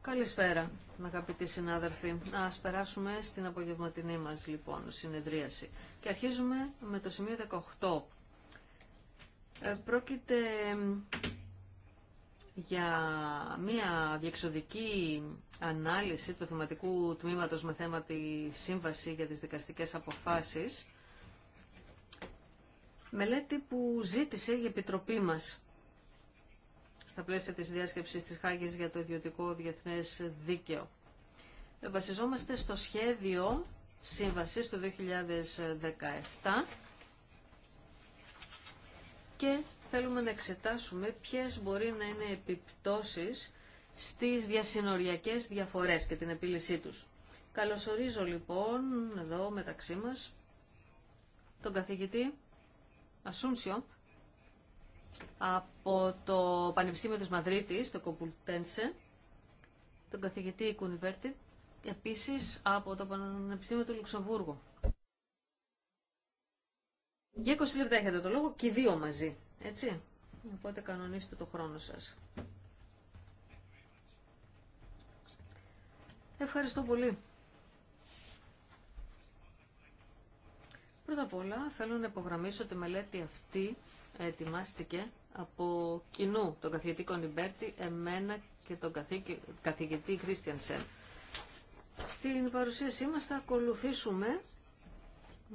Καλησπέρα, αγαπητοί συνάδελφοι. Ας περάσουμε στην απογευματινή μας, λοιπόν, συνεδρίαση. Και αρχίζουμε με το σημείο 18. Ε, πρόκειται για μια διεξοδική ανάλυση του θεματικού τμήματος με θέμα τη σύμβαση για τις δικαστικές αποφάσεις. Μελέτη που ζήτησε η Επιτροπή μας στα πλαίσια της διάσκεψης της Χάγης για το ιδιωτικό διεθνές δίκαιο. Βασιζόμαστε στο σχέδιο σύμβασης του 2017 και θέλουμε να εξετάσουμε ποιες μπορεί να είναι επιπτώσεις στις διασυνοριακές διαφορές και την επίλυσή τους. Καλωσορίζω λοιπόν εδώ μεταξύ μας τον καθηγητή Ασούνσιο, από το Πανεπιστήμιο της Μαδρίτης, το Κομπουλτένσε, τον καθηγητή Κουνιβέρτη, επίσης από το Πανεπιστήμιο του Λουξεμβούργου. Για 20 λεπτά έχετε το λόγο και οι δύο μαζί, έτσι. Οπότε κανονίστε το χρόνο σας. Ευχαριστώ πολύ. Πρώτα απ' όλα θέλω να υπογραμμίσω τη μελέτη αυτή ετοιμάστηκε από κοινού τον καθηγητή Κονιμπέρτη, εμένα και τον καθηγητή Σεν. Στην παρουσίασή μας θα ακολουθήσουμε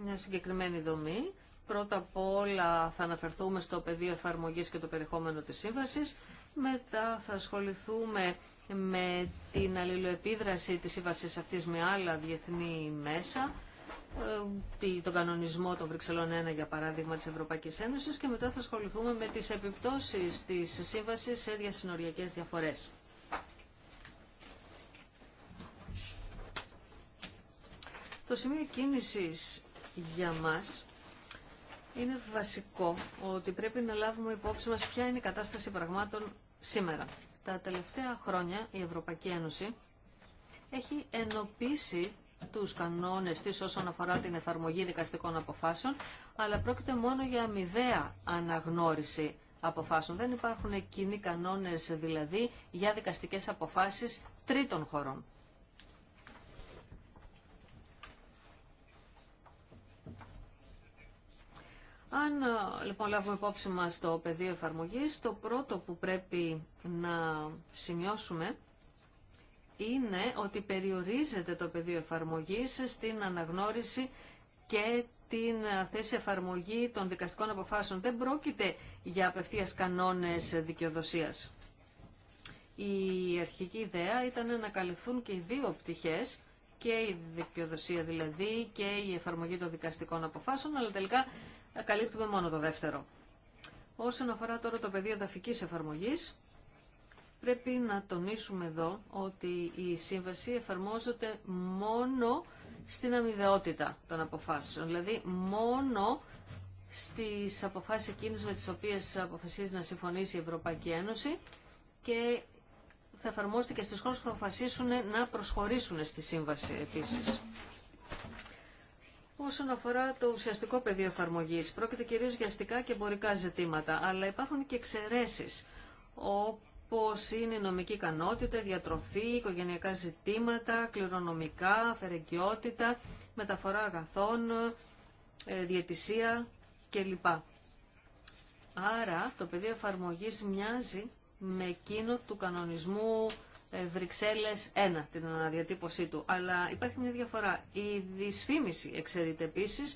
μια συγκεκριμένη δομή. Πρώτα απ' όλα θα αναφερθούμε στο πεδίο εφαρμογής και το περιεχόμενο της σύμβασης. Μετά θα ασχοληθούμε με την αλληλοεπίδραση της σύμβασης αυτής με άλλα διεθνή μέσα ε, τον κανονισμό των Βρυξελών 1 για παράδειγμα της Ευρωπαϊκής Ένωσης και μετά θα ασχοληθούμε με τις επιπτώσεις της σύμβασης σε διασυνοριακές διαφορές. Το σημείο κίνησης για μας είναι βασικό ότι πρέπει να λάβουμε υπόψη μας ποια είναι η κατάσταση πραγμάτων σήμερα. Τα τελευταία χρόνια η Ευρωπαϊκή Ένωση έχει ενοποίησει του κανόνε τη όσον αφορά την εφαρμογή δικαστικών αποφάσεων, αλλά πρόκειται μόνο για αμοιβαία αναγνώριση αποφάσεων. Δεν υπάρχουν κοινοί κανόνες δηλαδή για δικαστικές αποφάσεις τρίτων χωρών. Αν λοιπόν λάβουμε υπόψη μας το πεδίο εφαρμογής, το πρώτο που πρέπει να σημειώσουμε είναι ότι περιορίζεται το πεδίο εφαρμογής στην αναγνώριση και την ε, θέση εφαρμογή των δικαστικών αποφάσεων. Δεν πρόκειται για απευθεία κανόνες δικαιοδοσίας. Η αρχική ιδέα ήταν να καλυφθούν και οι δύο πτυχές, και η δικαιοδοσία δηλαδή και η εφαρμογή των δικαστικών αποφάσεων, αλλά τελικά ε, καλύπτουμε μόνο το δεύτερο. Όσον αφορά τώρα το πεδίο εφαρμογής, Πρέπει να τονίσουμε εδώ ότι η σύμβαση εφαρμόζεται μόνο στην αμοιβαιότητα των αποφάσεων, δηλαδή μόνο στις αποφάσεις εκείνες με τις οποίες αποφασίζει να συμφωνήσει η Ευρωπαϊκή Ένωση και θα εφαρμόζεται και στις χώρες που θα αποφασίσουν να προσχωρήσουν στη σύμβαση επίσης. Όσον αφορά το ουσιαστικό πεδίο εφαρμογή, πρόκειται κυρίω για αστικά και εμπορικά ζητήματα, αλλά υπάρχουν και εξαιρέσει, πώς είναι η νομική ικανότητα, διατροφή, οικογενειακά ζητήματα, κληρονομικά, αφαιρεγκαιότητα, μεταφορά αγαθών, ε, διαιτησία κλπ. Άρα το πεδίο εφαρμογής μοιάζει με εκείνο του κανονισμού ε, Βρυξέλλες 1, την αναδιατύπωσή του. Αλλά υπάρχει μια διαφορά. Η δυσφήμιση εξαιρείται επίση,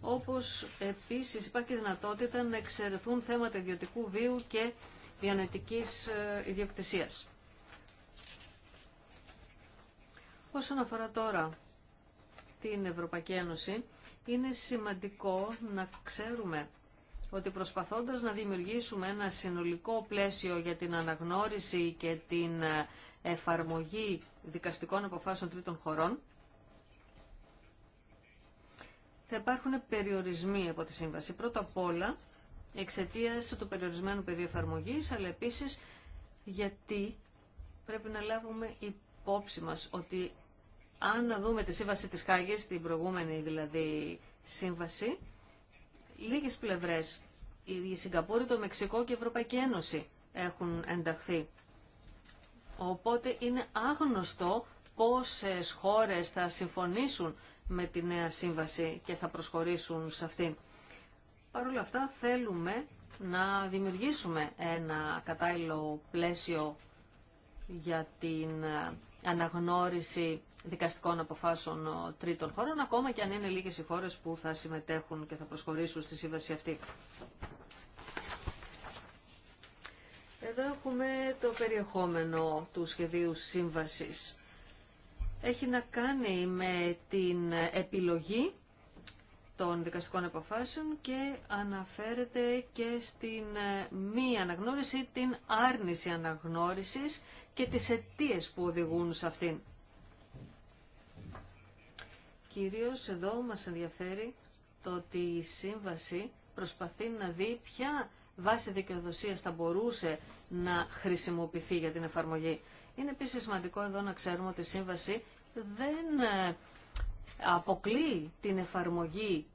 όπως επίσης υπάρχει δυνατότητα να εξαιρεθούν θέματα ιδιωτικού βίου και διανοητικής ε, ιδιοκτησίας. Όσον αφορά τώρα την Ευρωπαϊκή Ένωση, είναι σημαντικό να ξέρουμε ότι προσπαθώντας να δημιουργήσουμε ένα συνολικό πλαίσιο για την αναγνώριση και την ε, εφαρμογή δικαστικών αποφάσεων τρίτων χωρών, θα υπάρχουν περιορισμοί από τη Σύμβαση. Πρώτα απ' όλα εξαιτία του περιορισμένου πεδίου εφαρμογή, αλλά επίση γιατί πρέπει να λάβουμε υπόψη μα ότι αν δούμε τη σύμβαση της Χάγης, την προηγούμενη δηλαδή σύμβαση, λίγες πλευρές, η Σιγκαπούρη, το Μεξικό και η Ευρωπαϊκή Ένωση έχουν ενταχθεί. Οπότε είναι άγνωστο πόσες χώρες θα συμφωνήσουν με τη νέα σύμβαση και θα προσχωρήσουν σε αυτήν. Παρ' όλα αυτά θέλουμε να δημιουργήσουμε ένα κατάλληλο πλαίσιο για την ε, αναγνώριση δικαστικών αποφάσεων ε, τρίτων χωρών, ακόμα και αν είναι λίγες οι χώρες που θα συμμετέχουν και θα προσχωρήσουν στη σύμβαση αυτή. Εδώ έχουμε το περιεχόμενο του σχεδίου σύμβασης. Έχει να κάνει με την επιλογή των δικαστικών αποφάσεων και αναφέρεται και στην ε, μη αναγνώριση, την άρνηση αναγνώρισης και τις αιτίε που οδηγούν σε αυτήν. Κυρίως εδώ μας ενδιαφέρει το ότι η Σύμβαση προσπαθεί να δει ποια βάση δικαιοδοσίας θα μπορούσε να χρησιμοποιηθεί για την εφαρμογή. Είναι επίσης σημαντικό εδώ να ξέρουμε ότι η Σύμβαση δεν ε, αποκλεί την εφαρμογή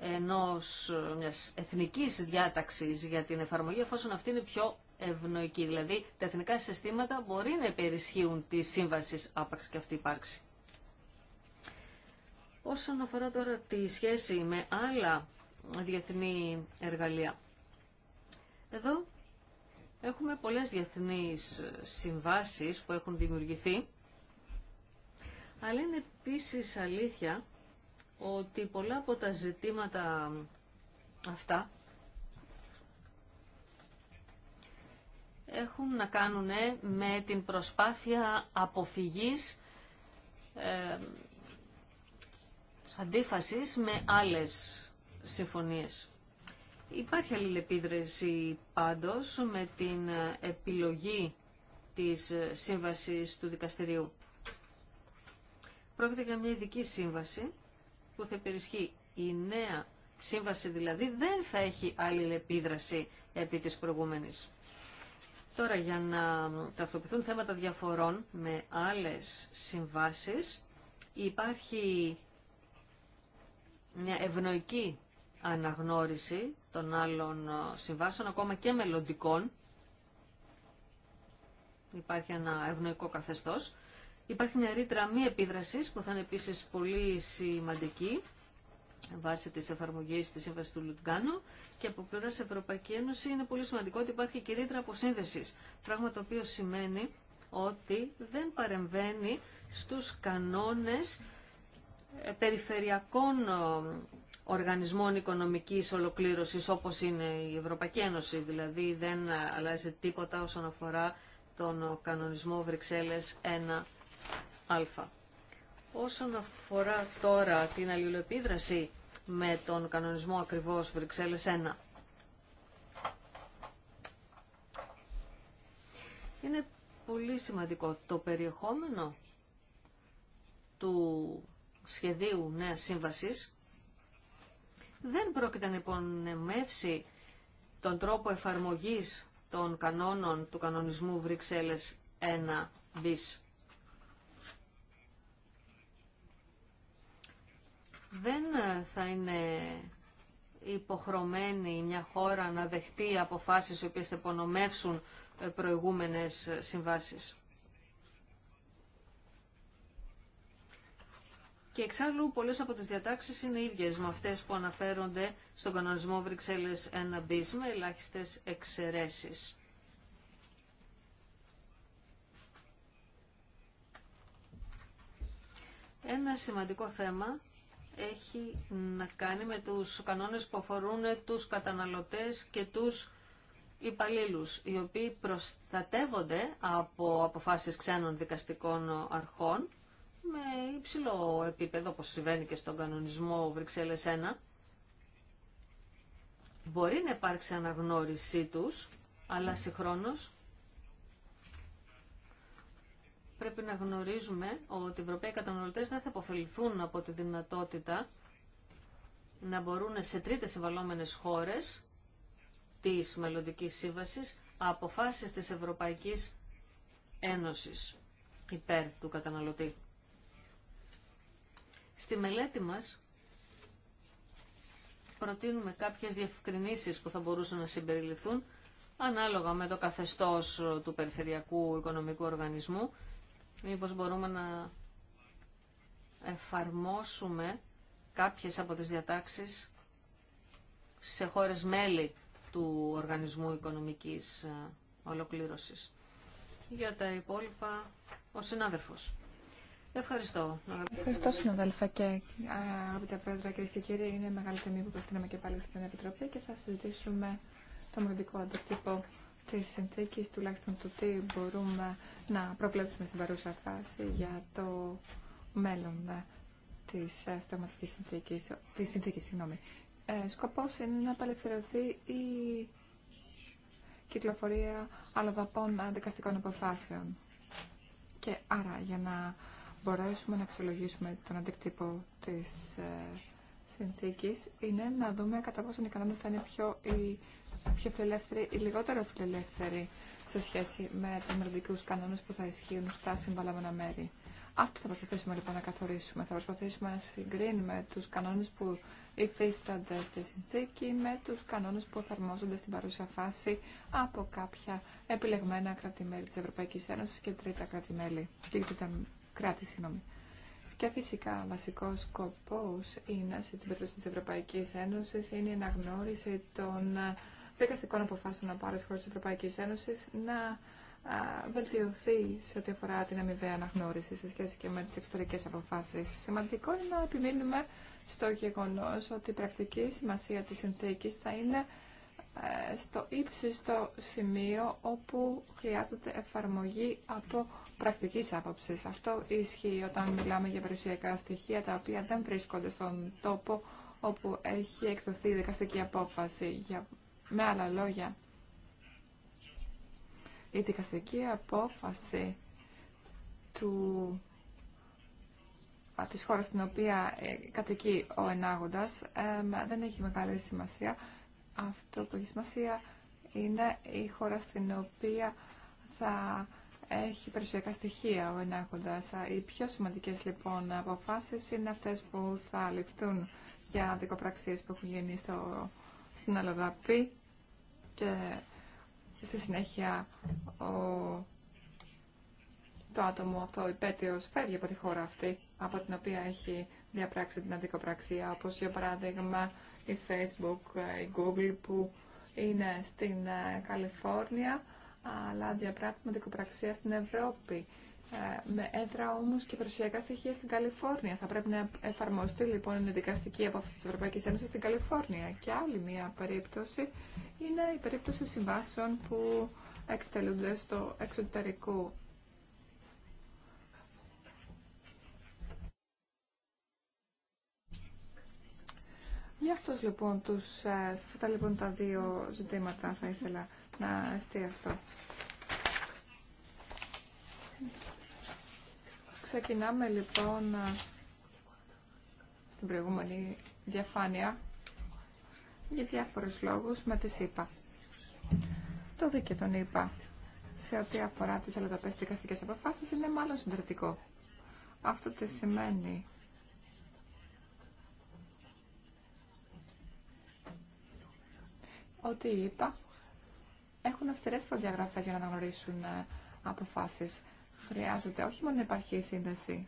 ενός μιας εθνικής διάταξης για την εφαρμογή εφόσον αυτή είναι πιο ευνοϊκή. Δηλαδή τα εθνικά συστήματα μπορεί να υπερισχύουν τη σύμβαση άπαξ και αυτή υπάρξει. Όσον αφορά τώρα τη σχέση με άλλα διεθνή εργαλεία. Εδώ έχουμε πολλές διεθνείς συμβάσεις που έχουν δημιουργηθεί αλλά είναι επίση αλήθεια ότι πολλά από τα ζητήματα αυτά έχουν να κάνουν ε, με την προσπάθεια αποφυγής ε, αντίφασης με άλλες συμφωνίες. Υπάρχει αλληλεπίδραση πάντως με την επιλογή της σύμβασης του δικαστηρίου. Πρόκειται για μια ειδική σύμβαση που θα υπερισχύει. Η νέα σύμβαση δηλαδή δεν θα έχει άλλη επίδραση επί της προηγούμενης. Τώρα για να ταυτοποιηθούν θέματα διαφορών με άλλες συμβάσεις υπάρχει μια ευνοϊκή αναγνώριση των άλλων συμβάσεων, ακόμα και μελλοντικών. Υπάρχει ένα ευνοϊκό καθεστώς Υπάρχει μια ρήτρα μη επίδραση που θα είναι επίση πολύ σημαντική βάσει τη εφαρμογή τη σύμβαση του Λουτγκάνου και από πλευρά Ευρωπαϊκή Ένωση είναι πολύ σημαντικό ότι υπάρχει και ρήτρα αποσύνδεση. πράγμα το οποίο σημαίνει ότι δεν παρεμβαίνει στους κανόνες ε, περιφερειακών ε, οργανισμών οικονομικής ολοκλήρωσης όπως είναι η Ευρωπαϊκή Ένωση, δηλαδή δεν αλλάζει τίποτα όσον αφορά τον κανονισμό Βρυξέλλες 1 α. Όσον αφορά τώρα την αλληλοεπίδραση με τον κανονισμό ακριβώς Βρυξέλλες 1, είναι πολύ σημαντικό το περιεχόμενο του σχεδίου νέας σύμβασης δεν πρόκειται να υπονεμεύσει τον τρόπο εφαρμογής των κανόνων του κανονισμού Βρυξέλλες 1 bis. δεν ε, θα είναι υποχρωμένη μια χώρα να δεχτεί αποφάσεις οι οποίες θα υπονομεύσουν ε, προηγούμενες ε, συμβάσεις. Και εξάλλου πολλές από τις διατάξεις είναι ίδιες με αυτές που αναφέρονται στον κανονισμό Βρυξέλλες 1B με ελάχιστες εξαιρέσεις. Ένα σημαντικό θέμα έχει να κάνει με τους κανόνες που αφορούν τους καταναλωτές και τους υπαλλήλου, οι οποίοι προστατεύονται από αποφάσεις ξένων δικαστικών αρχών με υψηλό επίπεδο, όπως συμβαίνει και στον κανονισμό Βρυξέλλες 1. Μπορεί να υπάρξει αναγνώρισή τους, αλλά συγχρόνως πρέπει να γνωρίζουμε ότι οι Ευρωπαίοι καταναλωτές δεν θα αποφεληθούν από τη δυνατότητα να μπορούν σε τρίτες συμβαλόμενες χώρες της μελλοντική σύμβασης αποφάσεις της Ευρωπαϊκής Ένωσης υπέρ του καταναλωτή. Στη μελέτη μας προτείνουμε κάποιες διευκρινήσεις που θα μπορούσαν να συμπεριληφθούν ανάλογα με το καθεστώς του Περιφερειακού Οικονομικού Οργανισμού μήπως μπορούμε να εφαρμόσουμε κάποιες από τις διατάξεις σε χώρες μέλη του Οργανισμού Οικονομικής ε, Ολοκλήρωσης. Για τα υπόλοιπα, ο συνάδελφος. Ευχαριστώ. Ευχαριστώ, συναδέλφα και αγαπητέ πρόεδρε, κυρίε και κύριοι. Είναι μεγάλη τιμή που προσθέναμε και πάλι στην Επιτροπή και θα συζητήσουμε το μοναδικό αντίκτυπο τη συνθήκη, τουλάχιστον του τι μπορούμε να προβλέψουμε στην παρούσα φάση για το μέλλον ε, της ε, θεματικής συνθήκης, της συνθήκης, συγγνώμη. Ε, σκοπός είναι να απελευθερωθεί η κυκλοφορία αλλοδαπών ε, δικαστικών αποφάσεων. Και άρα για να μπορέσουμε να αξιολογήσουμε τον αντίκτυπο της ε, συνθήκης είναι να δούμε κατά πόσο οι θα είναι πιο πιο φιλελεύθεροι ή λιγότερο φιλελεύθεροι σε σχέση με του μελλοντικού κανόνε που θα ισχύουν στα συμβαλαμένα μέρη. Αυτό θα προσπαθήσουμε λοιπόν να καθορίσουμε. Θα προσπαθήσουμε να συγκρίνουμε του κανόνε που υφίστανται στη συνθήκη με του κανόνε που εφαρμόζονται στην παρούσα φάση από κάποια επιλεγμένα κράτη-μέλη τη Ευρωπαϊκή Ένωση και τρίτα κράτη-μέλη. Και κράτη, συγγνώμη. Και φυσικά βασικό σκοπό είναι, σε την περίπτωση τη Ευρωπαϊκή Ένωση, είναι η αναγνώριση των δικαστικών αποφάσεων από άλλε χώρε τη Ευρωπαϊκή Ένωση να βελτιωθεί σε ό,τι αφορά την αμοιβαία αναγνώριση σε σχέση και με τι εξωτερικέ αποφάσει. Σημαντικό είναι να επιμείνουμε στο γεγονό ότι η πρακτική σημασία τη συνθήκη θα είναι ε, στο ύψιστο σημείο όπου χρειάζεται εφαρμογή από πρακτική άποψη. Αυτό ισχύει όταν μιλάμε για περιουσιακά στοιχεία τα οποία δεν βρίσκονται στον τόπο όπου έχει εκδοθεί η δικαστική απόφαση. Για με άλλα λόγια, η δικαστική απόφαση του, της χώρας στην οποία ε, κατοικεί ο ενάγοντας δεν έχει μεγάλη σημασία. Αυτό που έχει σημασία είναι η χώρα στην οποία θα έχει περιουσιακά στοιχεία ο ενάγοντας. Οι πιο σημαντικές λοιπόν αποφάσεις είναι αυτές που θα ληφθούν για δικοπραξίες που έχουν γίνει στο, στην Αλοδαπή και στη συνέχεια ο, το άτομο αυτό υπέτειος φεύγει από τη χώρα αυτή από την οποία έχει διαπράξει την αντικοπραξία, όπως για παράδειγμα η Facebook, η Google που είναι στην ε, Καλιφόρνια αλλά διαπράττουμε αντικοπραξία στην Ευρώπη ε, με έδρα όμω και περιουσιακά στοιχεία στην Καλιφόρνια. Θα πρέπει να εφαρμοστεί λοιπόν η δικαστική απόφαση τη Ευρωπαϊκή Ένωση στην Καλιφόρνια. Και άλλη μία περίπτωση είναι η περίπτωση συμβάσεων που εκτελούνται στο εξωτερικό. Γι' αυτός λοιπόν τους, ε, σε αυτά λοιπόν τα δύο ζητήματα θα ήθελα να εστιαστώ. Ξεκινάμε λοιπόν στην προηγούμενη διαφάνεια για διάφορους λόγους με τις ΣΥΠΑ. Το δίκαιο των ΗΠΑ σε ό,τι αφορά τις αλλοδαπές δικαστικές αποφάσεις είναι μάλλον συντηρητικό. Αυτό τι σημαίνει. Ότι είπα ΕΠΑ έχουν αυστηρές προδιαγραφές για να αναγνωρίσουν ε, αποφάσεις Χρειάζεται όχι μόνο να υπάρχει σύνδεση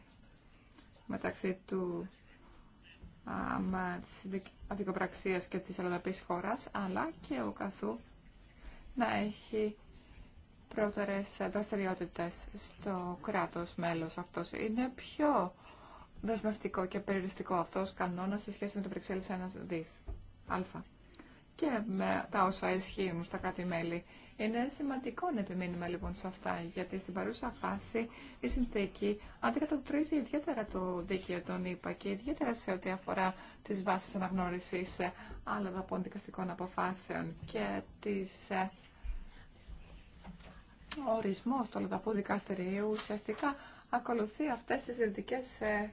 μεταξύ του της αδικοπραξίας και της αλλοδαπής χώρας, αλλά και ο καθού να έχει πρώτερες δραστηριότητε στο κράτος μέλος αυτός. Είναι πιο δεσμευτικό και περιοριστικό αυτός κανόνας σε σχέση με το Βρυξέλλης 1 δις. Α. Και με τα όσα ισχύουν στα κράτη-μέλη είναι σημαντικό να επιμείνουμε λοιπόν σε αυτά, γιατί στην παρούσα φάση η συνθήκη αντικατοπτρίζει ιδιαίτερα το δίκαιο των ΗΠΑ και ιδιαίτερα σε ό,τι αφορά τι βάσει αναγνωρίση άλλων δαπών δικαστικών αποφάσεων και τις ε, ο του Λεδαπού Δικαστηρίου ουσιαστικά ακολουθεί αυτές τις κριτικές ε,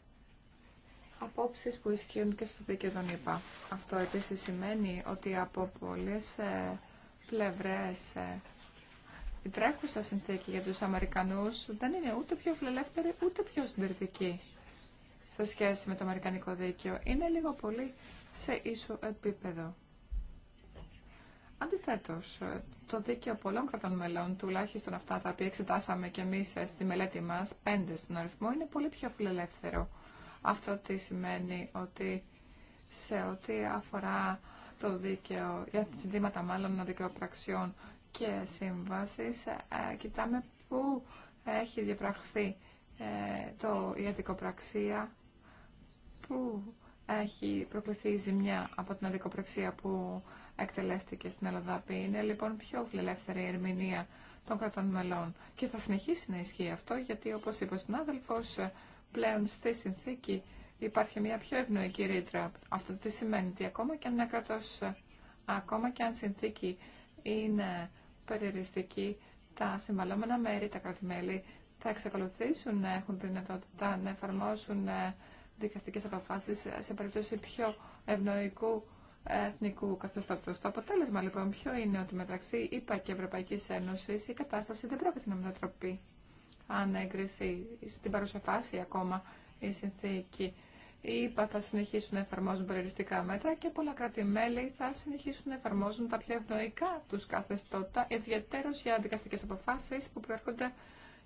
απόψεις που ισχύουν και στο δίκαιο των ΙΠΑ. Αυτό επίσης σημαίνει ότι από πολλές ε, πλευρές. Ε, η τρέχουσα συνθήκη για τους Αμερικανούς δεν είναι ούτε πιο φιλελεύθερη ούτε πιο συντηρητική σε σχέση με το Αμερικανικό δίκαιο. Είναι λίγο πολύ σε ίσο επίπεδο. Αντιθέτω, ε, το δίκαιο πολλών κρατών μελών, τουλάχιστον αυτά τα οποία εξετάσαμε και εμεί ε, στη μελέτη μα, πέντε στον αριθμό, είναι πολύ πιο φιλελεύθερο. Αυτό τι σημαίνει ότι σε ό,τι αφορά το δίκαιο, για συνθήματα μάλλον δικαιοπραξιών και ε, κοιτάμε πού έχει διαπραχθεί ε, το, η αδικοπραξία, πού έχει προκληθεί η ζημιά από την αδικοπραξία που εκτελέστηκε στην Ελλαδάπη. Είναι λοιπόν πιο φιλελεύθερη η ζημια απο την αδικοπραξια που εκτελεστηκε στην ελλαδα ειναι λοιπον πιο φιλελευθερη η ερμηνεια των κρατών μελών. Και θα συνεχίσει να ισχύει αυτό, γιατί όπως είπε ο συνάδελφος, ε, πλέον στη συνθήκη υπάρχει μια πιο ευνοϊκή ρήτρα. Αυτό τι σημαίνει ότι ακόμα και αν ένα κράτος, ακόμα και αν συνθήκη είναι περιοριστική, τα συμβαλόμενα μέρη, τα κρατημέλη, θα εξακολουθήσουν να έχουν δυνατότητα να εφαρμόσουν ε, δικαστικές αποφάσεις σε περίπτωση πιο ευνοϊκού ε, εθνικού καθεστώτος. Το αποτέλεσμα λοιπόν ποιο είναι ότι μεταξύ ΙΠΑ και Ευρωπαϊκής Ένωσης η κατάσταση δεν πρόκειται να μετατροπεί αν εγκριθεί στην παρουσιαφάση ακόμα η συνθήκη οι ΙΠΑ θα συνεχίσουν να εφαρμόζουν περιοριστικά μέτρα και πολλά κράτη-μέλη θα συνεχίσουν να εφαρμόζουν τα πιο ευνοϊκά του καθεστώτα, ιδιαίτερω για δικαστικέ αποφάσει που προέρχονται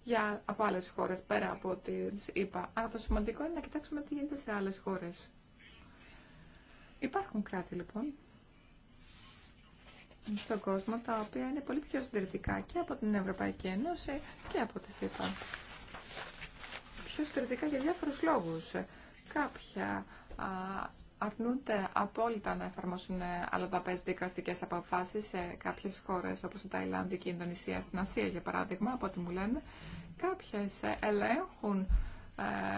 για, από άλλε χώρε πέρα από τι ΗΠΑ. Αλλά το σημαντικό είναι να κοιτάξουμε τι γίνεται σε άλλε χώρε. Υπάρχουν κράτη λοιπόν στον κόσμο τα οποία είναι πολύ πιο συντηρητικά και από την Ευρωπαϊκή Ένωση και από τις ΗΠΑ. Πιο συντηρητικά για διάφορου λόγου. Κάποια α, αρνούνται απόλυτα να εφαρμόσουν ε, αλλοδαπές δικαστικές αποφάσεις σε κάποιες χώρες όπως η Ταϊλάνδη και η Ινδονησία στην Ασία για παράδειγμα από ό,τι μου λένε. Κάποιες ε, ελέγχουν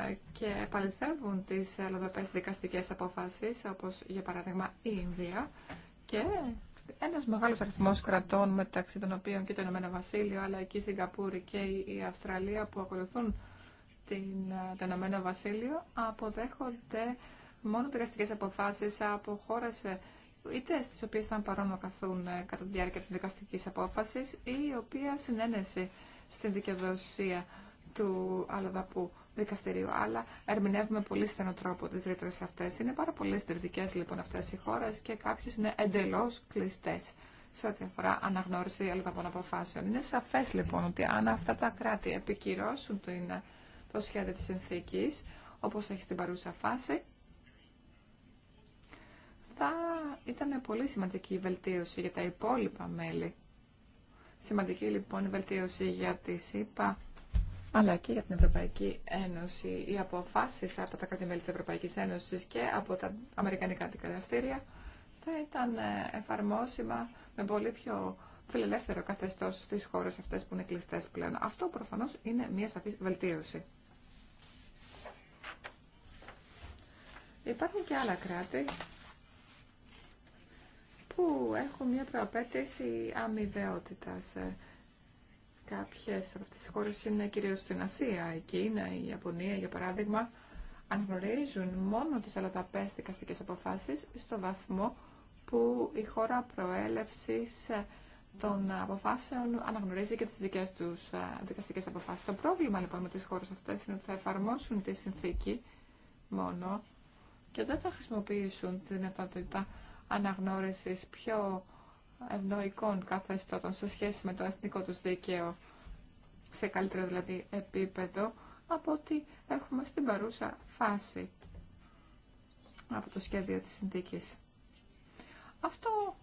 ε, και επαληθεύουν τις αλλοδαπές δικαστικές αποφάσεις όπως για παράδειγμα η Ινδία και ένας μεγάλος αριθμός κρατών μεταξύ των οποίων και το Ηνωμένο Βασίλειο αλλά και η Σιγκαπούρη και η Αυστραλία που ακολουθούν την, ε, το Ηνωμένο Βασίλειο αποδέχονται μόνο δικαστικέ αποφάσει από χώρε ε, είτε στι οποίε ήταν παρόν να καθούν ε, κατά τη διάρκεια τη δικαστική απόφαση ή η οποία συνένεση στην δικαιοδοσία του αλλοδαπού δικαστηρίου. Αλλά ερμηνεύουμε πολύ στενό τρόπο τι ρήτρε αυτέ. Είναι πάρα πολύ συντηρητικέ λοιπόν αυτέ οι χώρε και κάποιε είναι εντελώ κλειστέ σε ό,τι αφορά αναγνώριση αλλοδαπών αποφάσεων. Είναι σαφέ λοιπόν ότι αν αυτά τα κράτη επικυρώσουν την το σχέδιο της συνθήκης, όπως έχει στην παρούσα φάση, θα ήταν πολύ σημαντική η βελτίωση για τα υπόλοιπα μέλη. Σημαντική λοιπόν η βελτίωση για τη ΣΥΠΑ, αλλά και για την Ευρωπαϊκή Ένωση. Οι αποφάσεις από τα κράτη-μέλη της Ευρωπαϊκής Ένωσης και από τα Αμερικανικά δικαστήρια θα ήταν ε, εφαρμόσιμα με πολύ πιο φιλελεύθερο καθεστώς στις χώρες αυτές που είναι κλειστές πλέον. Αυτό προφανώς είναι μια σαφής βελτίωση. Υπάρχουν και άλλα κράτη που έχουν μια προαπέτηση αμοιβαιότητας. Κάποιες από αυτές τις χώρες είναι κυρίως στην Ασία, η Κίνα, η Ιαπωνία για παράδειγμα, αναγνωρίζουν μόνο τις αλλαταπές δικαστικές αποφάσεις στο βαθμό που η χώρα προέλευσης των αποφάσεων αναγνωρίζει και τις δικές τους ε, δικαστικές αποφάσεις. Το πρόβλημα λοιπόν με τις χώρες αυτές είναι ότι θα εφαρμόσουν τη συνθήκη μόνο και δεν θα χρησιμοποιήσουν τη δυνατότητα αναγνώρισης πιο ευνοϊκών καθεστώτων σε σχέση με το εθνικό τους δίκαιο σε καλύτερο δηλαδή επίπεδο από ό,τι έχουμε στην παρούσα φάση από το σχέδιο της συνθήκης. Αυτό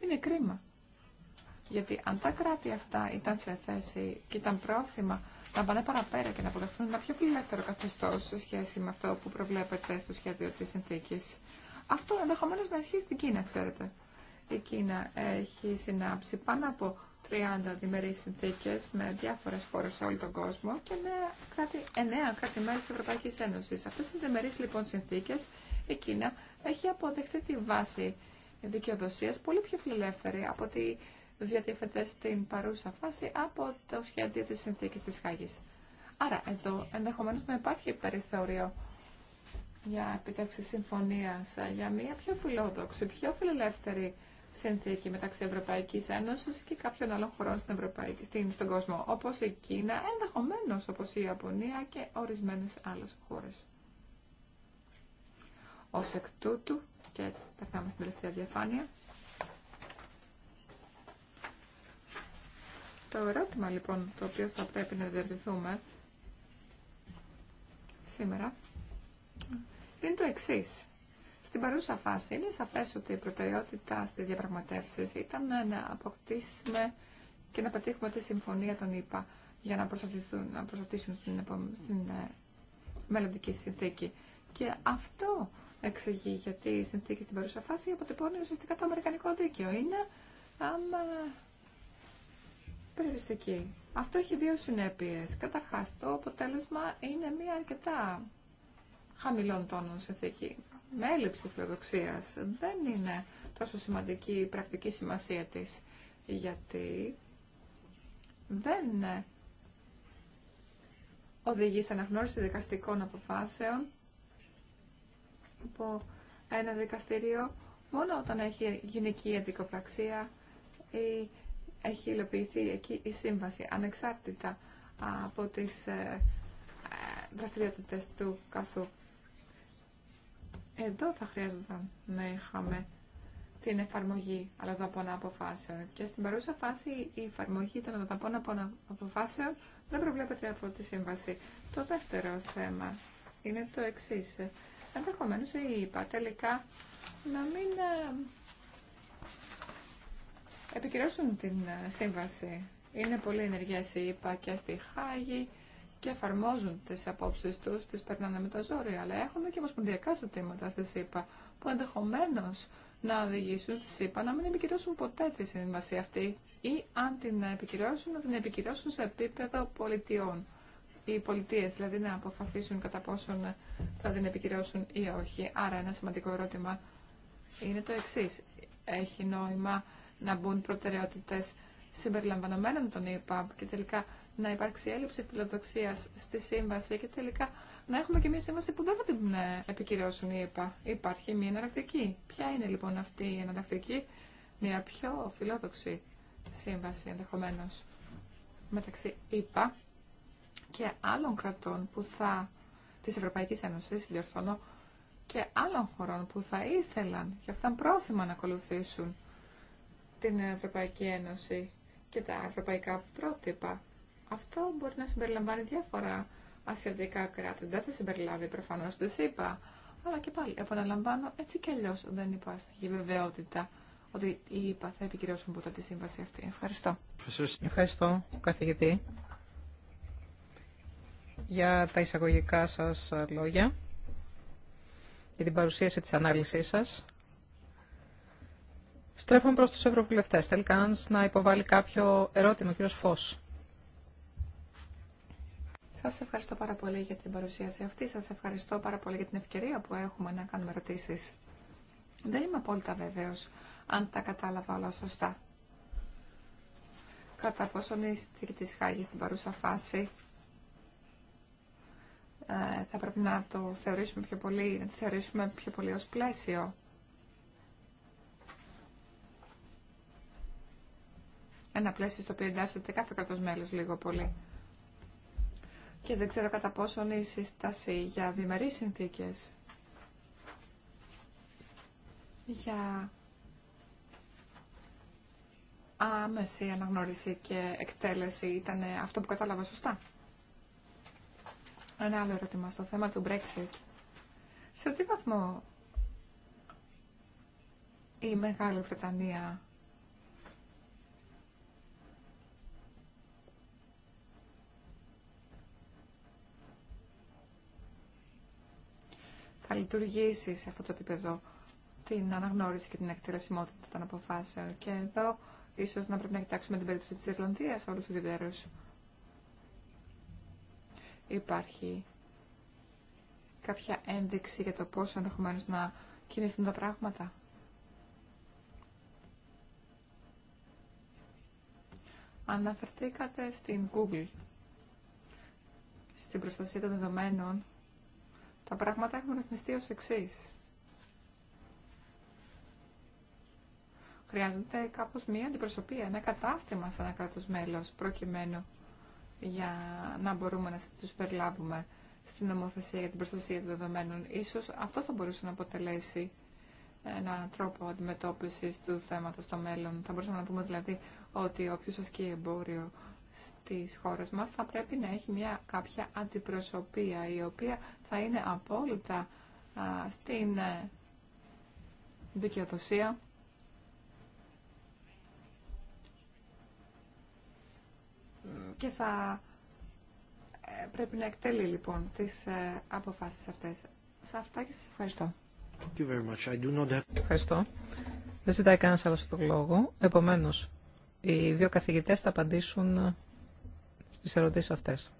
είναι κρίμα. Γιατί αν τα κράτη αυτά ήταν σε θέση και ήταν πρόθυμα να πάνε παραπέρα και να αποδεχθούν ένα πιο φιλελεύθερο καθεστώ σε σχέση με αυτό που προβλέπεται στο σχέδιο τη συνθήκη, αυτό ενδεχομένω να ισχύει στην Κίνα, ξέρετε. Η Κίνα έχει συνάψει πάνω από 30 διμερεί συνθήκε με διάφορε χώρε σε όλο τον κόσμο και με κράτη, 9 κράτη-μέλη τη Ευρωπαϊκή Ένωση. Αυτέ τι διμερεί λοιπόν συνθήκε η Κίνα έχει αποδεχθεί τη βάση δικαιοδοσία πολύ πιο φιλελεύθερη από διατίθεται στην παρούσα φάση από το σχέδιο της συνθήκης της Χάγης. Άρα εδώ ενδεχομένως να υπάρχει περιθώριο για επιτεύξη συμφωνίας, ε, για μια πιο φιλόδοξη, πιο φιλελεύθερη συνθήκη μεταξύ Ευρωπαϊκής Ένωσης και κάποιων άλλων χωρών στην Ευρωπαϊκή, στην, στον κόσμο, όπως η Κίνα, ενδεχομένως όπως η Ιαπωνία και ορισμένες άλλες χώρες. Ως εκ τούτου, και περνάμε στην τελευταία διαφάνεια, Το ερώτημα λοιπόν το οποίο θα πρέπει να διατηθούμε σήμερα είναι το εξή. Στην παρούσα φάση είναι σαφέ ότι η προτεραιότητα στι διαπραγματεύσει ήταν να αποκτήσουμε και να πετύχουμε τη συμφωνία των ΗΠΑ για να προσαρτηθούν, να προσαρτήσουν στην, στην ε, μελλοντική συνθήκη. Και αυτό εξηγεί γιατί η συνθήκη στην παρούσα φάση αποτυπώνει ουσιαστικά το Αμερικανικό δίκαιο. Είναι αυτό έχει δύο συνέπειες. Καταρχάς, το αποτέλεσμα είναι μία αρκετά χαμηλών τόνων συνθήκη. Με έλλειψη φιλοδοξίας. Δεν είναι τόσο σημαντική η πρακτική σημασία της. Γιατί δεν οδηγεί σε αναγνώριση δικαστικών αποφάσεων από ένα δικαστήριο μόνο όταν έχει γυναική αντικοπραξία έχει υλοποιηθεί εκεί η σύμβαση ανεξάρτητα από τις ε, ε, δραστηριότητες του καθού. Εδώ θα χρειαζόταν να είχαμε την εφαρμογή αλλοδαπών αποφάσεων. Και στην παρούσα φάση η εφαρμογή των αλλοδαπών αποφάσεων δεν προβλέπεται από τη σύμβαση. Το δεύτερο θέμα είναι το εξή. Ενδεχομένω η ΕΙΠΑ τελικά να μην ε, επικυρώσουν την ε, σύμβαση. Είναι πολύ ενεργέ οι ΙΠΑ και στη Χάγη και εφαρμόζουν τι απόψει του, τι περνάνε με τα ζόρι, αλλά έχουν και ομοσπονδιακά ζητήματα στη ΣΥΠΑ που ενδεχομένω να οδηγήσουν τη ΣΥΠΑ να μην επικυρώσουν ποτέ τη σύμβαση αυτή ή αν την επικυρώσουν, να την επικυρώσουν σε επίπεδο πολιτιών. Οι πολιτείε δηλαδή να αποφασίσουν κατά πόσον θα την επικυρώσουν ή όχι. Άρα ένα σημαντικό ερώτημα είναι το εξή. Έχει νόημα να μπουν προτεραιότητε συμπεριλαμβανομένων των ΕΠΑ και τελικά να υπάρξει έλλειψη φιλοδοξία στη σύμβαση και τελικά να έχουμε και μια σύμβαση που δεν θα την ε, επικυρώσουν οι ΕΠΑ. Υπάρχει μια εναλλακτική. Ποια είναι λοιπόν αυτή η εναλλακτική, μια πιο φιλόδοξη σύμβαση ενδεχομένω μεταξύ ΕΠΑ και άλλων κρατών που θα, τη Ευρωπαϊκή Ένωση, διορθώνω, και άλλων χωρών που θα ήθελαν και αυτά πρόθυμα να ακολουθήσουν την Ευρωπαϊκή Ένωση και τα ευρωπαϊκά πρότυπα. Αυτό μπορεί να συμπεριλαμβάνει διάφορα ασιατικά κράτη. Δεν θα συμπεριλάβει προφανώς τη ΣΥΠΑ. Αλλά και πάλι, επαναλαμβάνω, έτσι κι αλλιώ δεν υπάρχει βεβαιότητα ότι η ΙΠΑ θα επικυρώσουν ποτέ τη σύμβαση αυτή. Ευχαριστώ. Ευχαριστώ, καθηγητή, για τα εισαγωγικά σας λόγια, και την παρουσίαση της ανάλυσής σας. Στρέφω προς τους ευρωβουλευτές. Θέλει κανένας να υποβάλει κάποιο ερώτημα, κύριος Φως. Σας ευχαριστώ πάρα πολύ για την παρουσίαση αυτή. Σας ευχαριστώ πάρα πολύ για την ευκαιρία που έχουμε να κάνουμε ερωτήσεις. Δεν είμαι απόλυτα βέβαιος αν τα κατάλαβα όλα σωστά. Κατά πόσον η συνθήκη της Χάγης στην παρούσα φάση ε, θα πρέπει να το θεωρήσουμε πιο πολύ, να τη θεωρήσουμε πιο πολύ ως πλαίσιο ένα πλαίσιο στο οποίο εντάσσεται κάθε κρατός μέλος λίγο πολύ. Και δεν ξέρω κατά πόσον η σύσταση για διμερείς συνθήκες, για άμεση αναγνώριση και εκτέλεση ήταν αυτό που κατάλαβα σωστά. Ένα άλλο ερώτημα στο θέμα του Brexit. Σε τι βαθμό η Μεγάλη Βρετανία θα λειτουργήσει σε αυτό το επίπεδο την αναγνώριση και την εκτελεσιμότητα των αποφάσεων. Και εδώ ίσως να πρέπει να κοιτάξουμε την περίπτωση της Ιρλανδίας όλου του ιδιαίτερου. Υπάρχει κάποια ένδειξη για το πώ ενδεχομένω να κινηθούν τα πράγματα. Αναφερθήκατε στην Google, στην προστασία των δεδομένων τα πράγματα έχουν ρυθμιστεί ως εξή. Χρειάζεται κάπως μία αντιπροσωπεία, ένα κατάστημα σαν ένα κράτος μέλος, προκειμένου για να μπορούμε να τους περιλάβουμε στην νομοθεσία για την προστασία των δεδομένων. Ίσως αυτό θα μπορούσε να αποτελέσει έναν τρόπο αντιμετώπισης του θέματος στο μέλλον. Θα μπορούσαμε να πούμε δηλαδή ότι όποιο ασκεί εμπόριο της χώρας μας θα πρέπει να έχει μια κάποια αντιπροσωπεία η οποία θα είναι απόλυτα α, στην ε, δικαιοδοσία και θα ε, πρέπει να εκτελεί λοιπόν τις ε, αποφάσεις αυτές. Σε αυτά και σας ευχαριστώ. Thank you very much. I do not have... Ευχαριστώ. Δεν ζητάει κανένας άλλος το λόγο. Επομένως, οι δύο καθηγητές θα απαντήσουν τις ερωτήσεις αυτές.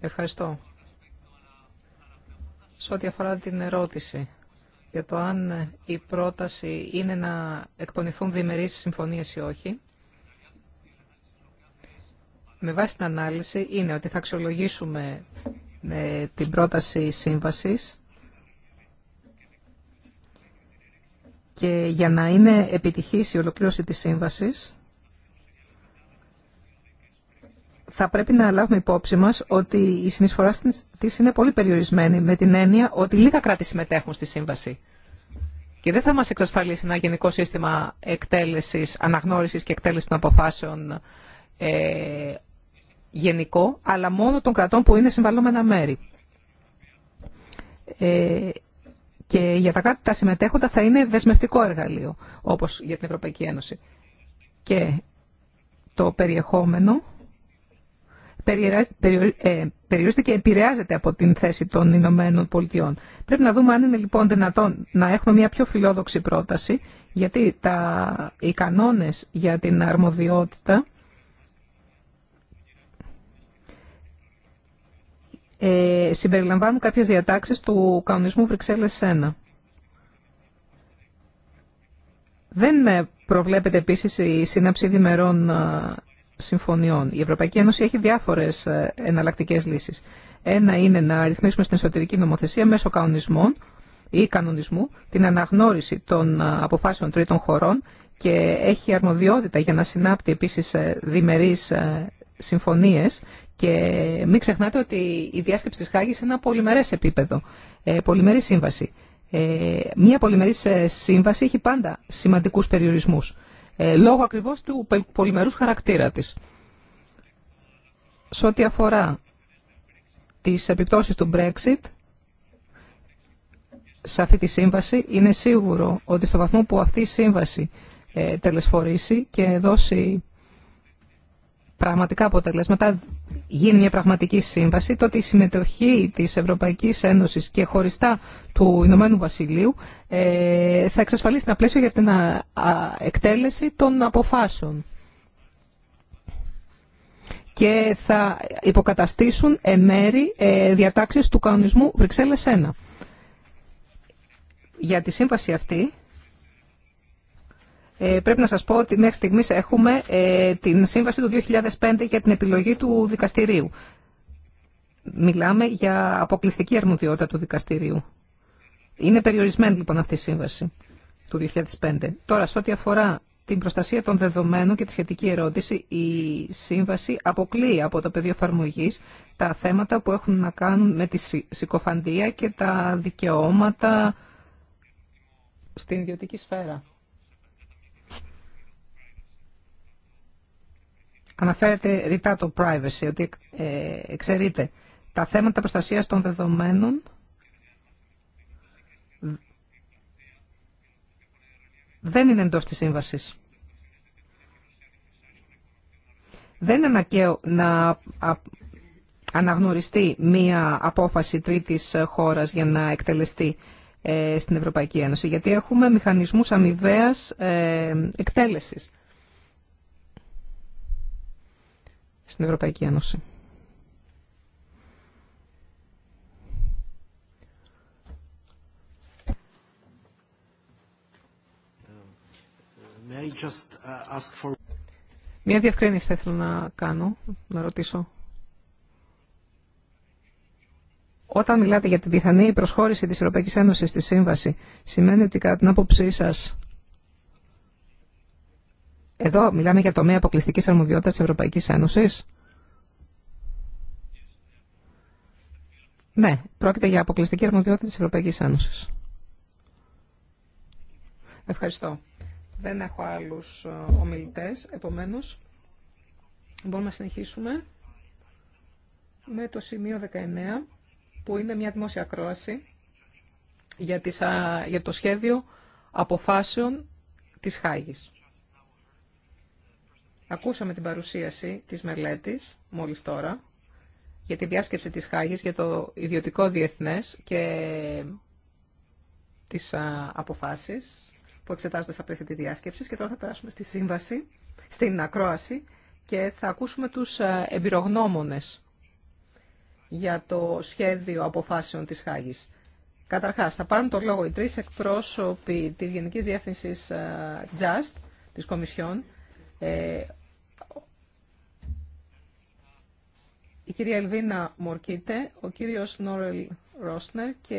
Ευχαριστώ. Σε ό,τι αφορά την ερώτηση για το αν η πρόταση είναι να εκπονηθούν διμερείς συμφωνίες ή όχι, με βάση την ανάλυση είναι ότι θα αξιολογήσουμε ε, την πρόταση σύμβασης και για να είναι επιτυχής η ολοκλήρωση της σύμβασης θα πρέπει να λάβουμε υπόψη μας ότι η συνεισφορά της είναι πολύ περιορισμένη με την έννοια ότι λίγα κράτη συμμετέχουν στη σύμβαση. Και δεν θα μας εξασφαλίσει ένα γενικό σύστημα εκτέλεσης, αναγνώρισης και εκτέλεσης των αποφάσεων ε, γενικό, αλλά μόνο των κρατών που είναι συμβαλόμενα μέρη. Ε, και για τα κράτη τα συμμετέχοντα θα είναι δεσμευτικό εργαλείο, όπως για την Ευρωπαϊκή Ένωση. Και το περιεχόμενο ε, περιορίζεται και επηρεάζεται από την θέση των Ηνωμένων Πολιτειών. Πρέπει να δούμε αν είναι λοιπόν δυνατόν να έχουμε μια πιο φιλόδοξη πρόταση, γιατί τα, οι κανόνες για την αρμοδιότητα ε, συμπεριλαμβάνουν κάποιες διατάξεις του κανονισμού Βρυξέλλες 1. Δεν προβλέπεται επίσης η σύναψη διμερών ε, συμφωνιών. Η Ευρωπαϊκή Ένωση έχει διάφορες ε, εναλλακτικέ λύσεις. Ένα είναι να ρυθμίσουμε στην εσωτερική νομοθεσία μέσω κανονισμών ή κανονισμού την αναγνώριση των ε, αποφάσεων τρίτων χωρών και έχει αρμοδιότητα για να συνάπτει επίσης ε, διμερείς συμφωνίες και μην ξεχνάτε ότι η διάσκεψη τη χάγη είναι ένα πολυμερέ επίπεδο, πολυμερή σύμβαση. Μία πολυμερή σύμβαση έχει πάντα σημαντικούς περιορισμούς. Ε, λόγω ακριβώς του πολυμερούς χαρακτήρα της. Σε ό,τι αφορά τις επιπτώσεις του Brexit, σε αυτή τη σύμβαση είναι σίγουρο ότι στο βαθμό που αυτή η σύμβαση ε, τελεσφορήσει και δώσει πραγματικά αποτελέσματα, γίνει μια πραγματική σύμβαση, τότε η συμμετοχή της Ευρωπαϊκής Ένωσης και χωριστά του Ηνωμένου Βασιλείου ε, θα εξασφαλίσει ένα πλαίσιο για την εκτέλεση των αποφάσεων και θα υποκαταστήσουν μέρη ε, διατάξεις του κανονισμού Βρυξέλλες 1. Για τη σύμβαση αυτή ε, πρέπει να σας πω ότι μέχρι στιγμής έχουμε ε, την σύμβαση του 2005 για την επιλογή του δικαστηρίου. Μιλάμε για αποκλειστική αρμοδιότητα του δικαστηρίου. Είναι περιορισμένη λοιπόν αυτή η σύμβαση του 2005. Τώρα, σε ό,τι αφορά την προστασία των δεδομένων και τη σχετική ερώτηση, η σύμβαση αποκλείει από το πεδίο εφαρμογή τα θέματα που έχουν να κάνουν με τη συκοφαντία και τα δικαιώματα στην ιδιωτική σφαίρα. αναφέρεται ρητά το privacy, ότι ε, εξαιρείται τα θέματα προστασίας των δεδομένων δεν είναι εντός της σύμβασης. Δεν είναι να αναγνωριστεί μία απόφαση τρίτης χώρας για να εκτελεστεί ε, στην Ευρωπαϊκή Ένωση, γιατί έχουμε μηχανισμούς αμοιβαίας ε, εκτέλεσης. στην Ευρωπαϊκή Ένωση. Uh, Μία διευκρίνηση θα ήθελα να κάνω, να ρωτήσω. Όταν μιλάτε για την πιθανή προσχώρηση της Ευρωπαϊκής Ένωσης στη Σύμβαση, σημαίνει ότι κατά την άποψή σας εδώ μιλάμε για τομέα αποκλειστική αρμοδιότητα τη Ευρωπαϊκής Ένωση. Ναι, πρόκειται για αποκλειστική αρμοδιότητα τη Ευρωπαϊκής Ένωση. Ευχαριστώ. Δεν έχω άλλους ε, ομιλητές, επομένως μπορούμε να συνεχίσουμε με το σημείο 19, που είναι μια δημόσια ακρόαση για, για το σχέδιο αποφάσεων της Χάγης. Ακούσαμε την παρουσίαση της μελέτης μόλις τώρα για τη διάσκεψη της Χάγης για το ιδιωτικό διεθνές και τις αποφάσεις που εξετάζονται στα πλαίσια της διάσκεψης και τώρα θα περάσουμε στη σύμβαση, στην ακρόαση και θα ακούσουμε τους εμπειρογνώμονες για το σχέδιο αποφάσεων της Χάγης. Καταρχάς, θα πάρουν το λόγο οι τρεις εκπρόσωποι της Γενικής Διεύθυνσης Just, της Κομισιόν, ε, η κυρία Ελβίνα Μορκίτε, ο κύριος Νόρελ Ρόσνερ και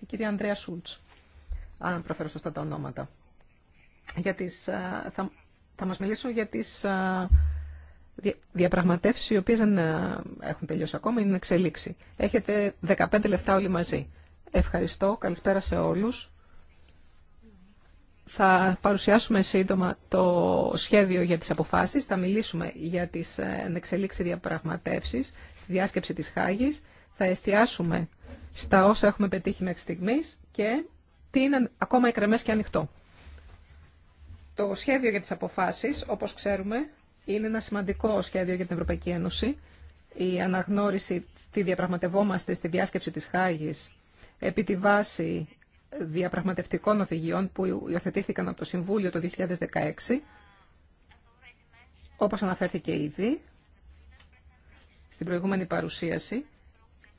η κυρία Ανδρέα Σούλτς, αν προφέρω σωστά τα ονόματα. Για τις, θα, θα μας μιλήσω για τις διαπραγματεύσεις οι οποίες δεν έχουν τελειώσει ακόμα, είναι εξελίξη. Έχετε 15 λεφτά όλοι μαζί. Ευχαριστώ, καλησπέρα σε όλους. Θα παρουσιάσουμε σύντομα το σχέδιο για τις αποφάσεις, θα μιλήσουμε για τις ε, ενεξελίξει διαπραγματεύσεις στη διάσκεψη της Χάγης, θα εστιάσουμε στα όσα έχουμε πετύχει μέχρι στιγμής και τι είναι ακόμα εκρεμές και ανοιχτό. Το σχέδιο για τις αποφάσεις, όπως ξέρουμε, είναι ένα σημαντικό σχέδιο για την Ευρωπαϊκή Ένωση. Η αναγνώριση τη διαπραγματευόμαστε στη διάσκεψη της Χάγης επί τη βάση διαπραγματευτικών οδηγιών που υιοθετήθηκαν από το Συμβούλιο το 2016, όπως αναφέρθηκε ήδη στην προηγούμενη παρουσίαση,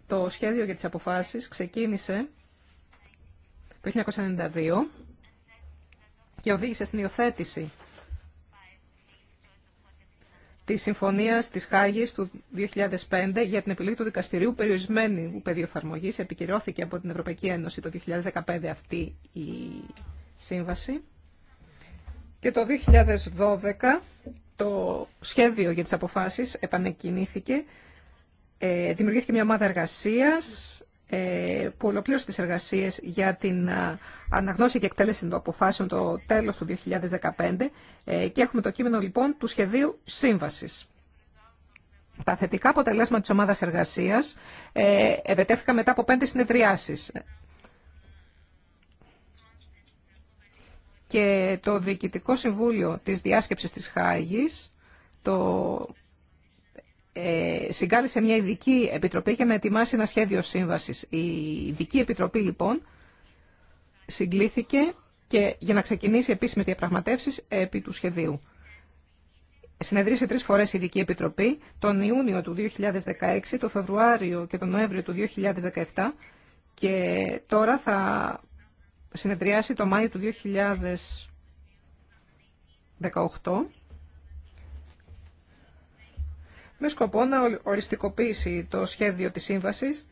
το σχέδιο για τις αποφάσεις ξεκίνησε το 1992 και οδήγησε στην υιοθέτηση τη Συμφωνία τη Χάγη του 2005 για την επιλογή του δικαστηρίου περιορισμένη πεδίου εφαρμογή. Επικυρώθηκε από την Ευρωπαϊκή Ένωση το 2015 αυτή η σύμβαση. Και το 2012 το σχέδιο για τις αποφάσεις επανεκκινήθηκε. Ε, δημιουργήθηκε μια ομάδα εργασίας ε, που ολοκλήρωσε τις εργασίες για την ε, αναγνώση και εκτέλεση των αποφάσεων το τέλος του 2015 ε, και έχουμε το κείμενο λοιπόν του σχεδίου σύμβασης. Τα θετικά αποτελέσματα της ομάδας εργασίας επετέφθηκαν μετά από πέντε συνεδριάσεις. Και το Διοικητικό Συμβούλιο της Διάσκεψης της Χάγης το ε, συγκάλεσε μια ειδική επιτροπή για να ετοιμάσει ένα σχέδιο σύμβασης. Η ειδική επιτροπή λοιπόν συγκλήθηκε και για να ξεκινήσει επίσημες διαπραγματεύσεις επί του σχεδίου. Συνεδρίσε τρεις φορές η Ειδική Επιτροπή, τον Ιούνιο του 2016, τον Φεβρουάριο και τον Νοέμβριο του 2017 και τώρα θα συνεδριάσει το Μάιο του 2018 με σκοπό να οριστικοποιήσει το σχέδιο της σύμβασης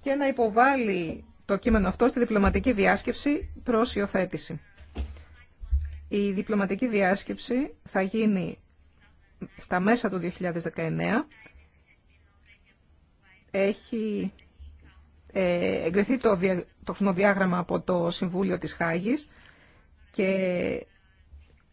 και να υποβάλει το κείμενο αυτό στη διπλωματική διάσκεψη προς υιοθέτηση. Η διπλωματική διάσκεψη θα γίνει στα μέσα του 2019. Έχει ε, εγκριθεί το, το χρονοδιάγραμμα από το Συμβούλιο της Χάγης και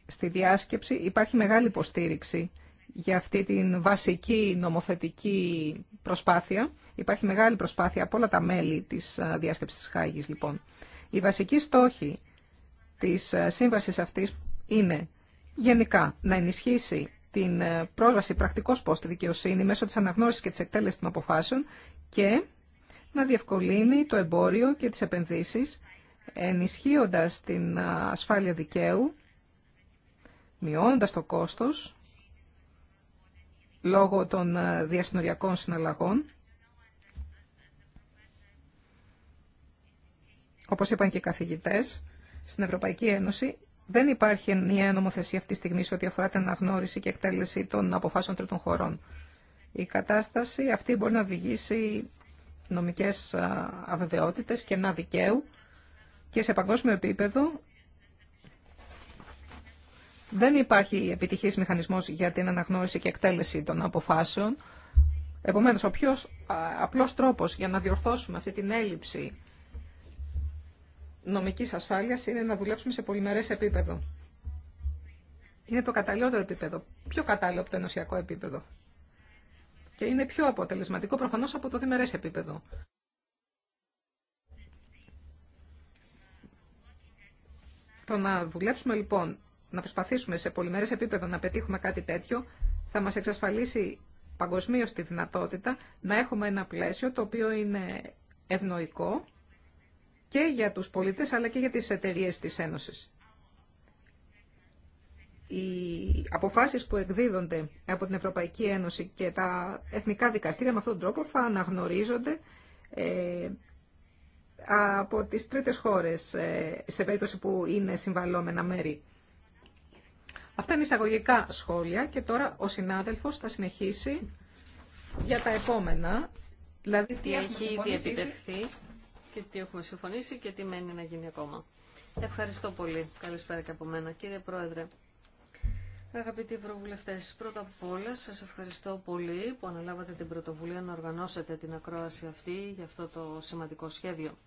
στη διάσκεψη υπάρχει μεγάλη υποστήριξη για αυτή την βασική νομοθετική προσπάθεια. Υπάρχει μεγάλη προσπάθεια από όλα τα μέλη της ε, διάσκεψης της Χάγης, λοιπόν. Η βασική στόχη της ε, σύμβασης αυτής είναι γενικά να ενισχύσει την ε, πρόσβαση πρακτικός πώς στη δικαιοσύνη μέσω της αναγνώρισης και της εκτέλεσης των αποφάσεων και να διευκολύνει το εμπόριο και τις επενδύσεις ενισχύοντας την ασφάλεια δικαίου, μειώνοντας το κόστος λόγω των ε, διασυνοριακών συναλλαγών. Όπως είπαν και οι καθηγητές, στην Ευρωπαϊκή Ένωση δεν υπάρχει μια νομοθεσία αυτή τη στιγμή σε ό,τι αφορά την αναγνώριση και εκτέλεση των αποφάσεων τρίτων χωρών. Η κατάσταση αυτή μπορεί να οδηγήσει νομικές ε, αβεβαιότητες και να δικαίου και σε παγκόσμιο επίπεδο δεν υπάρχει επιτυχής μηχανισμός για την αναγνώριση και εκτέλεση των αποφάσεων. Επομένως, ο πιο απλός τρόπος για να διορθώσουμε αυτή την έλλειψη νομικής ασφάλειας είναι να δουλέψουμε σε πολυμερές επίπεδο. Είναι το καταλληλότερο επίπεδο, πιο κατάλληλο από το ενωσιακό επίπεδο. Και είναι πιο αποτελεσματικό προφανώς από το διμερές επίπεδο. Το να δουλέψουμε λοιπόν να προσπαθήσουμε σε πολυμερές επίπεδο να πετύχουμε κάτι τέτοιο, θα μα εξασφαλίσει παγκοσμίω τη δυνατότητα να έχουμε ένα πλαίσιο το οποίο είναι ευνοϊκό και για τους πολίτες αλλά και για τις εταιρείες της Ένωσης. Οι αποφάσεις που εκδίδονται από την Ευρωπαϊκή Ένωση και τα εθνικά δικαστήρια με αυτόν τον τρόπο θα αναγνωρίζονται ε, από τις τρίτες χώρες ε, σε περίπτωση που είναι συμβαλόμενα μέρη. Αυτά είναι εισαγωγικά σχόλια και τώρα ο συνάδελφος θα συνεχίσει για τα επόμενα. Δηλαδή τι, έχει ήδη και τι έχουμε συμφωνήσει και τι μένει να γίνει ακόμα. Ευχαριστώ πολύ. Καλησπέρα και από μένα. Κύριε Πρόεδρε, αγαπητοί Ευρωβουλευτέ, πρώτα απ' όλα σα ευχαριστώ πολύ που αναλάβατε την πρωτοβουλία να οργανώσετε την ακρόαση αυτή για αυτό το σημαντικό σχέδιο.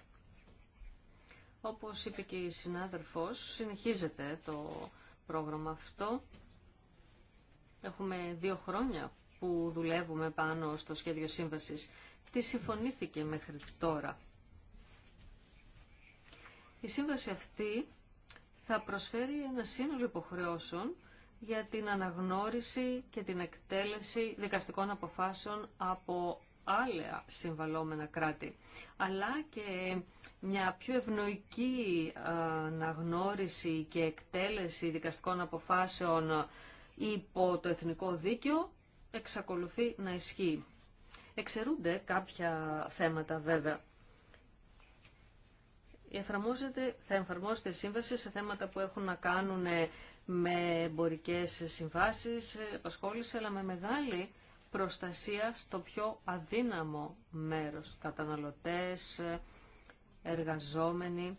Όπω είπε και η συνάδελφο, συνεχίζεται το πρόγραμμα αυτό. Έχουμε δύο χρόνια που δουλεύουμε πάνω στο σχέδιο σύμβασης. Τι συμφωνήθηκε μέχρι τώρα. Η σύμβαση αυτή θα προσφέρει ένα σύνολο υποχρεώσεων για την αναγνώριση και την εκτέλεση δικαστικών αποφάσεων από άλλα συμβαλόμενα κράτη, αλλά και μια πιο ευνοϊκή ε, αναγνώριση και εκτέλεση δικαστικών αποφάσεων υπό το εθνικό δίκαιο εξακολουθεί να ισχύει. Εξαιρούνται κάποια θέματα βέβαια. θα εφαρμόζεται σύμβαση σε θέματα που έχουν να κάνουν με εμπορικέ συμβάσεις, ε, απασχόληση, αλλά με μεγάλη προστασία στο πιο αδύναμο μέρος, καταναλωτές, εργαζόμενοι,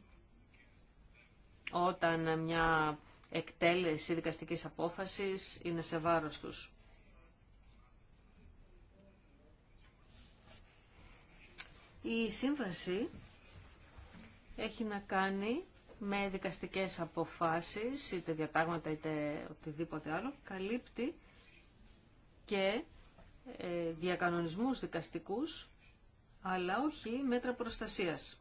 όταν μια εκτέλεση δικαστικής απόφασης είναι σε βάρος τους. Η σύμβαση έχει να κάνει με δικαστικές αποφάσεις, είτε διατάγματα είτε οτιδήποτε άλλο, καλύπτει και ε, διακανονισμούς δικαστικούς, αλλά όχι μέτρα προστασίας.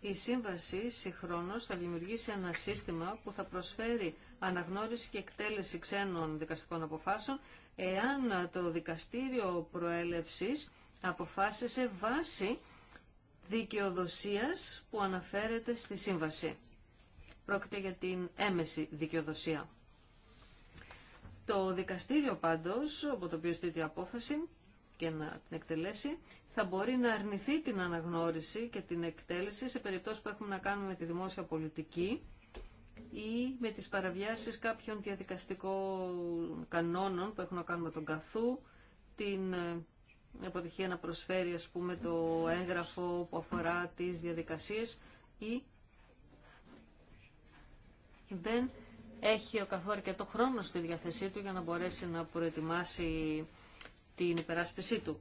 Η σύμβαση συγχρόνως θα δημιουργήσει ένα σύστημα που θα προσφέρει αναγνώριση και εκτέλεση ξένων δικαστικών αποφάσεων εάν το δικαστήριο προέλευσης αποφάσισε βάση δικαιοδοσίας που αναφέρεται στη σύμβαση. Πρόκειται για την έμεση δικαιοδοσία. Το δικαστήριο πάντως, από το οποίο στείλει απόφαση και να την εκτελέσει, θα μπορεί να αρνηθεί την αναγνώριση και την εκτέλεση σε περιπτώσεις που έχουμε να κάνουμε με τη δημόσια πολιτική ή με τις παραβιάσεις κάποιων διαδικαστικών κανόνων που έχουν να κάνουν με τον καθού, την ε, αποτυχία να προσφέρει ας πούμε το έγγραφο που αφορά τις διαδικασίες ή δεν έχει ο και το χρόνο στη διάθεσή του για να μπορέσει να προετοιμάσει την υπεράσπιση του.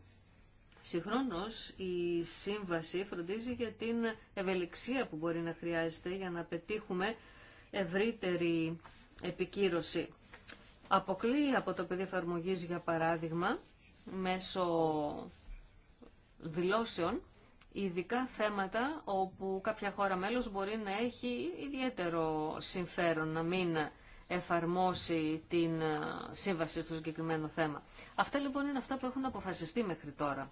Συγχρόνως, η σύμβαση φροντίζει για την ευελιξία που μπορεί να χρειάζεται για να πετύχουμε ευρύτερη επικύρωση. Αποκλεί από το πεδίο εφαρμογή, για παράδειγμα, μέσω δηλώσεων ειδικά θέματα όπου κάποια χώρα μέλος μπορεί να έχει ιδιαίτερο συμφέρον να μην εφαρμόσει την ε, σύμβαση στο συγκεκριμένο θέμα. Αυτά λοιπόν είναι αυτά που έχουν αποφασιστεί μέχρι τώρα.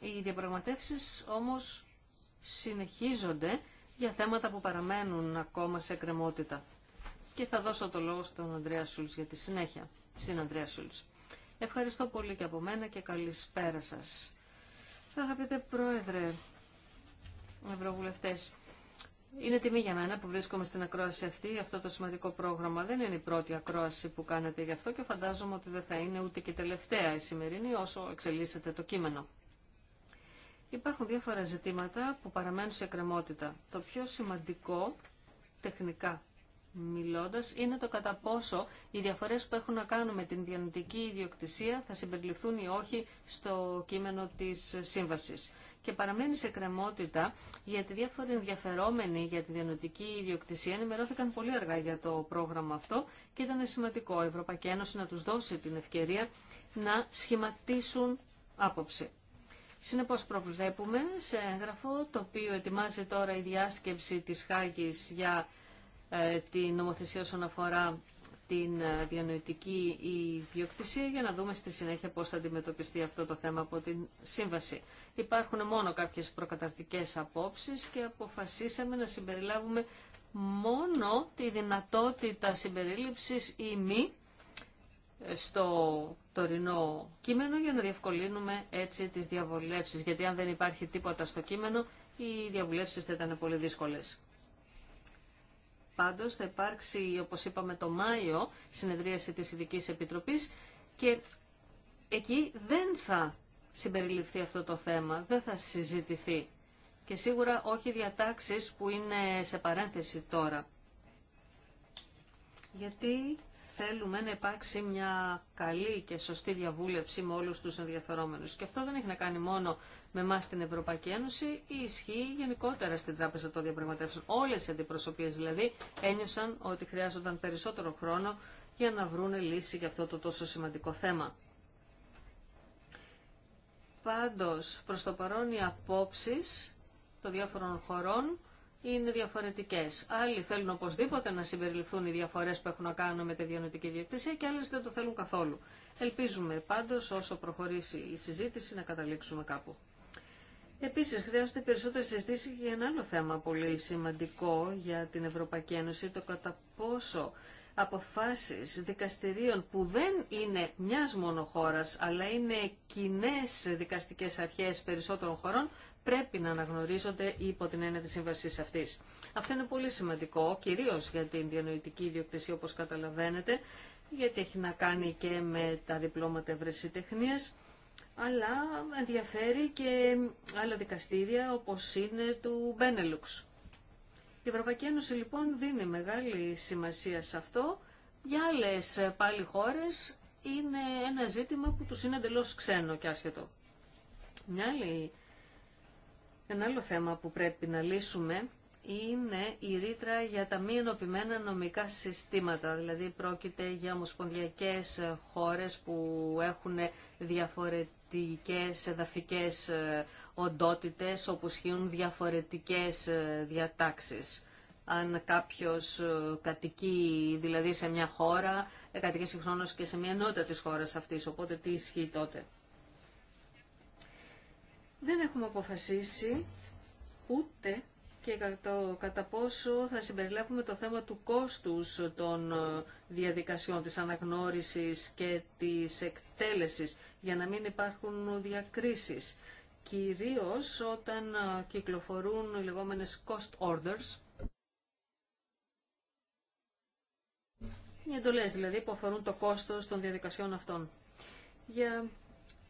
Οι διαπραγματεύσεις όμως συνεχίζονται για θέματα που παραμένουν ακόμα σε κρεμότητα. Και θα δώσω το λόγο στον Ανδρέα Σούλς για τη συνέχεια. Στην Ανδρέα Ευχαριστώ πολύ και από μένα και καλησπέρα σας. Αγαπητέ Πρόεδρε, Ευρωβουλευτές, είναι τιμή για μένα που βρίσκομαι στην ακρόαση αυτή, αυτό το σημαντικό πρόγραμμα. Δεν είναι η πρώτη ακρόαση που κάνετε γι' αυτό και φαντάζομαι ότι δεν θα είναι ούτε και τελευταία η σημερινή όσο εξελίσσεται το κείμενο. Υπάρχουν διάφορα ζητήματα που παραμένουν σε κρεμότητα. Το πιο σημαντικό τεχνικά μιλώντας είναι το κατά πόσο οι διαφορές που έχουν να κάνουν με την διανοητική ιδιοκτησία θα συμπεριληφθούν ή όχι στο κείμενο της σύμβασης. Και παραμένει σε κρεμότητα γιατί διάφοροι ενδιαφερόμενοι για τη διανοητική ιδιοκτησία ενημερώθηκαν πολύ αργά για το πρόγραμμα αυτό και ήταν σημαντικό η Ευρωπαϊκή Ένωση να τους δώσει την ευκαιρία να σχηματίσουν άποψη. Συνεπώ προβλέπουμε σε έγγραφο το οποίο ετοιμάζει τώρα η διάσκεψη της Χάγης για ε, την νομοθεσία όσον αφορά την ε, διανοητική ιδιοκτησία για να δούμε στη συνέχεια πώς θα αντιμετωπιστεί αυτό το θέμα από την Σύμβαση. Υπάρχουν μόνο κάποιες προκαταρτικές απόψεις και αποφασίσαμε να συμπεριλάβουμε μόνο τη δυνατότητα συμπερίληψης ή μη ε, στο τωρινό κείμενο για να διευκολύνουμε έτσι τις διαβολεύσεις. Γιατί αν δεν υπάρχει τίποτα στο κείμενο, οι διαβουλεύσεις θα ήταν πολύ δύσκολες. Πάντως θα υπάρξει, όπως είπαμε, το Μάιο συνεδρίαση της ειδική Επιτροπής και εκεί δεν θα συμπεριληφθεί αυτό το θέμα, δεν θα συζητηθεί. Και σίγουρα όχι διατάξεις που είναι σε παρένθεση τώρα. Γιατί θέλουμε να υπάρξει μια καλή και σωστή διαβούλευση με όλους τους ενδιαφερόμενους. Και αυτό δεν έχει να κάνει μόνο με εμά στην Ευρωπαϊκή Ένωση, ή ισχύει γενικότερα στην Τράπεζα των Διαπραγματεύσεων. Όλες οι αντιπροσωπείες δηλαδή ένιωσαν ότι χρειάζονταν περισσότερο χρόνο για να βρουν λύση για αυτό το τόσο σημαντικό θέμα. Πάντως, προς το παρόν οι απόψεις των διάφορων χωρών είναι διαφορετικές. Άλλοι θέλουν οπωσδήποτε να συμπεριληφθούν οι διαφορές που έχουν να κάνουν με τη διανοητική διεκτήση και άλλες δεν το θέλουν καθόλου. Ελπίζουμε πάντως όσο προχωρήσει η συζήτηση να καταλήξουμε κάπου. Επίσης χρειάζονται περισσότερη συζήτηση για ένα άλλο θέμα πολύ σημαντικό για την Ευρωπαϊκή Ένωση, το κατά πόσο αποφάσεις δικαστηρίων που δεν είναι μιας μόνο χώρας, αλλά είναι κοινέ δικαστικές αρχές περισσότερων χωρών, πρέπει να αναγνωρίζονται υπό την έννοια της σύμβασης αυτής. Αυτό είναι πολύ σημαντικό, κυρίως για την διανοητική ιδιοκτησία όπως καταλαβαίνετε, γιατί έχει να κάνει και με τα διπλώματα ευρεσιτεχνίας, αλλά ενδιαφέρει και άλλα δικαστήρια όπως είναι του Μπένελουξ. Η Ευρωπαϊκή Ένωση λοιπόν δίνει μεγάλη σημασία σε αυτό. Για άλλε πάλι χώρε είναι ένα ζήτημα που του είναι εντελώ ξένο και άσχετο. Μια άλλη ένα άλλο θέμα που πρέπει να λύσουμε είναι η ρήτρα για τα μη ενωπημένα νομικά συστήματα. Δηλαδή πρόκειται για ομοσπονδιακές χώρες που έχουν διαφορετικές εδαφικές ε, οντότητες όπου σχήνουν διαφορετικές ε, διατάξεις. Αν κάποιος ε, κατοικεί δηλαδή σε μια χώρα, κατοικεί συγχρόνως και σε μια ενότητα της χώρας αυτής, οπότε τι ισχύει τότε δεν έχουμε αποφασίσει ούτε και κατά πόσο θα συμπεριλάβουμε το θέμα του κόστους των ε, διαδικασιών, της αναγνώρισης και της εκτέλεσης, για να μην υπάρχουν διακρίσεις. Κυρίως όταν ε, κυκλοφορούν οι λεγόμενες cost orders, οι εντολές δηλαδή που αφορούν το κόστος των διαδικασιών αυτών. Για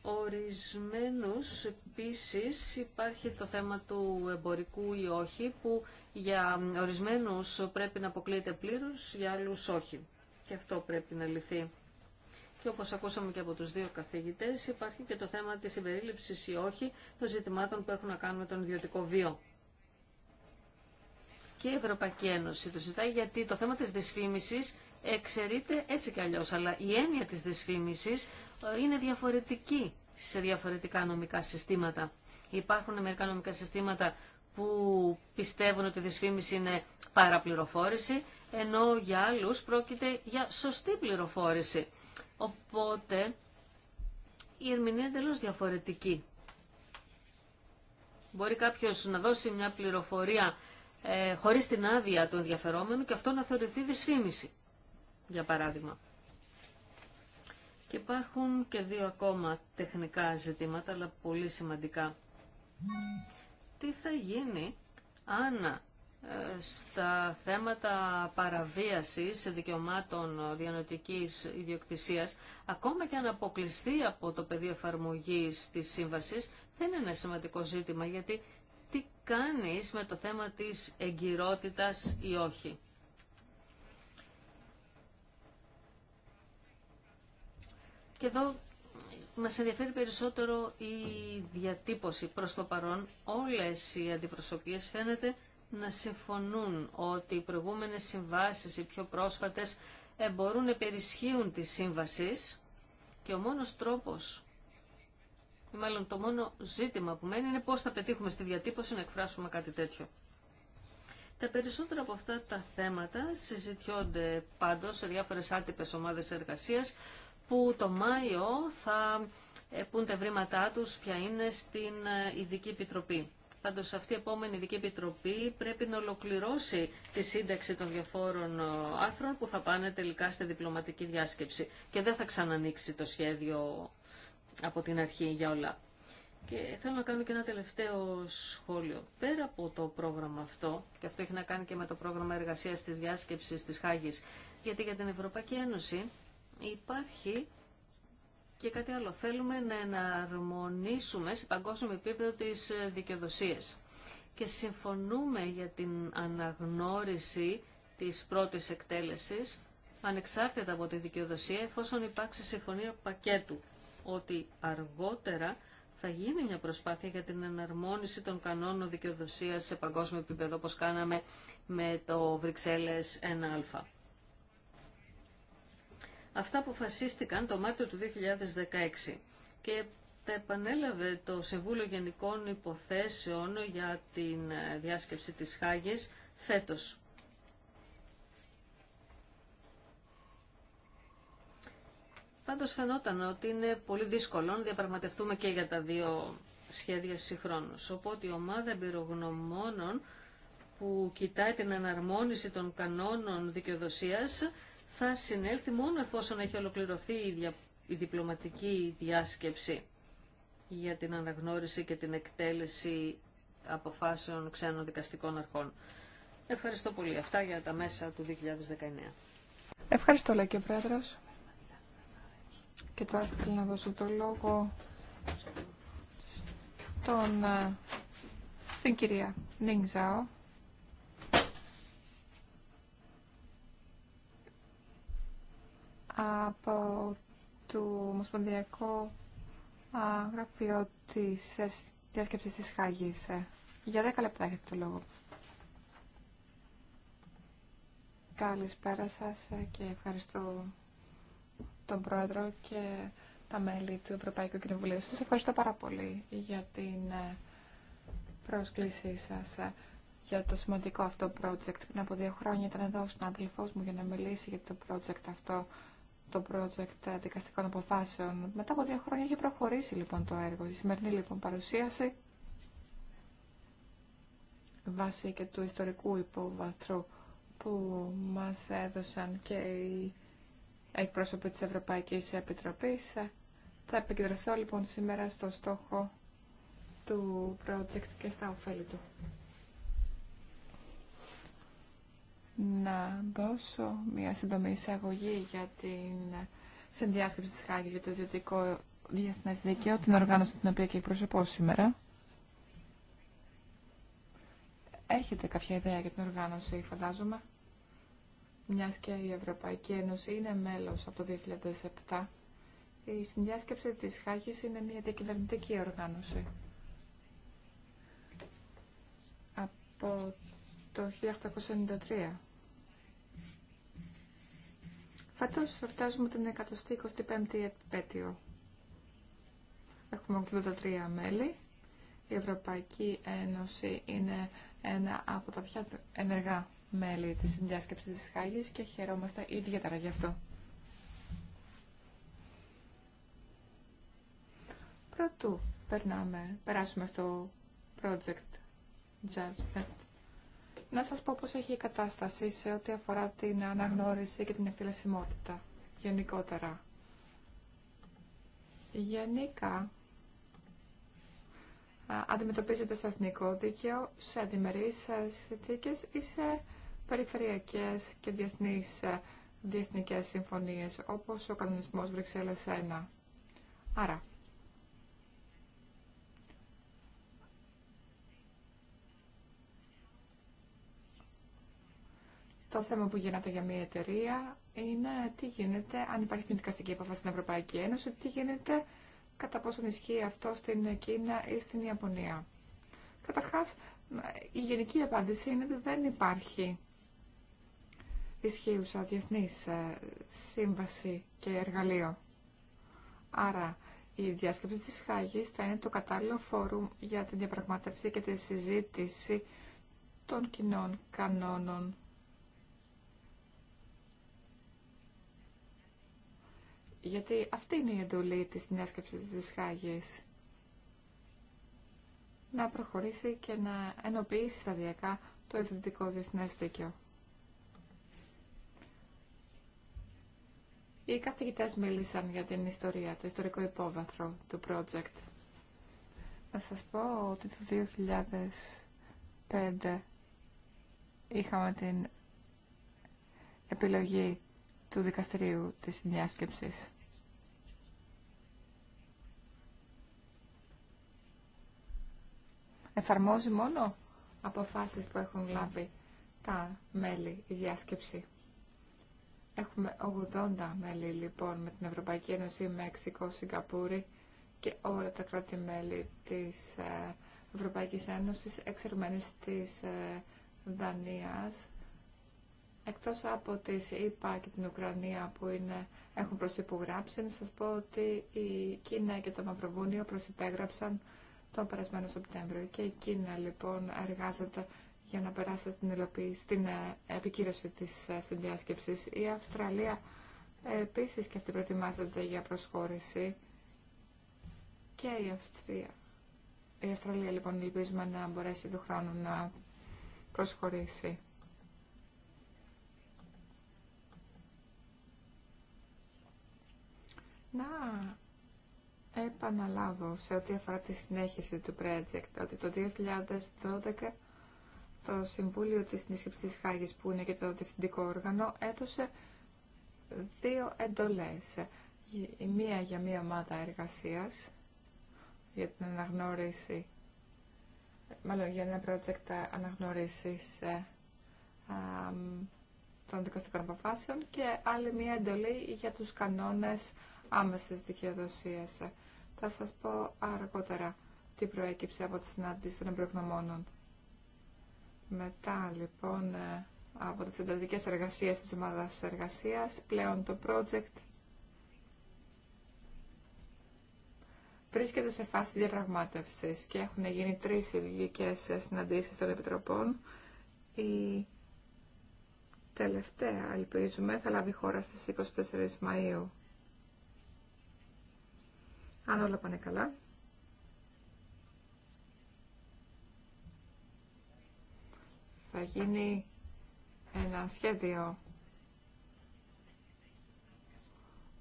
ορισμένους επίσης υπάρχει το θέμα του εμπορικού ή όχι που για ορισμένους πρέπει να αποκλείεται πλήρως, για άλλους όχι. Και αυτό πρέπει να λυθεί. Και όπως ακούσαμε και από τους δύο καθηγητές υπάρχει και το θέμα της συμπερίληψης ή όχι των ζητημάτων που έχουν να κάνουν με τον ιδιωτικό βίο. Και η Ευρωπαϊκή Ένωση το ζητάει γιατί το θέμα της δυσφήμισης εξαιρείται έτσι κι αλλιώς, αλλά η έννοια της δυσφήμισης ε, είναι διαφορετική σε διαφορετικά νομικά συστήματα. Υπάρχουν μερικά νομικά συστήματα που πιστεύουν ότι η δυσφήμιση είναι παραπληροφόρηση, ενώ για άλλους πρόκειται για σωστή πληροφόρηση. Οπότε η ερμηνεία είναι εντελώς διαφορετική. Μπορεί κάποιος να δώσει μια πληροφορία ε, χωρίς την άδεια του ενδιαφερόμενου και αυτό να θεωρηθεί δυσφήμιση για παράδειγμα. Και υπάρχουν και δύο ακόμα τεχνικά ζητήματα, αλλά πολύ σημαντικά. Τι θα γίνει αν ε, στα θέματα παραβίασης δικαιωμάτων διανοητικής ιδιοκτησίας, ακόμα και αν αποκλειστεί από το πεδίο εφαρμογής της σύμβασης, δεν είναι ένα σημαντικό ζήτημα, γιατί τι κάνεις με το θέμα της εγκυρότητας ή όχι. Και εδώ μας ενδιαφέρει περισσότερο η διατύπωση προς το παρόν. Όλες οι αντιπροσωπείες φαίνεται να συμφωνούν ότι οι προηγούμενες συμβάσεις, οι πιο πρόσφατες, ε, μπορούν να περισχύουν τις σύμβάση και ο μόνος τρόπος, ή μάλλον το μόνο ζήτημα που μένει είναι πώς θα πετύχουμε στη διατύπωση να εκφράσουμε κάτι τέτοιο. Τα περισσότερα από αυτά τα θέματα συζητιόνται πάντως σε διάφορες άτυπες ομάδες εργασίας που το Μάιο θα ε, πούν τα βρήματα τους ποια είναι στην ε, Ειδική Επιτροπή. Πάντως αυτή η επόμενη Ειδική Επιτροπή πρέπει να ολοκληρώσει τη σύνταξη των διαφόρων ε, άρθρων που θα πάνε τελικά στη διπλωματική διάσκεψη και δεν θα ξανανοίξει το σχέδιο από την αρχή για όλα. Και θέλω να κάνω και ένα τελευταίο σχόλιο. Πέρα από το πρόγραμμα αυτό, και αυτό έχει να κάνει και με το πρόγραμμα εργασίας της διάσκεψης της Χάγης, γιατί για την Ευρωπαϊκή Ένωση υπάρχει και κάτι άλλο. Θέλουμε να εναρμονίσουμε σε παγκόσμιο επίπεδο τις ε, δικαιοδοσίες. Και συμφωνούμε για την αναγνώριση της πρώτης εκτέλεσης, ανεξάρτητα από τη δικαιοδοσία, εφόσον υπάρξει συμφωνία πακέτου, ότι αργότερα θα γίνει μια προσπάθεια για την εναρμόνιση των κανόνων δικαιοδοσίας σε παγκόσμιο επίπεδο, όπως κάναμε με το Βρυξέλλες 1α. Αυτά αποφασίστηκαν το Μάρτιο του 2016 και τα επανέλαβε το Συμβούλιο Γενικών Υποθέσεων για την ε, διάσκεψη της Χάγης φέτος. Πάντως φαινόταν ότι είναι πολύ δύσκολο να διαπραγματευτούμε και για τα δύο σχέδια συγχρόνως. Οπότε η ομάδα εμπειρογνωμόνων που κοιτάει την αναρμόνιση των κανόνων δικαιοδοσίας θα συνέλθει μόνο εφόσον έχει ολοκληρωθεί η, διπλωματική διάσκεψη για την αναγνώριση και την εκτέλεση αποφάσεων ξένων δικαστικών αρχών. Ευχαριστώ πολύ. Αυτά για τα μέσα του 2019. Ευχαριστώ, λέει και ο Και τώρα θέλω να δώσω το λόγο στον, ε, στην κυρία Νίγκ του Ομοσπονδιακού Γραφείου της διάσκευή τη Χάγης. Ε, για 10 λεπτά έχετε το λόγο. Καλησπέρα σα ε, και ευχαριστώ τον Πρόεδρο και τα μέλη του Ευρωπαϊκού Κοινοβουλίου. Σα ευχαριστώ πάρα πολύ για την ε, πρόσκλησή σας για το σημαντικό αυτό project. Πριν από δύο χρόνια ήταν εδώ ο συνάδελφός μου για να μιλήσει για το project αυτό το project δικαστικών αποφάσεων. Μετά από δύο χρόνια έχει προχωρήσει λοιπόν το έργο. Η σημερινή λοιπόν παρουσίαση βάσει και του ιστορικού υπόβαθρου που μας έδωσαν και οι εκπρόσωποι της Ευρωπαϊκής Επιτροπής. Θα επικεντρωθώ λοιπόν σήμερα στο στόχο του project και στα ωφέλη του. να δώσω μια σύντομη εισαγωγή για την συνδιάσκεψη της Χάγης για το ιδιωτικό διεθνές δίκαιο, την οργάνωση την οποία και εκπροσωπώ σήμερα. Έχετε κάποια ιδέα για την οργάνωση, φαντάζομαι. Μιας και η Ευρωπαϊκή Ένωση είναι μέλος από το 2007. Η συνδιάσκεψη της Χάγης είναι μια διακυβερνητική οργάνωση. Από το 1893. Φέτος φορτάζουμε την 125η επέτειο. Έχουμε 83 μέλη. Η Ευρωπαϊκή Ένωση είναι ένα από τα πιο ενεργά μέλη της συνδιάσκεψης της Χάγης και χαιρόμαστε ιδιαίτερα γι' αυτό. Πρωτού περνάμε, περάσουμε στο project judgment να σας πω πώς έχει η κατάσταση σε ό,τι αφορά την αναγνώριση και την εκτελεσιμότητα γενικότερα. Γενικά, αντιμετωπίζεται στο εθνικό δίκαιο, σε αντιμερείς συνθήκε ή σε περιφερειακές και διεθνείς ε, διεθνικές συμφωνίες, όπως ο κανονισμός Βρυξέλλες 1. Άρα, Το θέμα που γίνεται για μια εταιρεία είναι τι γίνεται αν υπάρχει μια δικαστική επαφη στην Ευρωπαϊκή Ένωση, τι γίνεται κατά πόσον ισχύει αυτό στην Κίνα ή στην Ιαπωνία. Καταρχά, η γενική απάντηση είναι ότι δεν υπάρχει ισχύουσα διεθνή ε, σύμβαση και εργαλείο. Άρα, η διάσκεψη της Χάγης θα είναι το κατάλληλο φόρουμ για την διαπραγμάτευση και τη συζήτηση των κοινών κανόνων Γιατί αυτή είναι η εντολή της διάσκεψης της Χάγης. Να προχωρήσει και να ενοποιήσει σταδιακά το εθνικό διεθνές δίκαιο. Οι καθηγητές μίλησαν για την ιστορία, το ιστορικό υπόβαθρο του project. Να σας πω ότι το 2005 είχαμε την επιλογή του δικαστηρίου της διάσκεψης. Εφαρμόζει μόνο αποφάσεις που έχουν λάβει τα μέλη η διάσκεψη. Έχουμε 80 μέλη λοιπόν με την Ευρωπαϊκή Ένωση, Μέξικο, Σιγκαπούρη και όλα τα κράτη-μέλη της ε, Ευρωπαϊκής Ένωσης εξερμένης της ε, Δανίας Εκτός από τις ΗΠΑ και την Ουκρανία που είναι, έχουν προσυπογράψει, να σας πω ότι η Κίνα και το Μαυροβούνιο προσυπέγραψαν τον περασμένο Σεπτέμβριο. Και η Κίνα λοιπόν εργάζεται για να περάσει στην, υλοποίηση, στην ε, επικύρωση της ε, συνδιάσκεψης. Η Αυστραλία ε, επίσης και αυτή προετοιμάζεται για προσχώρηση. Και η Αυστρία. Η Αυστραλία λοιπόν ελπίζουμε να μπορέσει του χρόνου να προσχωρήσει. να επαναλάβω σε ό,τι αφορά τη συνέχιση του project ότι το 2012 το Συμβούλιο της Συνήσκεψης Χάγης που είναι και το διευθυντικό όργανο έδωσε δύο εντολές. Η μία για μία ομάδα εργασίας για την αναγνώριση μάλλον για ένα project αναγνώρισης ε, των δικαστικών αποφάσεων και άλλη μία εντολή για τους κανόνες άμεσης δικαιοδοσίας. Θα σας πω αργότερα τι προέκυψε από τη συνάντηση των εμπρογνωμόνων. Μετά λοιπόν ε, από τις εντατικές εργασίες της ομάδας εργασίας, πλέον το project βρίσκεται σε φάση διαπραγμάτευσης και έχουν γίνει τρεις ειδικές συναντήσεις των επιτροπών. Η τελευταία, ελπίζουμε, θα λάβει χώρα στις 24 Μαΐου αν όλα πάνε καλά. Θα γίνει ένα σχέδιο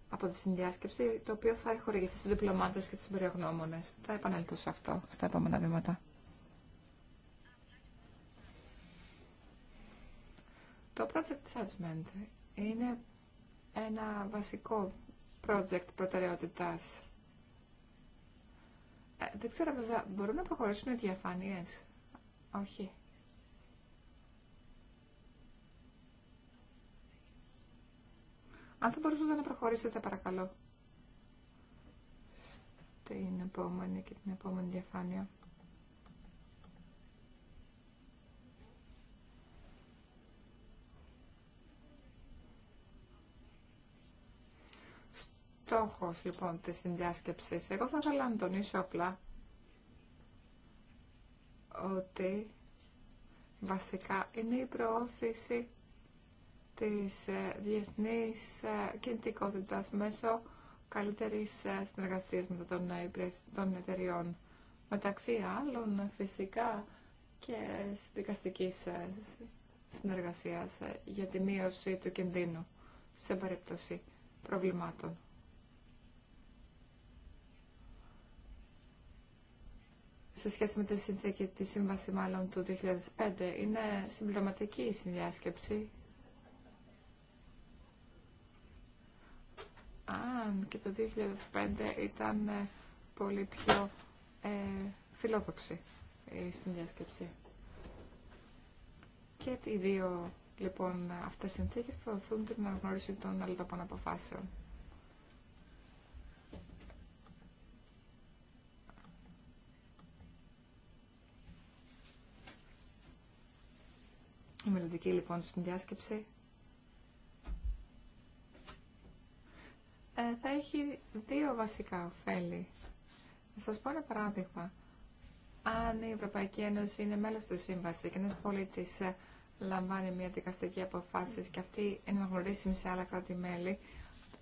από τη συνδιάσκεψη, το οποίο θα χορηγηθεί στους διπλωμάτες και τους περιογνώμονες. Θα επανέλθω σε αυτό στα επόμενα βήματα. Το project assessment είναι ένα βασικό project προτεραιότητας ε, δεν ξέρω βέβαια, μπορούν να προχωρήσουν οι διαφάνειες. Όχι. Αν θα μπορούσατε να προχωρήσετε, παρακαλώ. την επόμενη και την επόμενη διαφάνεια. στόχος λοιπόν της συνδιάσκεψης. Εγώ θα ήθελα να τονίσω απλά ότι βασικά είναι η προώθηση της ε, διεθνής ε, κινητικότητας μέσω καλύτερης ε, συνεργασίας με των εταιριών. Μεταξύ άλλων φυσικά και δικαστικής συνεργασίας για τη μείωση του κινδύνου σε περίπτωση προβλημάτων. σε σχέση με τη συνθήκη τη σύμβαση μάλλον του 2005. Είναι συμπληρωματική η συνδιάσκεψη. Αν και το 2005 ήταν ε, πολύ πιο ε, φιλόδοξη η συνδιάσκεψη. Και οι δύο λοιπόν αυτές οι συνθήκες προωθούν την αναγνώριση των αλληλοπών αποφάσεων. Η μελλοντική λοιπόν συνδιάσκεψη ε, θα έχει δύο βασικά ωφέλη. Να σας πω ένα παράδειγμα. Αν η Ευρωπαϊκή Ένωση είναι μέλος του Σύμβαση και ένας πολίτης ε, λαμβάνει μια δικαστική αποφάση και αυτή είναι αναγνωρίσιμη σε άλλα κράτη-μέλη,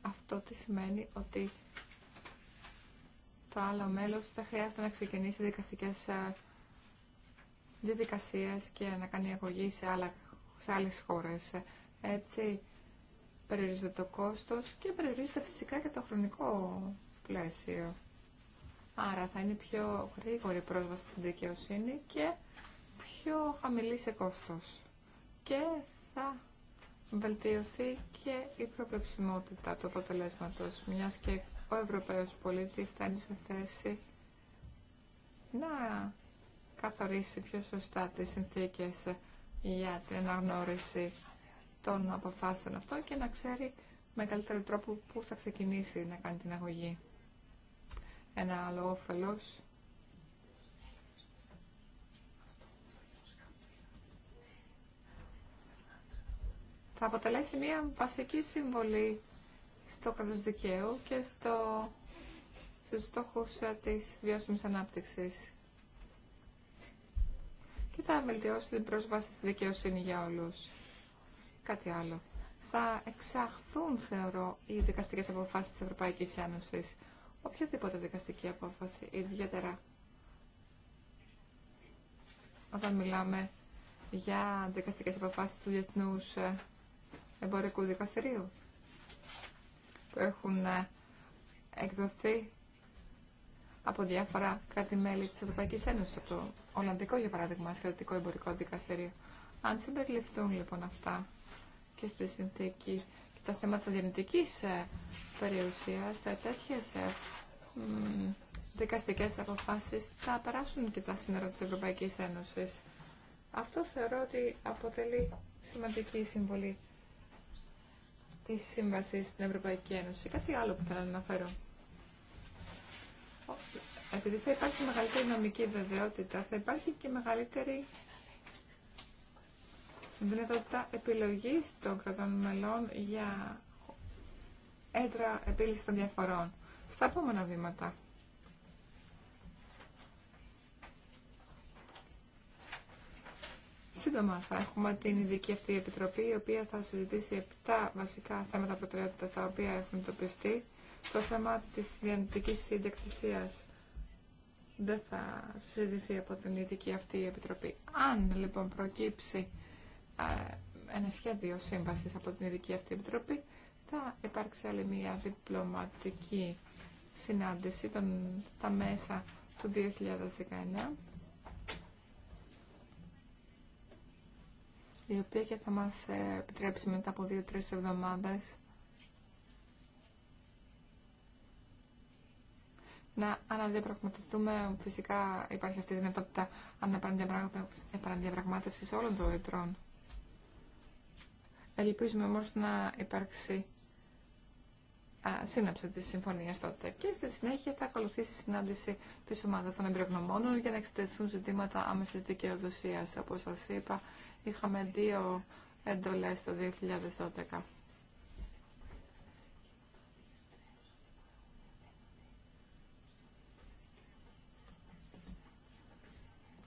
αυτό τι σημαίνει ότι το άλλο μέλος θα χρειάζεται να ξεκινήσει δικαστικές ε, διαδικασίες και να κάνει αγωγή σε, άλλα, σε άλλες χώρες. Έτσι περιορίζεται το κόστος και περιορίζεται φυσικά και το χρονικό πλαίσιο. Άρα θα είναι πιο γρήγορη πρόσβαση στην δικαιοσύνη και πιο χαμηλή σε κόστος. Και θα βελτιωθεί και η προβλεψιμότητα του αποτελέσματος, μιας και ο Ευρωπαίος πολίτης θα είναι σε θέση να καθορίσει πιο σωστά τις συνθήκες για την αναγνώριση των αποφάσεων αυτό και να ξέρει με καλύτερο τρόπο πού θα ξεκινήσει να κάνει την αγωγή. Ένα άλλο όφελος θα αποτελέσει μια βασική συμβολή στο κράτος δικαίου και στο, στους στόχους της βιώσιμης ανάπτυξης και θα βελτιώσει την πρόσβαση στη δικαιοσύνη για όλους. Κάτι άλλο. Θα εξαχθούν, θεωρώ, οι δικαστικές αποφάσεις της Ευρωπαϊκής Ένωσης. Οποιαδήποτε δικαστική απόφαση, ιδιαίτερα όταν μιλάμε για δικαστικές αποφάσεις του διεθνού ε, Εμπορικού Δικαστηρίου που έχουν ε, εκδοθεί από διάφορα κράτη-μέλη της Ευρωπαϊκής Ένωσης, από Ολλανδικό, για παράδειγμα, σχετικό εμπορικό δικαστήριο. Αν συμπεριληφθούν λοιπόν αυτά και στη συνθήκη και τα θέματα διανοητική ε, περιουσίας, ε, τέτοιε ε, δικαστικέ αποφάσει θα περάσουν και τα σύνορα τη Ευρωπαϊκή Ένωση. Αυτό θεωρώ ότι αποτελεί σημαντική συμβολή τη σύμβαση στην Ευρωπαϊκή Ένωση. Κάτι άλλο που θέλω να αναφέρω επειδή θα υπάρχει μεγαλύτερη νομική βεβαιότητα, θα υπάρχει και μεγαλύτερη δυνατότητα επιλογής των κρατών μελών για έντρα επίλυση των διαφορών στα επόμενα βήματα. Σύντομα θα έχουμε την ειδική αυτή επιτροπή, η οποία θα συζητήσει 7 βασικά θέματα προτεραιότητας τα οποία έχουν εντοπιστεί. Το θέμα της διανοητικής συντεκτησίας δεν θα συζητηθεί από την ειδική αυτή επιτροπή. Αν λοιπόν προκύψει ε, ένα σχέδιο σύμβαση από την ειδική αυτή επιτροπή, θα υπάρξει άλλη μια διπλωματική συνάντηση τον στα μέσα του 2019, η οποία και θα μας ε, επιτρέψει μετά από δύο-τρεις εβδομάδες να αναδιαπραγματευτούμε. Φυσικά υπάρχει αυτή η δυνατότητα επαναδιαπραγμάτευση όλων των ρητρών. Ελπίζουμε όμω να υπάρξει σύναψη τη συμφωνία τότε. Και στη συνέχεια θα ακολουθήσει η συνάντηση τη ομάδα των εμπειρογνωμόνων για να εξετεθούν ζητήματα άμεση δικαιοδοσία. Όπω σα είπα, είχαμε δύο εντολέ το 2012.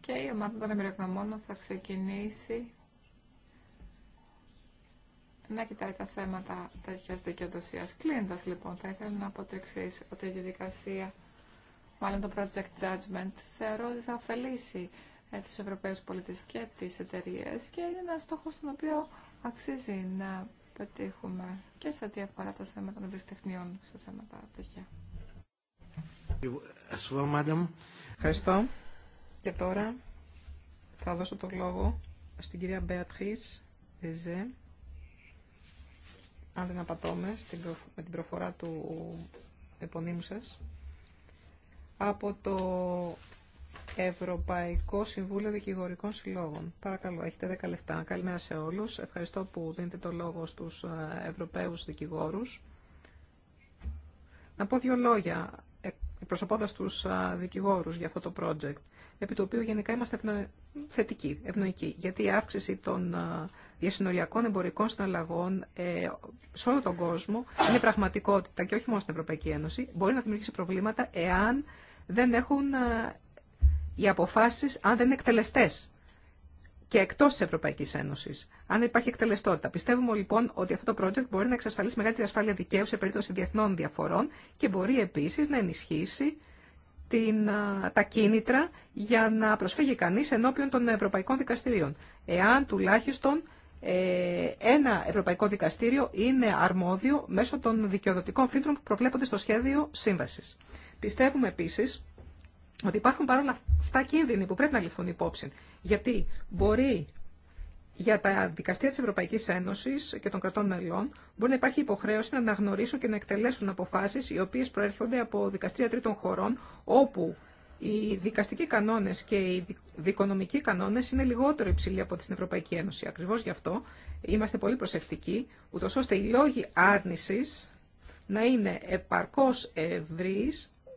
και η ομάδα των εμπειρογνωμών θα ξεκινήσει να κοιτάει τα θέματα τέτοια δικαιοδοσία. Κλείνοντα λοιπόν, θα ήθελα να πω το εξή, ότι η διαδικασία, μάλλον το project judgment, θεωρώ ότι θα ωφελήσει ε, του Ευρωπαίου πολίτε και τι εταιρείε και είναι ένα στόχο τον οποίο αξίζει να πετύχουμε και σε ό,τι αφορά τα θέματα των ευρυστεχνιών σε θέματα τέτοια. Και τώρα θα δώσω το λόγο στην κυρία Μπέατρις Δεζέ. αν δεν απατώμε, με την προφορά του επωνύμου σας, από το Ευρωπαϊκό Συμβούλιο Δικηγορικών Συλλόγων. Παρακαλώ, έχετε 10 λεφτά. Καλημέρα σε όλους. Ευχαριστώ που δίνετε το λόγο στους ε, Ευρωπαίους δικηγόρους. Να πω δύο λόγια, ε, προσωπώντας τους ε, δικηγόρους για αυτό το project επί του οποίου γενικά είμαστε θετικοί, ευνοϊκοί. Γιατί η αύξηση των ε, διασυνοριακών εμπορικών συναλλαγών ε, σε όλο τον κόσμο είναι πραγματικότητα και όχι μόνο στην Ευρωπαϊκή Ένωση. Μπορεί να δημιουργήσει προβλήματα εάν δεν έχουν ε, οι αποφάσει αν δεν είναι εκτελεστέ και εκτό τη Ευρωπαϊκή Ένωση, αν υπάρχει εκτελεστότητα. Πιστεύουμε λοιπόν ότι αυτό το project μπορεί να εξασφαλίσει μεγαλύτερη ασφάλεια δικαίου σε περίπτωση διεθνών διαφορών και μπορεί επίση να ενισχύσει την, τα κίνητρα για να προσφύγει κανείς ενώπιον των ευρωπαϊκών δικαστηρίων. Εάν τουλάχιστον ε, ένα ευρωπαϊκό δικαστήριο είναι αρμόδιο μέσω των δικαιοδοτικών φίλτρων που προβλέπονται στο σχέδιο σύμβασης. Πιστεύουμε επίσης ότι υπάρχουν παρόλα αυτά κίνδυνοι που πρέπει να ληφθούν υπόψη. Γιατί μπορεί για τα δικαστήρια της Ευρωπαϊκής Ένωσης και των κρατών μελών μπορεί να υπάρχει υποχρέωση να αναγνωρίσουν και να εκτελέσουν αποφάσεις οι οποίες προέρχονται από δικαστήρια τρίτων χωρών όπου οι δικαστικοί κανόνες και οι δικονομικοί κανόνες είναι λιγότερο υψηλοί από την Ευρωπαϊκή Ένωση. Ακριβώ γι' αυτό είμαστε πολύ προσεκτικοί, ούτω ώστε οι λόγοι άρνησης να είναι επαρκώ ευρύ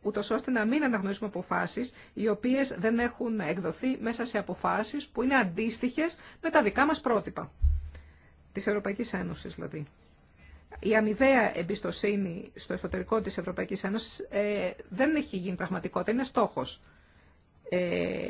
ούτω ώστε να μην αναγνωρίσουμε αποφάσει οι οποίε δεν έχουν εκδοθεί μέσα σε αποφάσει που είναι αντίστοιχε με τα δικά μα πρότυπα. Τη Ευρωπαϊκή Ένωση δηλαδή. Η αμοιβαία εμπιστοσύνη στο εσωτερικό τη Ευρωπαϊκή Ένωση ε, δεν έχει γίνει πραγματικότητα, είναι στόχο. Ε,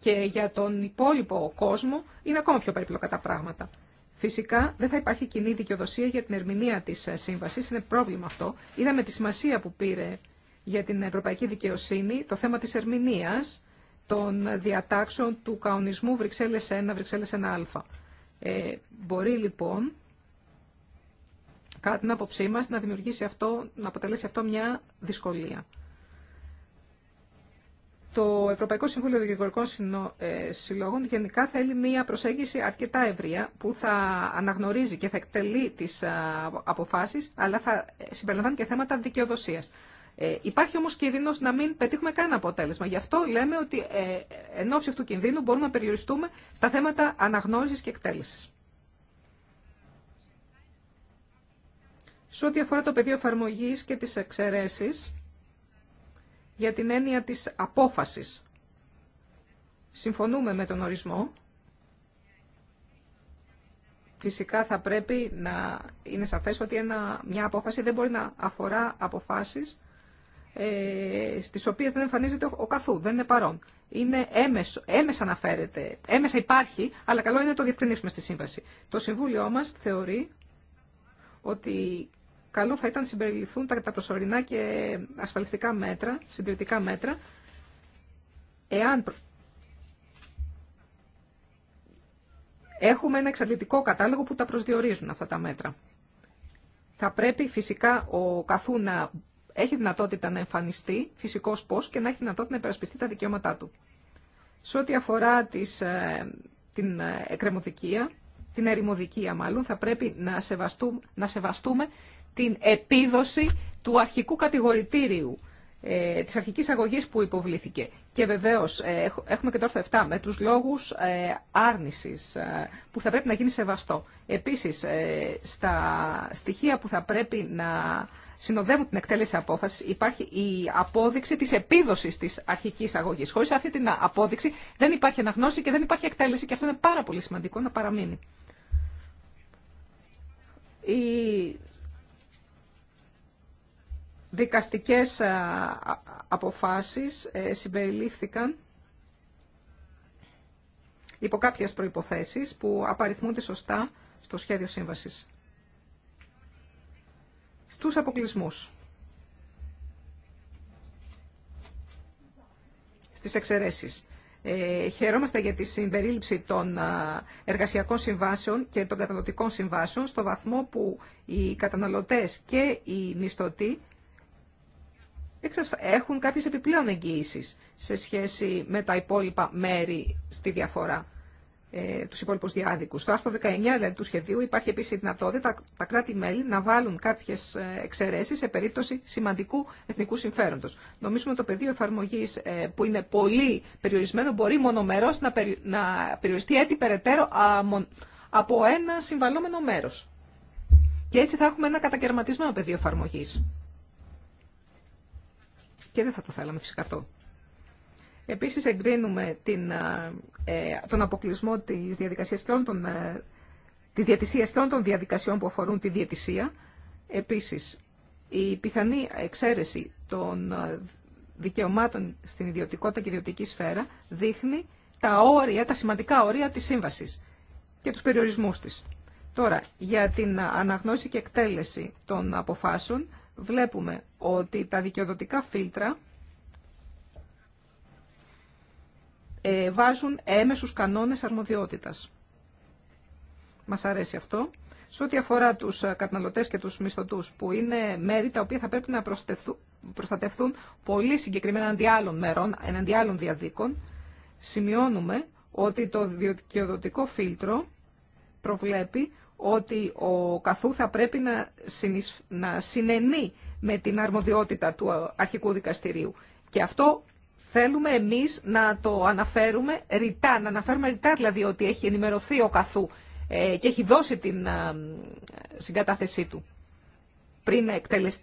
και για τον υπόλοιπο κόσμο είναι ακόμα πιο περίπλοκα τα πράγματα. Φυσικά δεν θα υπάρχει κοινή δικαιοδοσία για την ερμηνεία τη ε, σύμβαση, είναι πρόβλημα αυτό. Είδαμε τη σημασία που πήρε για την Ευρωπαϊκή Δικαιοσύνη, το θέμα της ερμηνείας των διατάξεων του καονισμού Βρυξέλλες 1, Βρυξέλλες 1α. Ε, μπορεί λοιπόν, κατά την άποψή μας, να δημιουργήσει αυτό, να αποτελέσει αυτό μια δυσκολία. Το Ευρωπαϊκό Συμβούλιο Δικηγορικών ε, Συλλόγων γενικά θέλει μία προσέγγιση αρκετά ευρεία που θα αναγνωρίζει και θα εκτελεί τις αποφάσεις αλλά θα ε, συμπεριλαμβάνει και θέματα δικαιοδοσίας. Ε, υπάρχει όμως κίνδυνος να μην πετύχουμε κανένα αποτέλεσμα. Γι' αυτό λέμε ότι ε, εν ώψη αυτού κινδύνου μπορούμε να περιοριστούμε στα θέματα αναγνώρισης και εκτέλεσης. Σε ό,τι αφορά το πεδίο εφαρμογή και τις εξαιρέσει για την έννοια της απόφασης. Συμφωνούμε με τον ορισμό. Φυσικά θα πρέπει να είναι σαφές ότι μια απόφαση δεν μπορεί να αφορά αποφάσεις ε, στις οποίες δεν εμφανίζεται ο καθού, δεν είναι παρόν. Είναι έμεσο, έμεσα αναφέρεται, έμεσα υπάρχει, αλλά καλό είναι να το διευκρινίσουμε στη σύμβαση. Το Συμβούλιο μας θεωρεί ότι καλό θα ήταν να συμπεριληφθούν τα προσωρινά και ασφαλιστικά μέτρα, συντηρητικά μέτρα, εάν έχουμε ένα εξαρτητικό κατάλογο που τα προσδιορίζουν αυτά τα μέτρα. Θα πρέπει φυσικά ο καθού να έχει δυνατότητα να εμφανιστεί φυσικός πώ και να έχει δυνατότητα να υπερασπιστεί τα δικαιώματά του. Σε ό,τι αφορά ε, την ε, εκκρεμοδικία, την ερημοδικία μάλλον, θα πρέπει να να σεβαστούμε την επίδοση του αρχικού κατηγορητήριου ε, της αρχικής αγωγής που υποβλήθηκε. Και βεβαίως ε, έχουμε και το άρθρο 7 με τους λόγους ε, άρνησης ε, που θα πρέπει να γίνει σεβαστό. Επίσης, στα στοιχεία που θα πρέπει να συνοδεύουν την εκτέλεση απόφαση υπάρχει η απόδειξη της επίδοσης της αρχικής αγωγής. Χωρίς αυτή την απόδειξη δεν υπάρχει αναγνώση και δεν υπάρχει εκτέλεση και αυτό είναι πάρα πολύ σημαντικό να παραμείνει. Η δικαστικές ε, αποφάσεις ε, συμπεριλήφθηκαν υπό κάποιες προϋποθέσεις που απαριθμούνται σωστά στο σχέδιο σύμβασης. Στους αποκλεισμούς. Στις εξαιρέσεις. Ε, χαιρόμαστε για τη συμπερίληψη των ε, εργασιακών συμβάσεων και των καταναλωτικών συμβάσεων στο βαθμό που οι καταναλωτές και οι μισθωτοί έχουν κάποιες επιπλέον εγγύησεις σε σχέση με τα υπόλοιπα μέρη στη διαφορά, ε, τους υπόλοιπους διάδικους. Στο άρθρο 19 δηλαδή, του σχεδίου υπάρχει επίσης η δυνατότητα τα κράτη-μέλη να βάλουν κάποιες ε, εξαιρέσεις σε περίπτωση σημαντικού εθνικού συμφέροντος. Νομίζουμε ότι το πεδίο εφαρμογής ε, που είναι πολύ περιορισμένο μπορεί μονομερός να, να περιοριστεί έτσι περαιτέρω από ένα συμβαλόμενο μέρος. Και έτσι θα έχουμε ένα κατακαιρματισμένο πεδίο εφαρμογής και δεν θα το θέλαμε φυσικά αυτό. Επίσης εγκρίνουμε την, ε, ε, τον αποκλεισμό της, διαδικασίας και όλων των, ε, της διατησίας και των διαδικασιών που αφορούν τη διατησία. Επίσης, η πιθανή εξαίρεση των δικαιωμάτων στην ιδιωτικότητα και ιδιωτική σφαίρα δείχνει τα όρια, τα σημαντικά όρια της σύμβασης και τους περιορισμούς της. Τώρα, για την αναγνώση και εκτέλεση των αποφάσεων, βλέπουμε ότι τα δικαιοδοτικά φίλτρα ε, βάζουν έμεσους κανόνες αρμοδιότητας. Μας αρέσει αυτό. Σε ό,τι αφορά τους ε, καταναλωτές και τους μισθωτούς, που είναι μέρη τα οποία θα πρέπει να προστατευθούν πολύ συγκεκριμένα αντί άλλων μερών, εναντί άλλων διαδίκων, σημειώνουμε ότι το δικαιοδοτικό φίλτρο προβλέπει ότι ο καθού θα πρέπει να, συνενεί με την αρμοδιότητα του αρχικού δικαστηρίου. Και αυτό θέλουμε εμείς να το αναφέρουμε ρητά, να αναφέρουμε ρητά δηλαδή ότι έχει ενημερωθεί ο καθού ε, και έχει δώσει την ε, συγκατάθεσή του πριν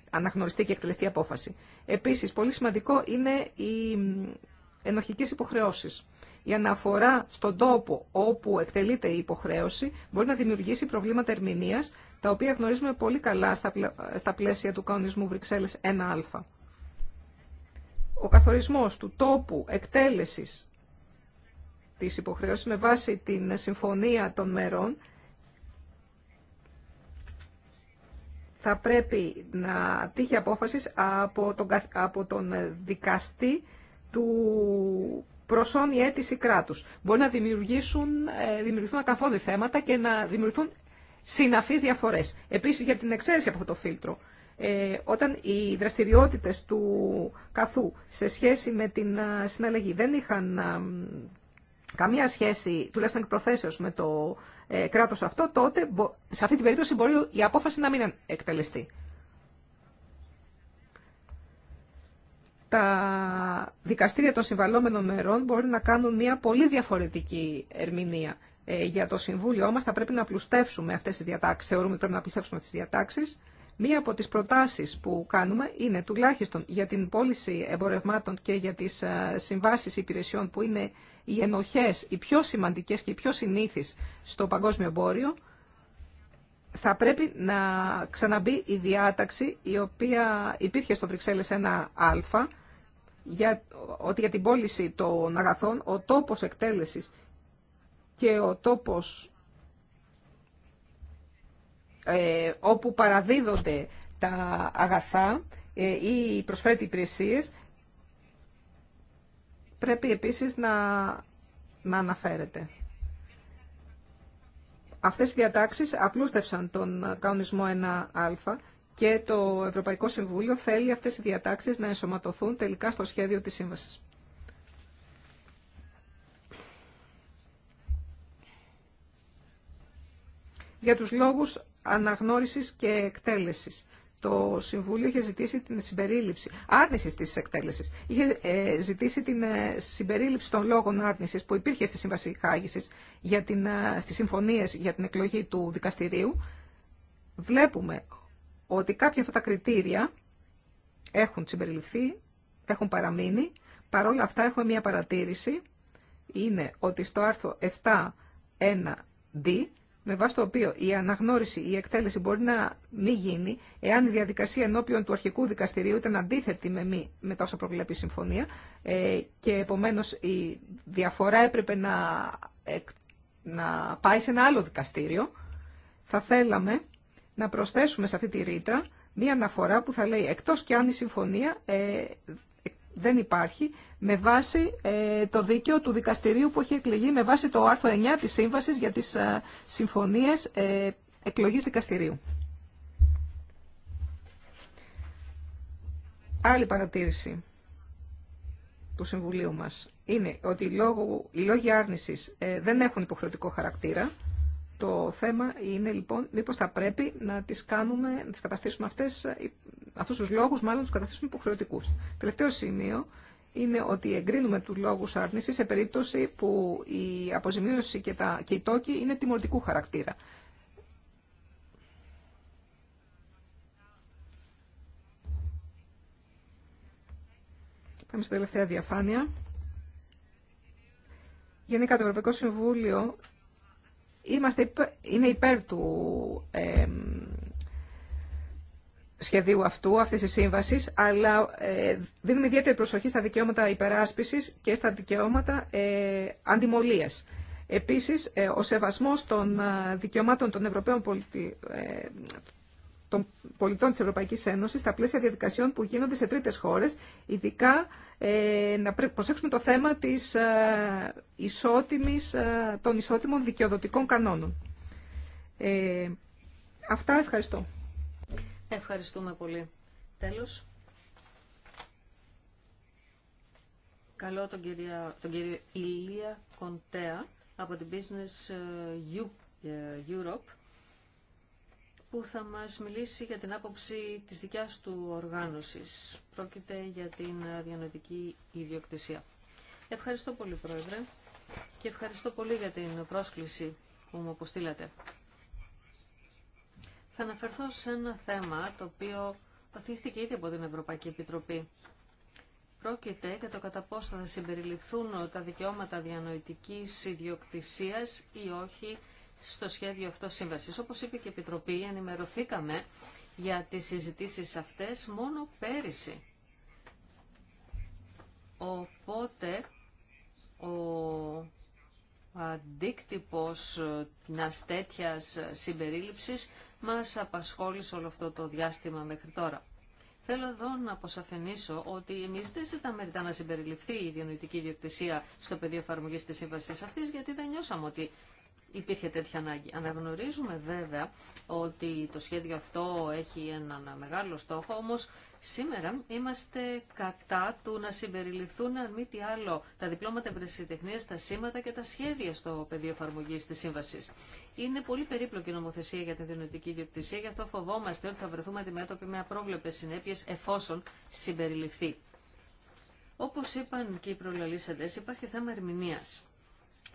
αναγνωριστεί και εκτελεστεί απόφαση. Επίσης, πολύ σημαντικό είναι η ενοχικής υποχρέωσης. Η αναφορά στον τόπο όπου εκτελείται η υποχρέωση μπορεί να δημιουργήσει προβλήματα ερμηνεία, τα οποία γνωρίζουμε πολύ καλά στα πλαίσια του κανονισμού Βρυξέλλες 1α. Ο καθορισμός του τόπου εκτέλεσης της υποχρέωσης με βάση την συμφωνία των μερών θα πρέπει να τύχει απόφαση από τον, από τον δικαστή του προσώνει αίτηση κράτους. Μπορεί να δημιουργήσουν, ε, δημιουργηθούν ακαθόδη θέματα και να δημιουργηθούν συναφείς διαφορές. Επίσης για την εξαίρεση από αυτό το φίλτρο. Ε, όταν οι δραστηριότητες του καθού σε σχέση με την ε, συναλλαγή δεν είχαν καμία σχέση, τουλάχιστον εκ με το κράτος αυτό, τότε σε αυτή την περίπτωση μπορεί η απόφαση να μην εκτελεστεί. τα δικαστήρια των συμβαλόμενων μερών μπορεί να κάνουν μια πολύ διαφορετική ερμηνεία. Ε, για το Συμβούλιο μας θα πρέπει να πλουστεύσουμε αυτές τις διατάξεις. Θεωρούμε ότι πρέπει να πλουστεύσουμε αυτές τις διατάξεις. Μία από τις προτάσεις που κάνουμε είναι τουλάχιστον για την πώληση εμπορευμάτων και για τις ε, συμβάσεις υπηρεσιών που είναι οι ενοχές οι πιο σημαντικές και οι πιο συνήθεις στο παγκόσμιο εμπόριο, θα πρέπει να ξαναμπεί η διάταξη η οποία υπήρχε στο Βρυξέλλες 1α, για, ότι για την πώληση των αγαθών ο τόπος εκτέλεσης και ο τόπος ε, όπου παραδίδονται τα αγαθά ε, ή προσφέρεται υπηρεσίες πρέπει επίσης να, να αναφέρεται. Αυτές οι διατάξεις απλούστευσαν τον κανονισμό 1α και το Ευρωπαϊκό Συμβούλιο θέλει αυτές οι διατάξεις να ενσωματωθούν τελικά στο σχέδιο της σύμβασης. Για τους λόγους αναγνώρισης και εκτέλεσης. Το Συμβούλιο είχε ζητήσει την συμπερίληψη άρνηση τη εκτέλεση. Είχε ε, ζητήσει την ε, συμπερίληψη των λόγων άρνηση που υπήρχε στη Σύμβαση Χάγηση ε, στι συμφωνίε για την εκλογή του δικαστηρίου. Βλέπουμε ότι κάποια αυτά τα κριτήρια έχουν συμπεριληφθεί, έχουν παραμείνει. Παρ' όλα αυτά έχουμε μία παρατήρηση, είναι ότι στο αρθρο 7.1.D, με βάση το οποίο η αναγνώριση, η εκτέλεση μπορεί να μην γίνει, εάν η διαδικασία ενώπιον του αρχικού δικαστηρίου ήταν αντίθετη με, μη, με τόσο προβλέπει η συμφωνία ε, και επομένως η διαφορά έπρεπε να, να πάει σε ένα άλλο δικαστήριο, θα θέλαμε να προσθέσουμε σε αυτή τη ρήτρα μία αναφορά που θα λέει εκτός και αν η συμφωνία ε, δεν υπάρχει με βάση ε, το δίκαιο του δικαστηρίου που έχει εκλεγεί με βάση το άρθρο 9 της Σύμβασης για τις ε, συμφωνίες ε, εκλογής δικαστηρίου. Άλλη παρατήρηση του Συμβουλίου μας είναι ότι οι λόγοι άρνησης ε, δεν έχουν υποχρεωτικό χαρακτήρα το θέμα είναι λοιπόν μήπως θα πρέπει να τις κάνουμε, να τις καταστήσουμε αυτές, αυτούς τους λόγους μάλλον τους καταστήσουμε υποχρεωτικούς. Τελευταίο σημείο είναι ότι εγκρίνουμε τους λόγους άρνησης σε περίπτωση που η αποζημίωση και, τα, και η τόκοι είναι τιμωρητικού χαρακτήρα. Πάμε στην τελευταία διαφάνεια. Γενικά το Ευρωπαϊκό Συμβούλιο είμαστε είναι υπέρ του σχεδίου αυτού, αυτή τη σύμβαση, αλλά ε, δίνουμε ιδιαίτερη προσοχή στα δικαιώματα υπεράσπισης και στα δικαιώματα ε, Επίση, Επίσης, ε, ο σεβασμός των ε, δικαιωμάτων των Ευρωπαίων Πολιτών των πολιτών της Ευρωπαϊκής Ένωσης στα πλαίσια διαδικασιών που γίνονται σε τρίτες χώρες, ειδικά ε, να προσέξουμε το θέμα της, ε, ε, των ισότιμων δικαιοδοτικών κανόνων. Ε, αυτά ευχαριστώ. Ευχαριστούμε πολύ. Τέλος. Καλό τον, κυρία, τον κύριο Ηλία Κοντέα από την Business Europe που θα μας μιλήσει για την άποψη της δικιάς του οργάνωσης. Πρόκειται για την διανοητική ιδιοκτησία. Ευχαριστώ πολύ, Πρόεδρε, και ευχαριστώ πολύ για την πρόσκληση που μου αποστήλατε. Θα αναφερθώ σε ένα θέμα το οποίο παθήθηκε ήδη από την Ευρωπαϊκή Επιτροπή. Πρόκειται για το κατά πόσο θα συμπεριληφθούν τα δικαιώματα διανοητικής ιδιοκτησίας ή όχι στο σχέδιο αυτό σύμβασης. Όπως είπε και η Επιτροπή, ενημερωθήκαμε για τις συζητήσεις αυτές μόνο πέρυσι. Οπότε, ο αντίκτυπος μια τέτοια συμπερίληψης μας απασχόλησε όλο αυτό το διάστημα μέχρι τώρα. Θέλω εδώ να αποσαφενήσω ότι εμείς δεν ζητάμε ρητά να συμπεριληφθεί η διανοητική ιδιοκτησία στο πεδίο εφαρμογή τη σύμβαση αυτή, γιατί δεν νιώσαμε ότι υπήρχε τέτοια ανάγκη. Αναγνωρίζουμε βέβαια ότι το σχέδιο αυτό έχει ένα μεγάλο στόχο, όμως σήμερα είμαστε κατά του να συμπεριληφθούν, αν μη τι άλλο, τα διπλώματα ευρεσιτεχνία, τα σήματα και τα σχέδια στο πεδίο εφαρμογή τη σύμβαση. Είναι πολύ περίπλοκη η νομοθεσία για την δυνητική ιδιοκτησία, γι' αυτό φοβόμαστε ότι θα βρεθούμε αντιμέτωποι με απρόβλεπε συνέπειε εφόσον συμπεριληφθεί. Όπως είπαν και οι προλαλήσαντες, υπάρχει θέμα ερμηνεία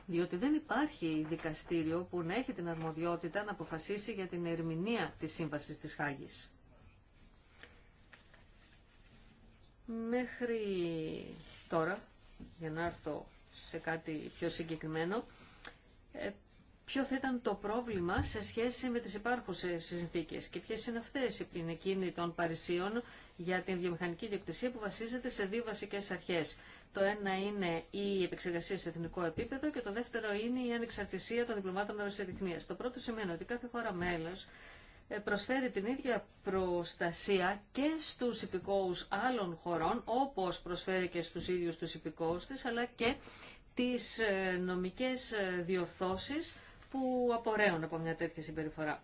διότι δεν υπάρχει δικαστήριο που να έχει την αρμοδιότητα να αποφασίσει για την ερμηνεία της Σύμβασης της Χάγης. Μέχρι τώρα, για να έρθω σε κάτι πιο συγκεκριμένο, ε, ποιο θα ήταν το πρόβλημα σε σχέση με τις υπάρχουσες συνθήκες και ποιες είναι αυτές την εκείνη των Παρισίων για την βιομηχανική διοκτησία που βασίζεται σε δύο βασικές αρχές. Το ένα είναι η επεξεργασία σε εθνικό επίπεδο και το δεύτερο είναι η ανεξαρτησία των διπλωμάτων αεροσυντεχνία. Το πρώτο σημαίνει ότι κάθε χώρα μέλο ε, προσφέρει την ίδια προστασία και στους υπηκόους άλλων χωρών, όπως προσφέρει και στους ίδιους τους υπηκόους της, αλλά και τις ε, νομικές ε, διορθώσεις που απορρέουν από μια τέτοια συμπεριφορά.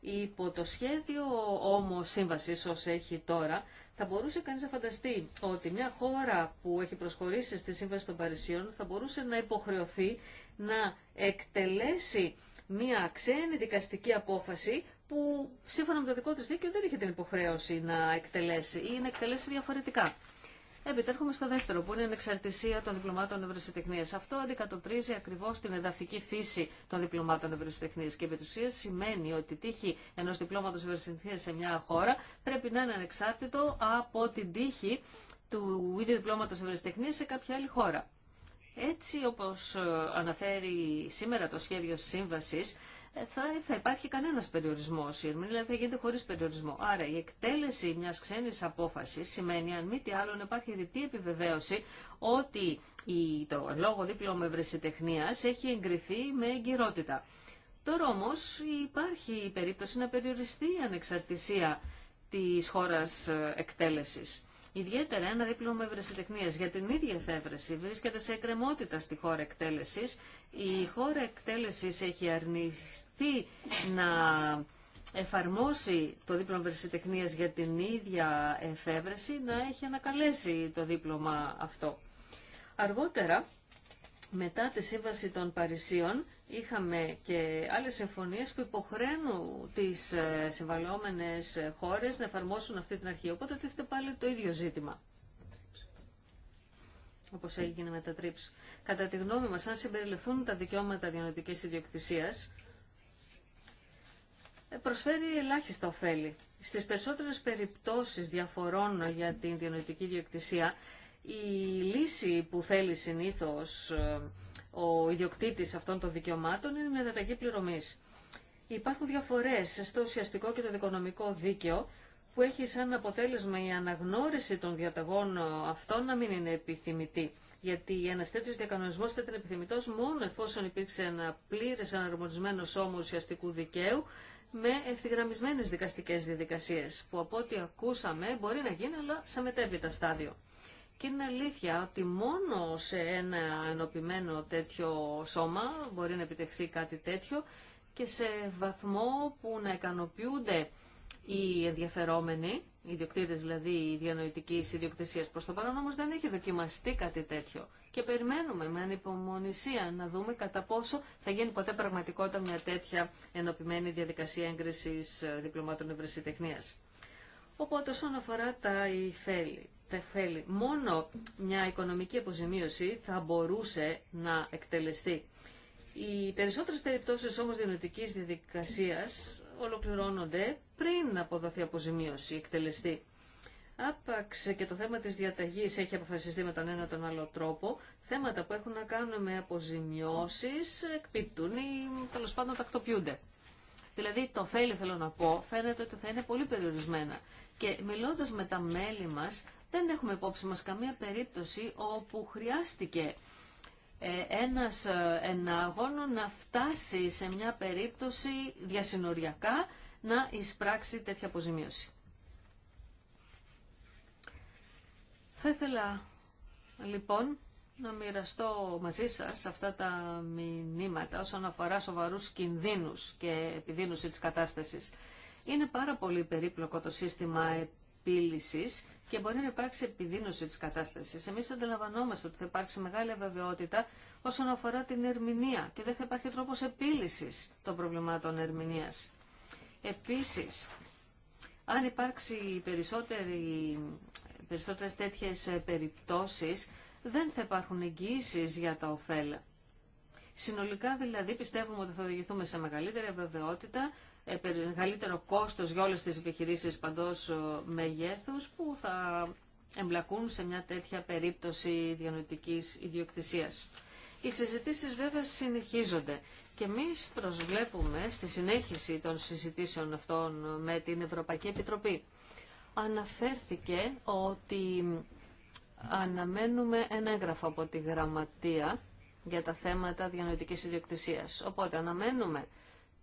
Υπό το σχέδιο όμως σύμβασης όσο έχει τώρα, θα μπορούσε κανείς να φανταστεί ότι μια χώρα που έχει προσχωρήσει στη Σύμβαση των Παρισίων θα μπορούσε να υποχρεωθεί να εκτελέσει μια ξένη δικαστική απόφαση που σύμφωνα με το δικό της δίκαιο δεν είχε την υποχρέωση να εκτελέσει ή να εκτελέσει διαφορετικά. Έπειτα στο δεύτερο, που είναι η ανεξαρτησία των διπλωμάτων ευρεσιτεχνία. Αυτό αντικατοπτρίζει ακριβώ την εδαφική φύση των διπλωμάτων ευρεσιτεχνία και επί ουσία σημαίνει ότι η τύχη ενό διπλώματο ευρεσιτεχνία σε μια χώρα πρέπει να είναι ανεξάρτητο από την τύχη του ίδιου διπλώματο ευρεσιτεχνία σε κάποια άλλη χώρα. Έτσι όπω ε, αναφέρει σήμερα το σχέδιο σύμβαση θα, θα υπάρχει κανένα περιορισμός. Η ερμηνεία θα γίνεται χωρίς περιορισμό. Άρα η εκτέλεση μιας ξένης απόφασης σημαίνει αν μη τι άλλο να υπάρχει ρητή επιβεβαίωση ότι η, το λόγο δίπλωμα ευρεσιτεχνία έχει εγκριθεί με εγκυρότητα. Τώρα όμως υπάρχει η περίπτωση να περιοριστεί η ανεξαρτησία τη χώρα ε, εκτέλεση. Ιδιαίτερα ένα δίπλωμα ευρεσιτεχνίας για την ίδια εφεύρεση βρίσκεται σε εκκρεμότητα στη χώρα εκτέλεσης. Η χώρα εκτέλεσης έχει αρνηθεί να εφαρμόσει το δίπλωμα ευρεσιτεχνίας για την ίδια εφεύρεση, να έχει ανακαλέσει το δίπλωμα αυτό. Αργότερα, μετά τη Σύμβαση των Παρισίων, Είχαμε και άλλες συμφωνίες που υποχρένουν τις ε, συμβαλόμενες χώρες να εφαρμόσουν αυτή την αρχή. Οπότε τίθεται πάλι το ίδιο ζήτημα όπως έγινε με τα TRIPS. Κατά τη γνώμη μας, αν συμπεριληφθούν τα δικαιώματα διανοητικής ιδιοκτησίας, ε, προσφέρει ελάχιστα ωφέλη. Στις περισσότερες περιπτώσεις διαφορών για την διανοητική ιδιοκτησία, η λύση που θέλει συνήθως ε, ο ιδιοκτήτης αυτών των δικαιωμάτων είναι η διαταγή πληρωμής. Υπάρχουν διαφορές στο ουσιαστικό και το δικονομικό δίκαιο που έχει σαν αποτέλεσμα η αναγνώριση των διαταγών αυτών να μην είναι επιθυμητή. Γιατί ένα τέτοιο διακανονισμό θα ήταν επιθυμητό μόνο εφόσον υπήρξε ένα πλήρε αναρμονισμένο σώμα ουσιαστικού δικαίου με ευθυγραμμισμένε δικαστικέ διαδικασίε, που από ό,τι ακούσαμε μπορεί να γίνει, αλλά σε μετέπειτα στάδιο. Και είναι αλήθεια ότι μόνο σε ένα ενωπημένο τέτοιο σώμα μπορεί να επιτευχθεί κάτι τέτοιο και σε βαθμό που να ικανοποιούνται οι ενδιαφερόμενοι, οι ιδιοκτήτε δηλαδή οι διανοητική ιδιοκτησία. Προ το παρόν όμω δεν έχει δοκιμαστεί κάτι τέτοιο. Και περιμένουμε με ανυπομονησία να δούμε κατά πόσο θα γίνει ποτέ πραγματικότητα μια τέτοια ενωπημένη διαδικασία έγκριση διπλωμάτων ευρεσιτεχνία. Οπότε όσον αφορά τα υφέλη, τα υφέλη, μόνο μια οικονομική αποζημίωση θα μπορούσε να εκτελεστεί. Οι περισσότερες περιπτώσεις όμως διανοητικής διαδικασίας ολοκληρώνονται πριν αποδοθεί αποζημίωση, εκτελεστεί. Άπαξ και το θέμα της διαταγής έχει αποφασιστεί με τον ένα τον άλλο τρόπο. Θέματα που έχουν να κάνουν με αποζημιώσεις εκπίπτουν ή τέλο πάντων τακτοποιούνται. Δηλαδή το «φέλη» θέλω να πω φαίνεται ότι θα είναι πολύ περιορισμένα. Και μιλώντας με τα μέλη μας, δεν έχουμε υπόψη μας καμία περίπτωση όπου χρειάστηκε ε, ένας ε, ενάγωνο να φτάσει σε μια περίπτωση διασυνοριακά να εισπράξει τέτοια αποζημίωση. Θα ήθελα λοιπόν να μοιραστώ μαζί σας αυτά τα μηνύματα όσον αφορά σοβαρούς κινδύνους και επιδείνωση της κατάστασης. Είναι πάρα πολύ περίπλοκο το σύστημα επίλυσης και μπορεί να υπάρξει επιδείνωση της κατάστασης. Εμείς αντιλαμβανόμαστε ότι θα υπάρξει μεγάλη αβεβαιότητα όσον αφορά την ερμηνεία και δεν θα υπάρχει τρόπος επίλυσης των προβλημάτων ερμηνείας. Επίσης, αν υπάρξει περισσότερη, περισσότερες τέτοιες περιπτώσεις, δεν θα υπάρχουν εγγύησεις για τα ωφέλα. Συνολικά δηλαδή πιστεύουμε ότι θα οδηγηθούμε σε μεγαλύτερη βεβαιότητα, ε, μεγαλύτερο κόστος για όλες τις επιχειρήσεις παντός ε, μεγέθους που θα εμπλακούν σε μια τέτοια περίπτωση διανοητικής ιδιοκτησίας. Οι συζητήσεις βέβαια συνεχίζονται και εμείς προσβλέπουμε στη συνέχιση των συζητήσεων αυτών με την Ευρωπαϊκή Επιτροπή. Αναφέρθηκε ότι αναμένουμε ένα έγγραφο από τη Γραμματεία για τα θέματα διανοητικής ιδιοκτησίας. Οπότε αναμένουμε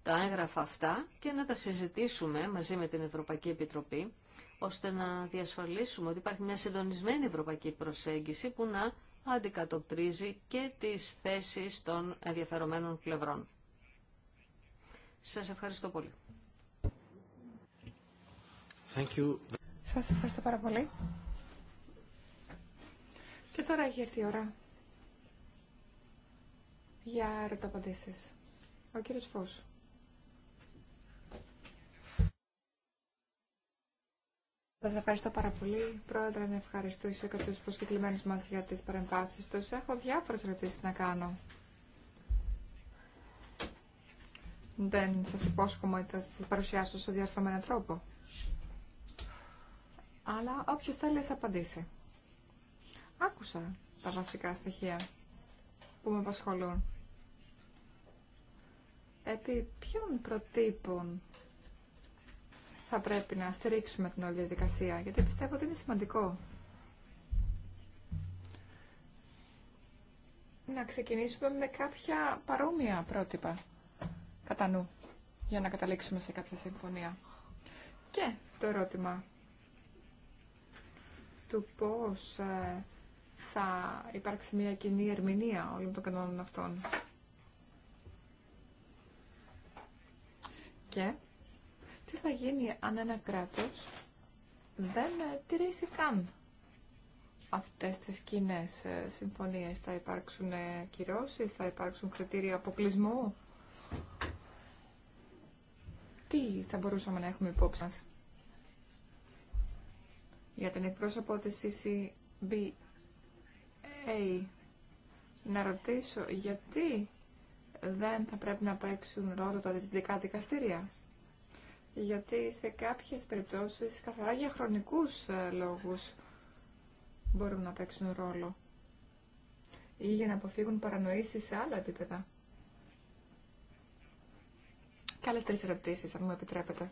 τα έγγραφα αυτά και να τα συζητήσουμε μαζί με την Ευρωπαϊκή Επιτροπή, ώστε να διασφαλίσουμε ότι υπάρχει μια συντονισμένη ευρωπαϊκή προσέγγιση που να αντικατοπτρίζει και τις θέσεις των ενδιαφερομένων πλευρών. Σας ευχαριστώ πολύ. Thank you. Σας ευχαριστώ πάρα πολύ. Και τώρα έχει έρθει η ώρα για ερωταπαντήσεις. Ο κύριος Φως. Σα ευχαριστώ πάρα πολύ. Πρόεδρε, να ευχαριστήσω και του προσκεκλημένου μα για τι παρεμβάσει του. Έχω διάφορε ερωτήσει να κάνω. Δεν σα υπόσχομαι ότι θα τι παρουσιάσω σε διαρθρωμένο τρόπο. Αλλά όποιο θέλει, απαντήσει. Άκουσα τα βασικά στοιχεία που με απασχολούν επί ποιων προτύπων θα πρέπει να στηρίξουμε την όλη διαδικασία, γιατί πιστεύω ότι είναι σημαντικό. Να ξεκινήσουμε με κάποια παρόμοια πρότυπα κατά νου, για να καταλήξουμε σε κάποια συμφωνία. Και το ερώτημα του πώς ε, θα υπάρξει μια κοινή ερμηνεία όλων των κανόνων αυτών. Και τι θα γίνει αν ένα κράτος δεν τηρήσει καν αυτές τις κοινέ ε, συμφωνίες. Θα υπάρξουν ε, κυρώσεις, θα υπάρξουν κριτήρια αποκλεισμού. Τι θα μπορούσαμε να έχουμε υπόψη μας. Για την εκπρόσωπο της CCBA να ρωτήσω γιατί δεν θα πρέπει να παίξουν ρόλο τα διευθυντικά δικαστήρια. Γιατί σε κάποιες περιπτώσεις, καθαρά για χρονικούς ε, λόγους, μπορούν να παίξουν ρόλο. Ή για να αποφύγουν παρανοήσεις σε άλλα επίπεδα. Και άλλες τρεις αν μου επιτρέπετε.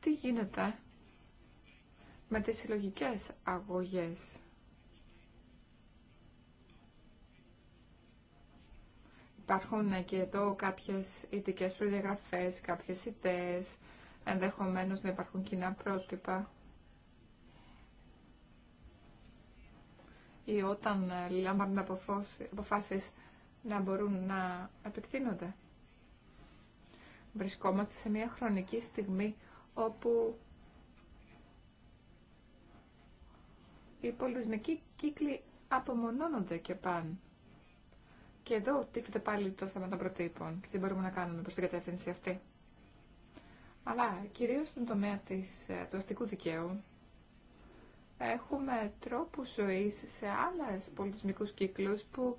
Τι γίνεται με τις συλλογικές αγωγές Υπάρχουν και εδώ κάποιες ειδικές προδιαγραφές, κάποιες ιδέες, ενδεχομένως να υπάρχουν κοινά πρότυπα. Ή όταν ε, λαμβάνουν αποφάσεις να μπορούν να επεκτείνονται. Βρισκόμαστε σε μια χρονική στιγμή όπου οι πολιτισμικοί κύκλοι απομονώνονται και πάνε. Και εδώ τίθεται πάλι το θέμα των προτύπων και τι μπορούμε να κάνουμε προ την κατεύθυνση αυτή. Αλλά κυρίω στον τομέα της, ε, του αστικού δικαίου έχουμε τρόπους ζωή σε άλλες πολιτισμικούς κύκλους που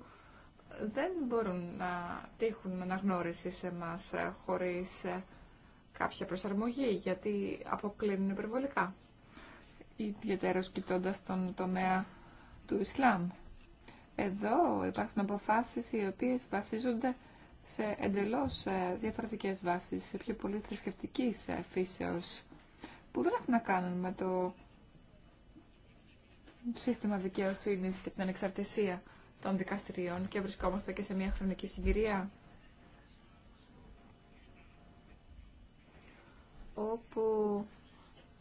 δεν μπορούν να τύχουν αναγνώριση σε μας ε, χωρίς ε, κάποια προσαρμογή, γιατί αποκλίνουν υπερβολικά. Ιδιαίτερα κοιτώντα τον τομέα του Ισλάμ. Εδώ υπάρχουν αποφάσεις οι οποίες βασίζονται σε εντελώς ε, διαφορετικές βάσεις, σε πιο πολύ θρησκευτική φύσεως, που δεν έχουν να κάνουν με το σύστημα δικαιοσύνης και την ανεξαρτησία των δικαστηριών και βρισκόμαστε και σε μια χρονική συγκυρία όπου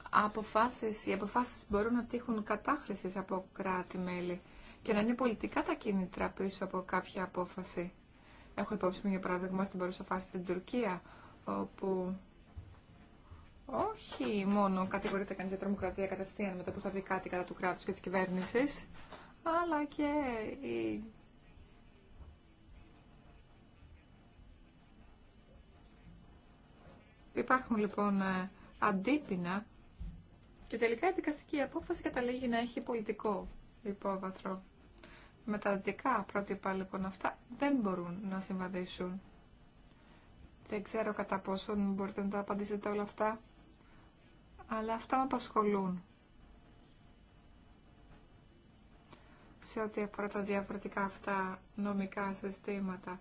αποφάσεις, οι αποφάσεις μπορούν να τύχουν κατάχρησης από κράτη-μέλη και να είναι πολιτικά τα κίνητρα πίσω από κάποια απόφαση. Έχω υπόψη μου για παράδειγμα στην παρούσα φάση στην Τουρκία, όπου όχι μόνο κατηγορείται κανεί για τρομοκρατία κατευθείαν μετά που θα βγει κάτι κατά του κράτου και τη κυβέρνηση, αλλά και Υπάρχουν λοιπόν ε, αντίπεινα και τελικά η δικαστική απόφαση καταλήγει να έχει πολιτικό υπόβαθρο. Με τα δικά πρότυπα λοιπόν αυτά δεν μπορούν να συμβαδίσουν. Δεν ξέρω κατά πόσον μπορείτε να τα απαντήσετε όλα αυτά, αλλά αυτά με απασχολούν. σε ό,τι αφορά τα διαφορετικά αυτά νομικά συστήματα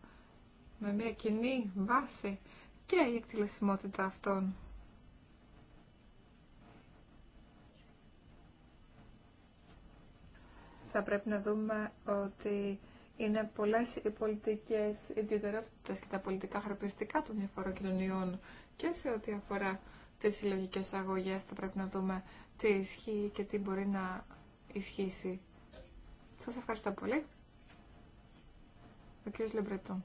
με μια κοινή βάση και η εκτελεσιμότητα αυτών. θα πρέπει να δούμε ότι είναι πολλές οι πολιτικές ιδιαιτερότητες και τα πολιτικά χαρακτηριστικά των διαφορών κοινωνιών και σε ό,τι αφορά τις συλλογικέ αγωγές θα πρέπει να δούμε τι ισχύει και τι μπορεί να ισχύσει. Σας ευχαριστώ πολύ. Ο κύριος Λεμπρετών.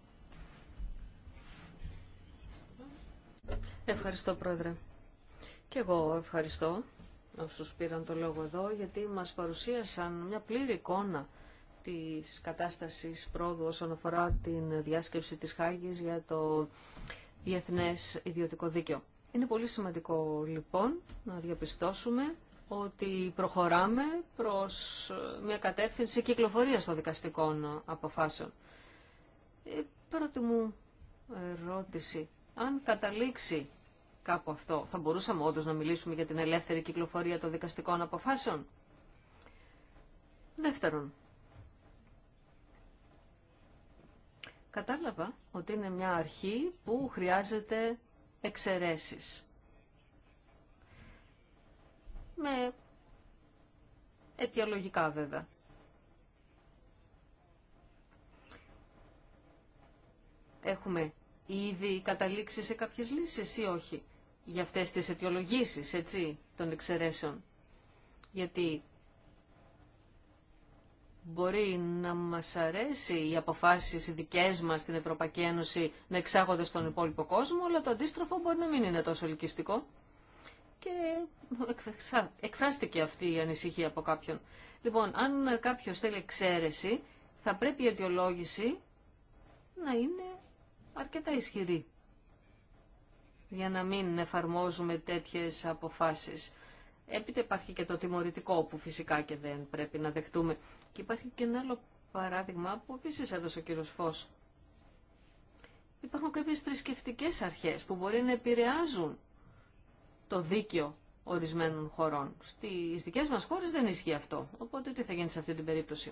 Ευχαριστώ, Πρόεδρε. Και εγώ ευχαριστώ Όσου πήραν το λόγο εδώ, γιατί μας παρουσίασαν μια πλήρη εικόνα της κατάσταση πρόοδου όσον αφορά την διάσκεψη της Χάγης για το Διεθνές Ιδιωτικό Δίκαιο. Είναι πολύ σημαντικό λοιπόν να διαπιστώσουμε ότι προχωράμε προς μια κατεύθυνση κυκλοφορίας των δικαστικών αποφάσεων. πρώτη μου ερώτηση, αν καταλήξει κάπου αυτό. Θα μπορούσαμε όντω να μιλήσουμε για την ελεύθερη κυκλοφορία των δικαστικών αποφάσεων. Δεύτερον, κατάλαβα ότι είναι μια αρχή που χρειάζεται εξαιρέσεις. Με αιτιολογικά βέβαια. Έχουμε ήδη καταλήξει σε κάποιες λύσεις ή όχι για αυτές τις αιτιολογήσεις, έτσι, των εξαιρέσεων. Γιατί μπορεί να μας αρέσει οι αποφάσεις οι δικές μας στην Ευρωπαϊκή Ένωση να εξάγονται στον υπόλοιπο κόσμο, αλλά το αντίστροφο μπορεί να μην είναι τόσο ελκυστικό. Και εκφράστηκε αυτή η ανησυχία από κάποιον. Λοιπόν, αν κάποιος θέλει εξαίρεση, θα πρέπει η αιτιολόγηση να είναι αρκετά ισχυρή για να μην εφαρμόζουμε τέτοιες αποφάσεις. Έπειτα υπάρχει και το τιμωρητικό που φυσικά και δεν πρέπει να δεχτούμε. Και υπάρχει και ένα άλλο παράδειγμα που επίση έδωσε ο κύριος Φως. Υπάρχουν κάποιες θρησκευτικέ αρχές που μπορεί να επηρεάζουν το δίκαιο ορισμένων χωρών. Στις δικές μας χώρες δεν ισχύει αυτό. Οπότε τι θα γίνει σε αυτή την περίπτωση.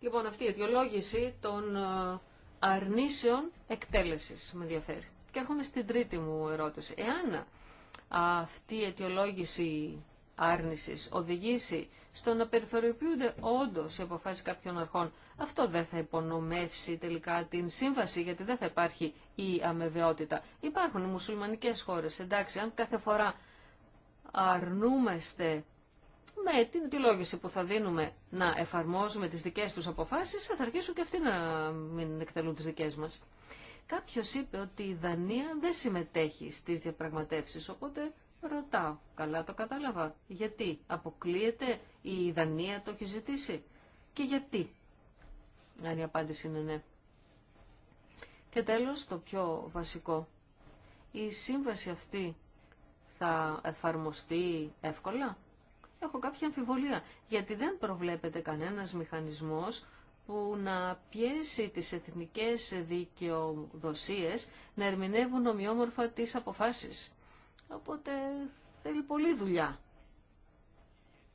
Λοιπόν, αυτή η αιτιολόγηση των ε, αρνήσεων εκτέλεσης με ενδιαφέρει. Και έρχομαι στην τρίτη μου ερώτηση. Εάν αυτή η αιτιολόγηση άρνησης οδηγήσει στο να περιθωριοποιούνται όντω οι αποφάσεις κάποιων αρχών, αυτό δεν θα υπονομεύσει τελικά την σύμβαση, γιατί δεν θα υπάρχει η αμεβαιότητα. Υπάρχουν οι μουσουλμανικές χώρες, εντάξει, αν κάθε φορά αρνούμαστε με την αιτιολόγηση που θα δίνουμε να εφαρμόζουμε τις δικές τους αποφάσεις, θα αρχίσουν και αυτοί να μην εκτελούν τις δικές μας. Κάποιος είπε ότι η Δανία δεν συμμετέχει στις διαπραγματεύσεις, οπότε ρωτάω, καλά το κατάλαβα, γιατί αποκλείεται η Δανία το έχει ζητήσει και γιατί, αν η απάντηση είναι ναι. Και τέλος, το πιο βασικό, η σύμβαση αυτή θα εφαρμοστεί εύκολα. Έχω κάποια αμφιβολία, γιατί δεν προβλέπεται κανένας μηχανισμός που να πιέσει τις εθνικές δικαιοδοσίες να ερμηνεύουν ομοιόμορφα τις αποφάσεις. Οπότε θέλει πολλή δουλειά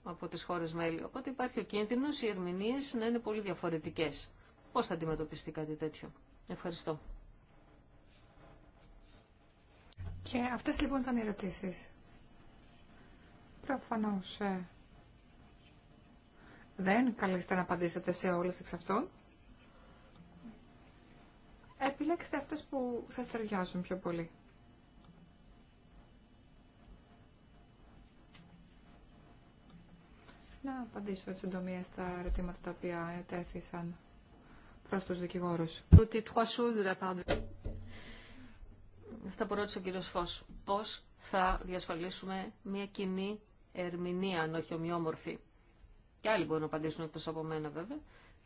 από τις χώρες μέλη. Οπότε υπάρχει ο κίνδυνος οι ερμηνείες να είναι πολύ διαφορετικές. Πώς θα αντιμετωπιστεί κάτι τέτοιο. Ευχαριστώ. Και αυτές λοιπόν ήταν οι ερωτήσεις. Προφανώς ε, δεν καλείστε να απαντήσετε σε όλες εξ αυτών. Επιλέξτε αυτές που σας ταιριάζουν πιο πολύ. Να απαντήσω έτσι συντομία στα ερωτήματα τα οποία τέθησαν προς τους δικηγόρους. Στα ρώτησε ο κύριος Φως. Πώς θα διασφαλίσουμε μια κοινή ερμηνεία, αν όχι ομοιόμορφη και άλλοι μπορούν να απαντήσουν εκτό από μένα βέβαια.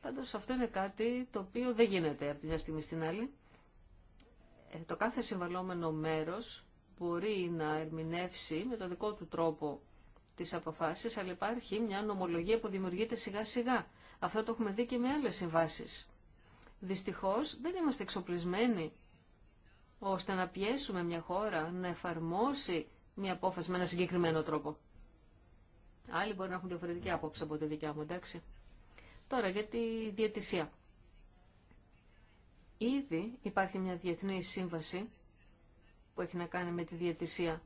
Πάντω αυτό είναι κάτι το οποίο δεν γίνεται από τη μια στιγμή στην άλλη. Ε, το κάθε συμβαλόμενο μέρο μπορεί να ερμηνεύσει με το δικό του τρόπο τις αποφάσει, αλλά υπάρχει μια νομολογία που δημιουργείται σιγά σιγά. Αυτό το έχουμε δει και με άλλε συμβάσει. Δυστυχώ, δεν είμαστε εξοπλισμένοι ώστε να πιέσουμε μια χώρα να εφαρμόσει μια απόφαση με ένα συγκεκριμένο τρόπο. Άλλοι μπορεί να έχουν διαφορετική άποψη από τη δικιά μου, εντάξει. Τώρα για τη διαιτησία. Ήδη υπάρχει μια διεθνή σύμβαση που έχει να κάνει με τη διαιτησία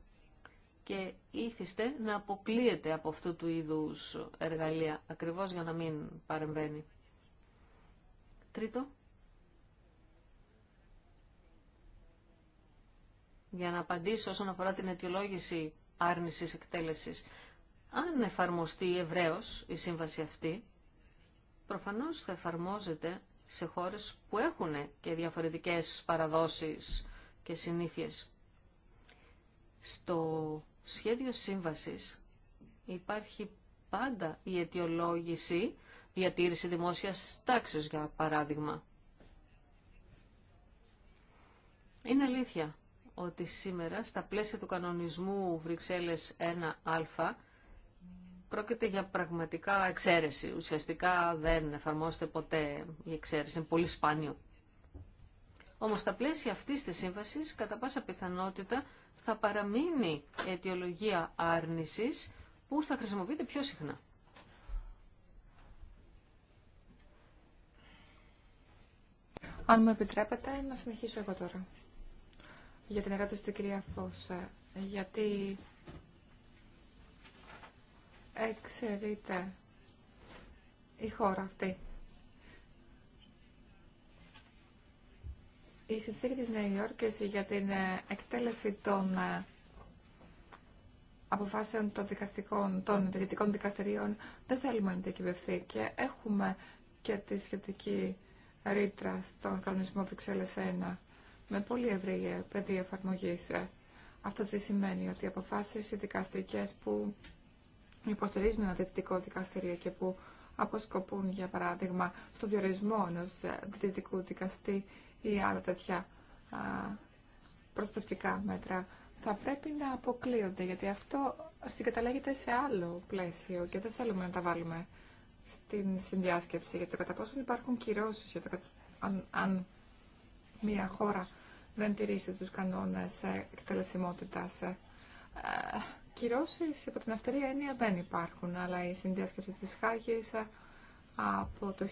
και ήθιστε να αποκλείεται από αυτού του είδους εργαλεία, ακριβώς για να μην παρεμβαίνει. Τρίτο. Για να απαντήσω όσον αφορά την αιτιολόγηση άρνησης εκτέλεσης. Αν εφαρμοστεί ευρέως η σύμβαση αυτή, προφανώς θα εφαρμόζεται σε χώρες που έχουν και διαφορετικές παραδόσεις και συνήθειες. Στο σχέδιο σύμβασης υπάρχει πάντα η αιτιολόγηση διατήρηση δημόσιας τάξης, για παράδειγμα. Είναι αλήθεια ότι σήμερα στα πλαίσια του κανονισμού Βρυξέλλες 1α πρόκειται για πραγματικά εξαίρεση. Ουσιαστικά δεν εφαρμόζεται ποτέ η εξαίρεση, είναι πολύ σπάνιο. Όμως στα πλαίσια αυτής της σύμβασης, κατά πάσα πιθανότητα, θα παραμείνει αιτιολογία άρνησης που θα χρησιμοποιείται πιο συχνά. Αν μου επιτρέπετε, να συνεχίσω εγώ τώρα. Για την ερώτηση του κυρία Φώσα. Ε, γιατί εξαιρείται η χώρα αυτή. Η συνθήκη της Νέα Υόρκης για την ε, εκτέλεση των ε, αποφάσεων των δικαστικών, των δικαστηρίων δεν θέλουμε να διακυβευθεί και έχουμε και τη σχετική ρήτρα στον κανονισμό Βρυξέλλες 1 με πολύ ευρύ πεδίο εφαρμογή. Ε, αυτό τι σημαίνει ότι οι αποφάσεις οι δικαστικές που υποστηρίζουν ένα δυτικό δικαστήριο και που αποσκοπούν, για παράδειγμα, στο διορισμό ενό ε, δυτικού δικαστή ή άλλα τέτοια προστατευτικά μέτρα, θα πρέπει να αποκλείονται, γιατί αυτό συγκαταλέγεται σε άλλο πλαίσιο και δεν θέλουμε να τα βάλουμε στην συνδιάσκεψη για το κατά πόσο υπάρχουν κυρώσεις, για το κατα... αν, μια χώρα δεν τηρήσει τους κανόνες ε, εκτελεσιμότητας. Ε, κυρώσει υπό την αυστηρή έννοια δεν υπάρχουν, αλλά η συνδιάσκεψη τη ΧΑΚΙΣ από το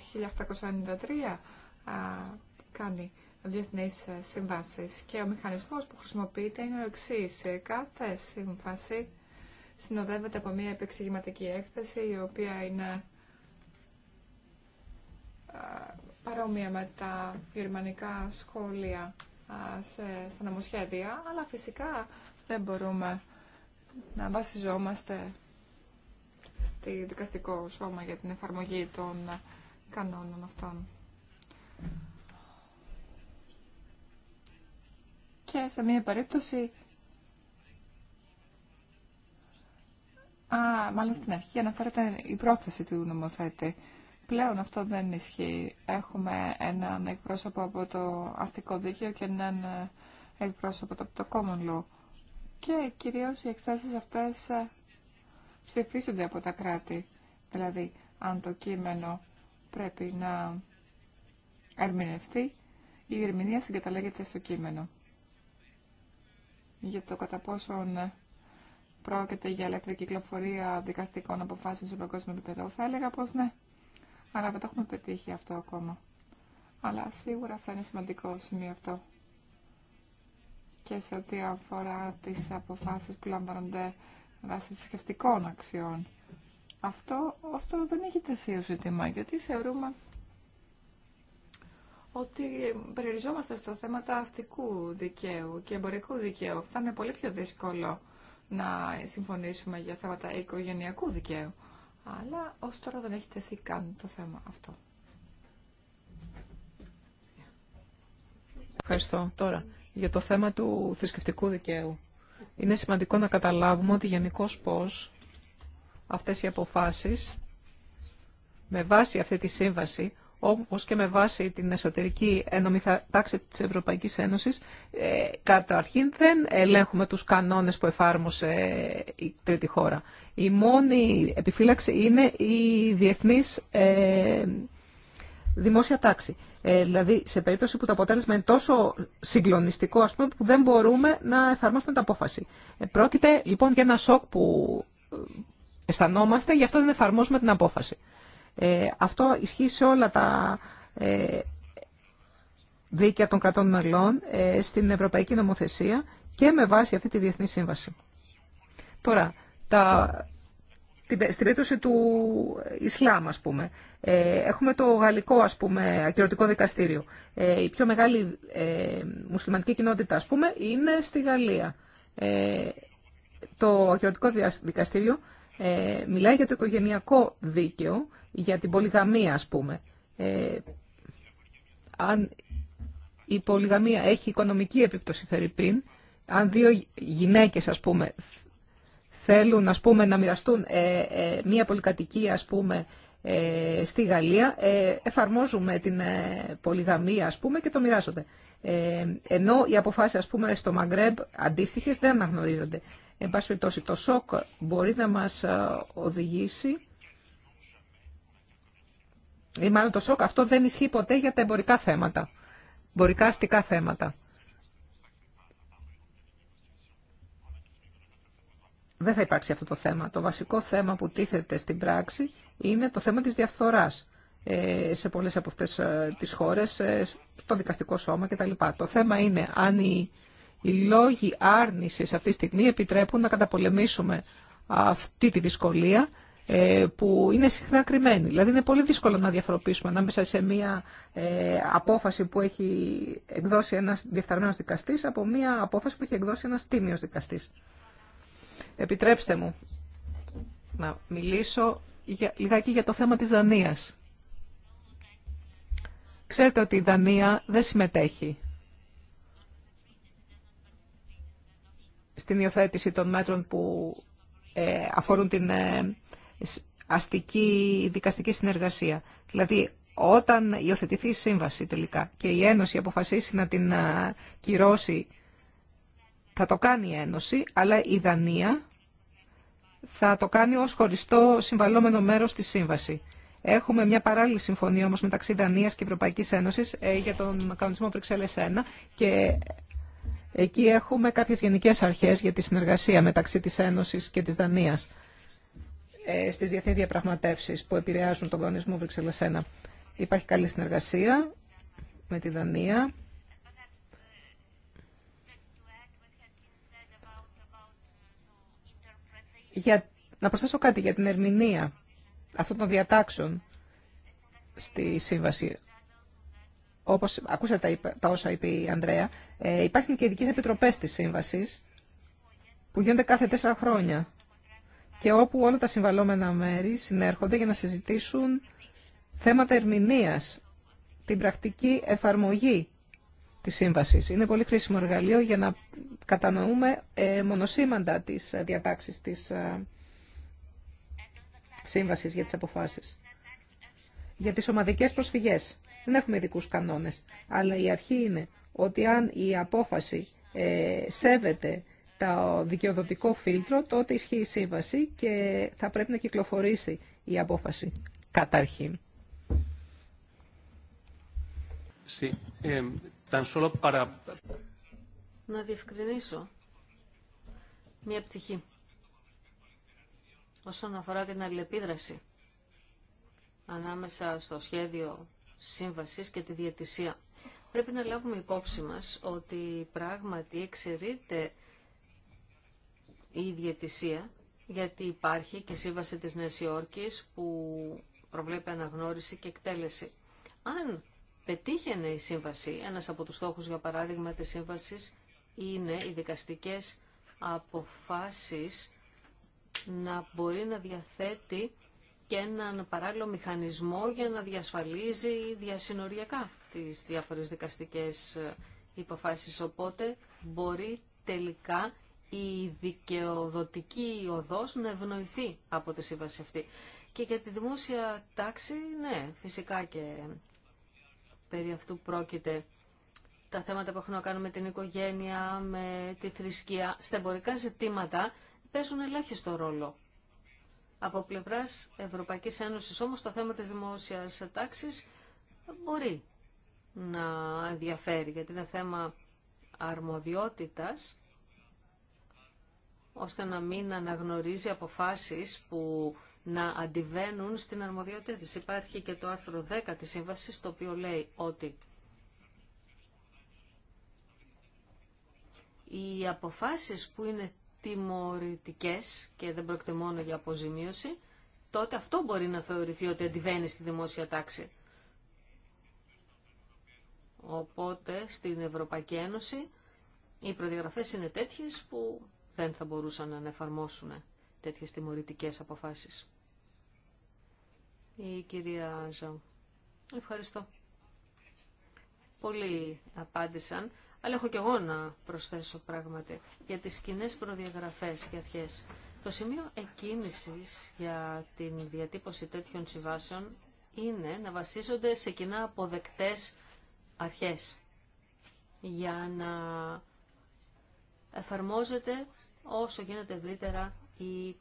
1893 κάνει διεθνεί ε, συμβάσει. και ο μηχανισμός που χρησιμοποιείται είναι ο εξής. Κάθε σύμβαση συνοδεύεται από μια επεξηγηματική έκθεση η οποία είναι παρόμοια με τα γερμανικά σχόλια σε, στα νομοσχέδια, αλλά φυσικά δεν μπορούμε να βασιζόμαστε στη δικαστικό σώμα για την εφαρμογή των κανόνων αυτών. Και σε μία περίπτωση, α, μάλλον στην αρχή αναφέρεται η πρόθεση του νομοθέτη. Πλέον αυτό δεν ισχύει. Έχουμε έναν εκπρόσωπο από το αστικό δίκαιο και έναν ε, εκπρόσωπο από το common law και κυρίως οι εκθέσεις αυτές ε, ψηφίσονται από τα κράτη. Δηλαδή, αν το κείμενο πρέπει να ερμηνευτεί, η ερμηνεία συγκαταλέγεται στο κείμενο. Για το κατά πόσον ε, πρόκειται για ελεύθερη κυκλοφορία δικαστικών αποφάσεων σε παγκόσμιο επίπεδο, θα έλεγα πως ναι. Αλλά δεν το έχουμε πετύχει αυτό ακόμα. Αλλά σίγουρα θα είναι σημαντικό σημείο αυτό και σε ό,τι αφορά τις αποφάσεις που λαμβάνονται βάσει θρησκευτικών αξιών. Αυτό ωστόσο τώρα δεν έχει τεθεί ως ζήτημα, γιατί θεωρούμε ότι περιοριζόμαστε στο θέματα αστικού δικαίου και εμπορικού δικαίου. Αυτά είναι πολύ πιο δύσκολο να συμφωνήσουμε για θέματα οικογενειακού δικαίου. Αλλά ως τώρα δεν έχει τεθεί καν το θέμα αυτό. Ευχαριστώ. Τώρα, για το θέμα του θρησκευτικού δικαίου. Είναι σημαντικό να καταλάβουμε ότι γενικώ πώς αυτές οι αποφάσεις, με βάση αυτή τη σύμβαση, όπως και με βάση την εσωτερική ένωμη τάξη της Ευρωπαϊκής Ένωσης, ε, καταρχήν δεν ελέγχουμε τους κανόνες που εφάρμοσε η τρίτη χώρα. Η μόνη επιφύλαξη είναι η διεθνής ε, δημόσια τάξη. Ε, δηλαδή, σε περίπτωση που το αποτέλεσμα είναι τόσο συγκλονιστικό, ας πούμε, που δεν μπορούμε να εφαρμόσουμε την απόφαση. Ε, πρόκειται λοιπόν για ένα σοκ που ε, αισθανόμαστε, γι' αυτό δεν εφαρμόζουμε την απόφαση. Ε, αυτό ισχύει σε όλα τα ε, δίκαια των κρατών μελών, ε, στην Ευρωπαϊκή Νομοθεσία και με βάση αυτή τη Διεθνή Σύμβαση. Τώρα, τα στην περίπτωση του Ισλάμ, ας πούμε, ε, έχουμε το γαλλικό, ας πούμε, ακυρωτικό δικαστήριο. Ε, η πιο μεγάλη ε, μουσουλμανική κοινότητα, ας πούμε, είναι στη Γαλλία. το ακυρωτικό δικαστήριο μιλάει για το οικογενειακό δίκαιο, για την πολυγαμία, ας πούμε. αν η πολυγαμία έχει οικονομική επίπτωση, Φερρυπίν, αν δύο γυναίκες, ας πούμε, θέλουν ας πούμε, να μοιραστούν ε, ε, μία πολυκατοικία ας πούμε, ε, στη Γαλλία, εφαρμόζουμε την πολυγαμία ας πούμε, και το μοιράζονται. ενώ οι αποφάσεις ας πούμε, στο Μαγκρέμπ αντίστοιχε δεν αναγνωρίζονται. Εν πάση περιπτώσει, το σοκ μπορεί να μας οδηγήσει ή μάλλον το σοκ αυτό δεν ισχύει ποτέ για τα εμπορικά θέματα, εμπορικά αστικά θέματα. δεν θα υπάρξει αυτό το θέμα. Το βασικό θέμα που τίθεται στην πράξη είναι το θέμα της διαφθοράς ε, σε πολλές από αυτές ε, τις χώρες, ε, στο δικαστικό σώμα κτλ. Το θέμα είναι αν οι, οι λόγοι άρνησης αυτή τη στιγμή επιτρέπουν να καταπολεμήσουμε αυτή τη δυσκολία που είναι συχνά κρυμμένη. Δηλαδή είναι πολύ δύσκολο να διαφοροποιήσουμε ανάμεσα σε μια ε, απόφαση που έχει εκδώσει ένας διεφθαρμένος δικαστής από μια απόφαση που έχει εκδώσει ένας τίμιος δικαστής. Επιτρέψτε μου να μιλήσω για, λιγάκι για το θέμα της Δανίας. Ξέρετε ότι η Δανία δεν συμμετέχει στην υιοθέτηση των μέτρων που ε, αφορούν την ε, αστική δικαστική συνεργασία. Δηλαδή, όταν υιοθετηθεί η σύμβαση τελικά και η Ένωση αποφασίσει να την ε, κυρώσει θα το κάνει η Ένωση, αλλά η Δανία θα το κάνει ως χωριστό συμβαλόμενο μέρος στη σύμβαση. Έχουμε μια παράλληλη συμφωνία όμως μεταξύ Δανίας και Ευρωπαϊκής Ένωσης ε, για τον κανονισμό Βρυξέλλες 1 και εκεί έχουμε κάποιες γενικές αρχές για τη συνεργασία μεταξύ της Ένωσης και της Δανίας ε, στις διεθνείς διαπραγματεύσεις που επηρεάζουν τον κανονισμό Βρυξέλλες 1. Υπάρχει καλή συνεργασία με τη Δανία Για, να προσθέσω κάτι για την ερμηνεία αυτών των διατάξεων στη σύμβαση. Όπως ακούσατε τα, όσα είπε η Ανδρέα, ε, υπάρχουν και ειδικέ επιτροπές της σύμβασης που γίνονται κάθε τέσσερα χρόνια και όπου όλα τα συμβαλόμενα μέρη συνέρχονται για να συζητήσουν θέματα ερμηνείας, την πρακτική εφαρμογή τη σύμβαση. Είναι πολύ χρήσιμο εργαλείο για να κατανοούμε ε, μονοσήμαντα τι διατάξει τη ε, ε σύμβαση για τι αποφάσει. Για τι ομαδικέ προσφυγέ. Δεν έχουμε ειδικού κανόνε. Αλλά η αρχή είναι ότι αν η απόφαση ε, σέβεται το δικαιοδοτικό φίλτρο, τότε ισχύει η σύμβαση και θα πρέπει να κυκλοφορήσει η απόφαση καταρχήν. Sí. Να διευκρινίσω μία πτυχή όσον αφορά την αλληλεπίδραση ανάμεσα στο σχέδιο σύμβασης και τη διαιτησία. Πρέπει να λάβουμε υπόψη μας ότι πράγματι εξαιρείται η διαιτησία γιατί υπάρχει και σύμβαση της Νέας Υόρκης που προβλέπει αναγνώριση και εκτέλεση. Αν πετύχαινε η σύμβαση. Ένας από τους στόχους, για παράδειγμα, της σύμβασης είναι οι δικαστικές αποφάσεις να μπορεί να διαθέτει και έναν παράλληλο μηχανισμό για να διασφαλίζει διασυνοριακά τις διάφορες δικαστικές ε, υποφάσεις. Οπότε μπορεί τελικά η δικαιοδοτική οδός να ευνοηθεί από τη σύμβαση αυτή. Και για τη δημόσια τάξη, ναι, φυσικά και περί αυτού πρόκειται. Τα θέματα που έχουν να κάνουν με την οικογένεια, με τη θρησκεία, στα εμπορικά ζητήματα παίζουν ελάχιστο ρόλο. Από πλευρά Ευρωπαϊκής Ένωσης όμως το θέμα τη δημόσιας τάξη μπορεί να ενδιαφέρει, γιατί είναι θέμα αρμοδιότητας, ώστε να μην αναγνωρίζει αποφάσεις που να αντιβαίνουν στην αρμοδιότητα της. Υπάρχει και το άρθρο 10 της σύμβασης, το οποίο λέει ότι οι αποφάσεις που είναι τιμωρητικές και δεν πρόκειται μόνο για αποζημίωση, τότε αυτό μπορεί να θεωρηθεί ότι αντιβαίνει στη δημόσια τάξη. Οπότε στην Ευρωπαϊκή Ένωση οι προδιαγραφές είναι τέτοιες που δεν θα μπορούσαν να εφαρμόσουν τέτοιες τιμωρητικές αποφάσεις η κυρία Ζω. Ευχαριστώ. Πολλοί απάντησαν, αλλά έχω και εγώ να προσθέσω πράγματα για τις κοινέ προδιαγραφές και αρχές. Το σημείο εκκίνησης για την διατύπωση τέτοιων συμβάσεων είναι να βασίζονται σε κοινά αποδεκτές αρχές για να εφαρμόζεται όσο γίνεται ευρύτερα η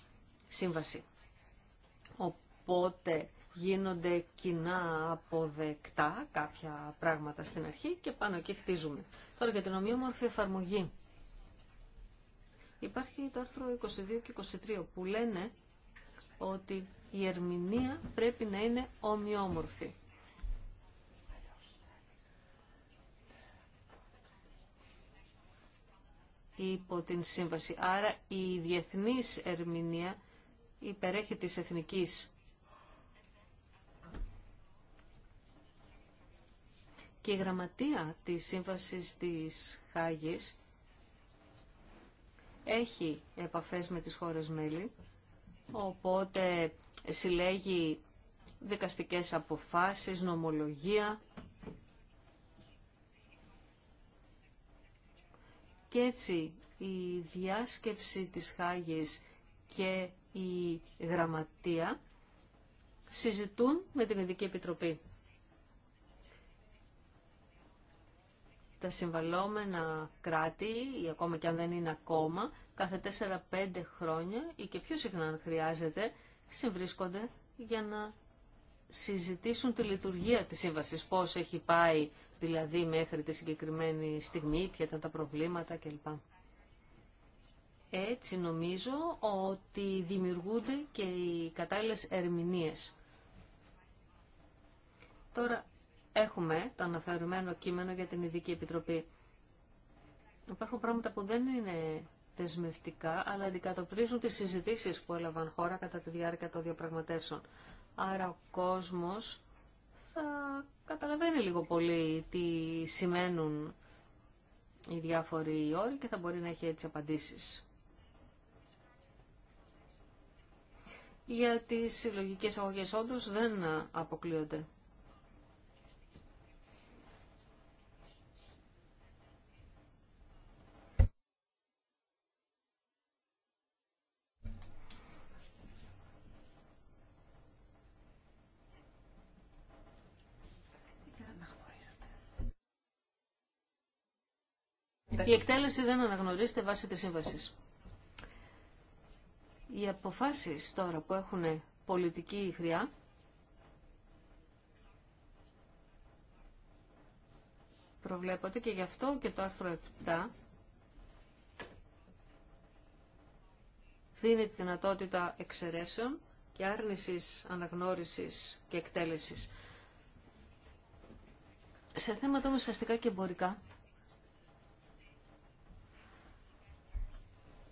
σύμβαση. Οπότε γίνονται κοινά αποδεκτά κάποια πράγματα στην αρχή και πάνω εκεί χτίζουμε. Τώρα για την ομοιόμορφη εφαρμογή. Υπάρχει το άρθρο 22 και 23 που λένε ότι η ερμηνεία πρέπει να είναι ομοιόμορφη. Υπό την σύμβαση. Άρα η διεθνής ερμηνεία υπερέχει της εθνικής και η γραμματεία της Σύμβασης της Χάγης έχει επαφές με τις χώρες μέλη, οπότε συλλέγει δικαστικές αποφάσεις, νομολογία και έτσι η διάσκεψη της Χάγης και η γραμματεία συζητούν με την Ειδική Επιτροπή. τα συμβαλόμενα κράτη, ή ακόμα και αν δεν είναι ακόμα, κάθε 4-5 χρόνια ή και πιο συχνά αν χρειάζεται, συμβρίσκονται για να συζητήσουν τη λειτουργία της σύμβασης, πώς έχει πάει δηλαδή μέχρι τη συγκεκριμένη στιγμή, ποια ήταν τα προβλήματα κλπ. Έτσι νομίζω ότι δημιουργούνται και οι κατάλληλες ερμηνείες. Τώρα, Έχουμε το αναφερουμένο κείμενο για την Ειδική Επιτροπή. Υπάρχουν πράγματα που δεν είναι δεσμευτικά, αλλά αντικατοπτρίζουν τις συζητήσεις που έλαβαν χώρα κατά τη διάρκεια των διαπραγματεύσεων. Άρα ο κόσμος θα καταλαβαίνει λίγο πολύ τι σημαίνουν οι διάφοροι όροι και θα μπορεί να έχει έτσι απαντήσεις. Για τις συλλογικές αγωγές όντως δεν αποκλείονται. Η εκτέλεση δεν αναγνωρίζεται βάσει τη σύμβαση. Οι αποφάσεις τώρα που έχουν πολιτική χρειά προβλέπονται και γι' αυτό και το άρθρο 7 δίνει τη δυνατότητα εξαιρέσεων και άρνησης αναγνώρισης και εκτέλεσης. Σε θέματα όμως αστικά και εμπορικά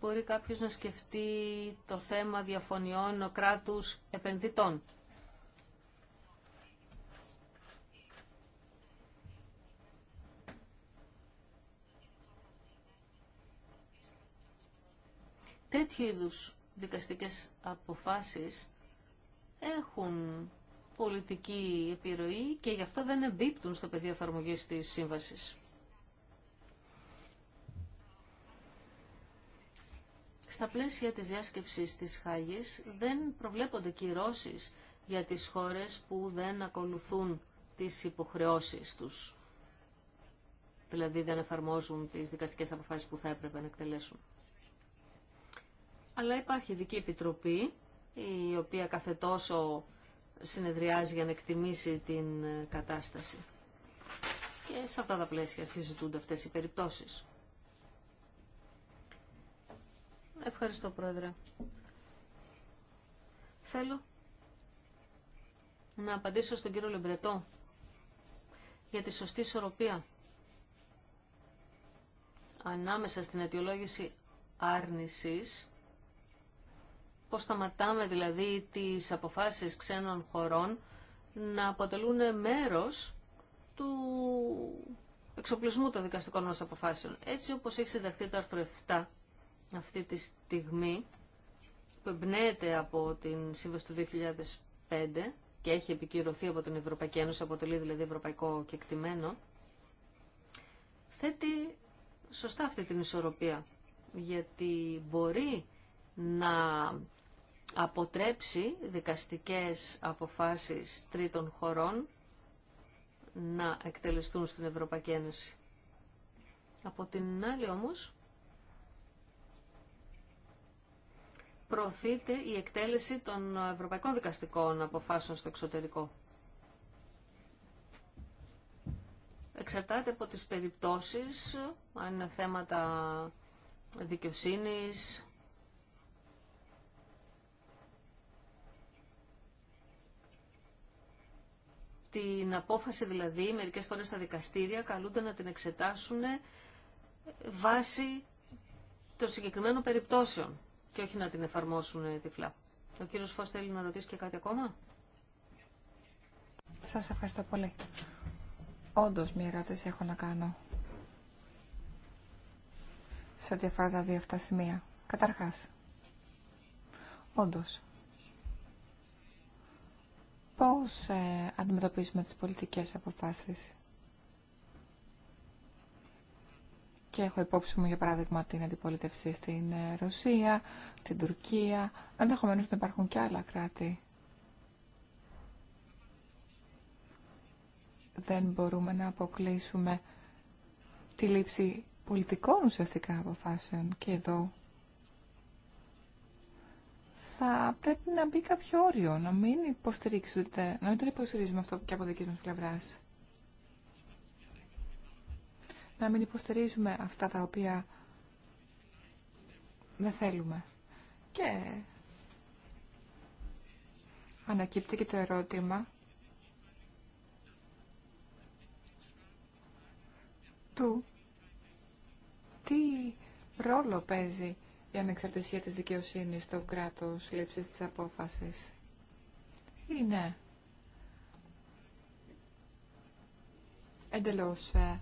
μπορεί κάποιος να σκεφτεί το θέμα διαφωνιών ο κράτους επενδυτών. Τέτοιου είδους δικαστικές αποφάσεις έχουν πολιτική επιρροή και γι' αυτό δεν εμπίπτουν στο πεδίο εφαρμογή της σύμβασης. Στα πλαίσια της διάσκεψης της Χάγης δεν προβλέπονται κυρώσεις για τις χώρες που δεν ακολουθούν τις υποχρεώσεις τους. Δηλαδή δεν εφαρμόζουν τις δικαστικές αποφάσεις που θα έπρεπε να εκτελέσουν. Αλλά υπάρχει ειδική επιτροπή η οποία κάθε τόσο συνεδριάζει για να εκτιμήσει την κατάσταση. Και σε αυτά τα πλαίσια συζητούνται αυτές οι περιπτώσεις. Ευχαριστώ, Πρόεδρε. Θέλω να απαντήσω στον κύριο Λεμπρετό για τη σωστή ισορροπία ανάμεσα στην αιτιολόγηση άρνησης, πώς σταματάμε δηλαδή τις αποφάσεις ξένων χωρών να αποτελούν μέρος του εξοπλισμού των δικαστικών μας αποφάσεων. Έτσι όπως έχει συνταχθεί το άρθρο 7 αυτή τη στιγμή που εμπνέεται από την Σύμβαση του 2005 και έχει επικυρωθεί από την Ευρωπαϊκή Ένωση, αποτελεί δηλαδή ευρωπαϊκό κεκτημένο, θέτει σωστά αυτή την ισορροπία, γιατί μπορεί να αποτρέψει δικαστικές αποφάσεις τρίτων χωρών να εκτελεστούν στην Ευρωπαϊκή Ένωση. Από την άλλη όμως, προωθείται η εκτέλεση των ευρωπαϊκών δικαστικών αποφάσεων στο εξωτερικό. Εξαρτάται από τις περιπτώσεις, αν είναι θέματα δικαιοσύνης, την απόφαση δηλαδή, μερικές φορές τα δικαστήρια καλούνται να την εξετάσουν βάσει των συγκεκριμένων περιπτώσεων και όχι να την εφαρμόσουν ε, τυφλά. Ο κύριο Φω θέλει να ρωτήσει και κάτι ακόμα. Σα ευχαριστώ πολύ. Όντω μια ερώτηση έχω να κάνω σε ό,τι αφορά τα δύο αυτά σημεία. Καταρχάς, Όντω. πώς ε, αντιμετωπίζουμε τις πολιτικές αποφάσεις και έχω υπόψη μου για παράδειγμα την αντιπολίτευση στην ε, Ρωσία, την Τουρκία, ενδεχομένως να υπάρχουν και άλλα κράτη. Δεν μπορούμε να αποκλείσουμε τη λήψη πολιτικών ουσιαστικά αποφάσεων και εδώ θα πρέπει να μπει κάποιο όριο, να μην υποστηρίξετε, να μην το υποστηρίζουμε αυτό και από δική μας πλευράς να μην υποστηρίζουμε αυτά τα οποία δεν θέλουμε. Και ανακύπτει και το ερώτημα του τι ρόλο παίζει η ανεξαρτησία της δικαιοσύνης στο κράτος λήψης της απόφασης. Είναι εντελώς ε,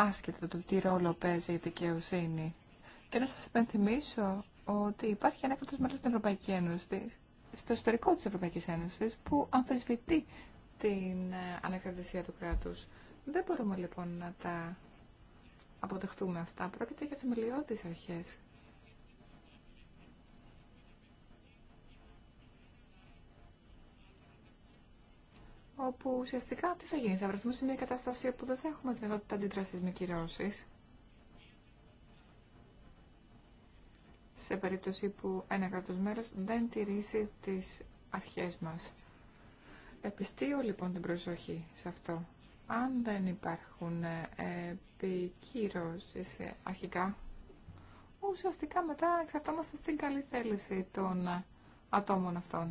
άσχετα το τι ρόλο παίζει η δικαιοσύνη. Και να σας υπενθυμίσω ότι υπάρχει ένα κράτος μέλος στην Ευρωπαϊκή Ένωση, στο ιστορικό της Ευρωπαϊκής Ένωσης, που αμφισβητεί την ε, ανεκρατησία του κράτους. Δεν μπορούμε λοιπόν να τα αποδεχτούμε αυτά. Πρόκειται για θεμελιώδεις αρχές. όπου ουσιαστικά τι θα γίνει, θα βρεθούμε σε μια κατάσταση όπου δεν θα έχουμε δυνατότητα αντιδράσει με κυρώσει. Σε περίπτωση που ένα κράτο μέρο δεν τηρήσει τι αρχέ μα. Επιστείω λοιπόν την προσοχή σε αυτό. Αν δεν υπάρχουν ε, επικυρώσει ε, αρχικά, ουσιαστικά μετά εξαρτάμαστε στην καλή θέληση των ε, ατόμων αυτών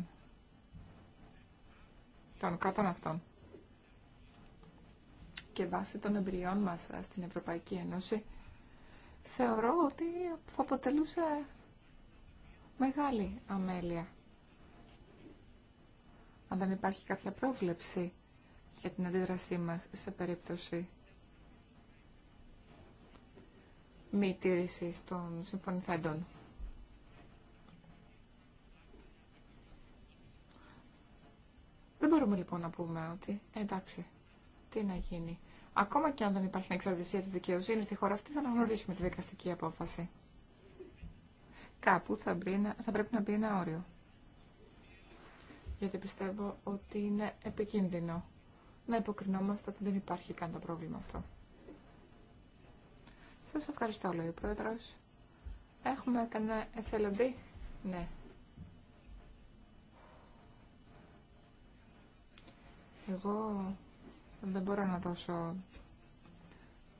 των κρατών αυτών. Και βάσει των εμπειριών μας ε, στην Ευρωπαϊκή Ένωση, θεωρώ ότι θα αποτελούσε μεγάλη αμέλεια. Αν δεν υπάρχει κάποια πρόβλεψη για την αντίδρασή μας σε περίπτωση μη τήρησης των συμφωνηθέντων. Δεν μπορούμε λοιπόν να πούμε ότι εντάξει, τι να γίνει. Ακόμα και αν δεν υπάρχει εξαρτησία τη δικαιοσύνη στη χώρα αυτή, θα αναγνωρίσουμε τη δικαστική απόφαση. Κάπου θα, μπει, θα πρέπει να μπει ένα όριο. Γιατί πιστεύω ότι είναι επικίνδυνο να υποκρινόμαστε ότι δεν υπάρχει καν το πρόβλημα αυτό. Σας ευχαριστώ, λέει ο Πρόεδρος. Έχουμε κανένα εθελοντή. Ναι. Εγώ δεν μπορώ να δώσω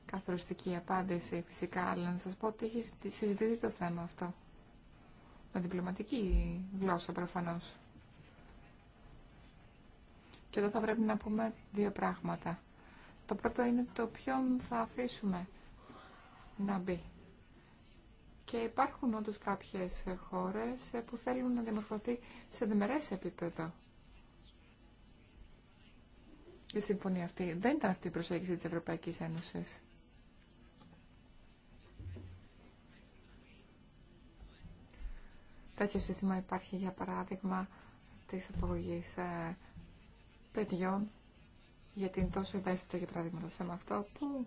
καθοριστική απάντηση φυσικά, αλλά να σας πω ότι έχει συζητηθεί το θέμα αυτό. Με διπλωματική γλώσσα προφανώς. Και εδώ θα πρέπει να πούμε δύο πράγματα. Το πρώτο είναι το ποιον θα αφήσουμε να μπει. Και υπάρχουν όντως κάποιες χώρες που θέλουν να δημορφωθεί σε δημερές επίπεδο η συμφωνία αυτή. Δεν ήταν αυτή η προσέγγιση της Ευρωπαϊκής Ένωσης. Τέτοιο σύστημα υπάρχει, για παράδειγμα, της ε, παιδιών, γιατί είναι τόσο ευαίσθητο, για παράδειγμα, το θέμα αυτό, που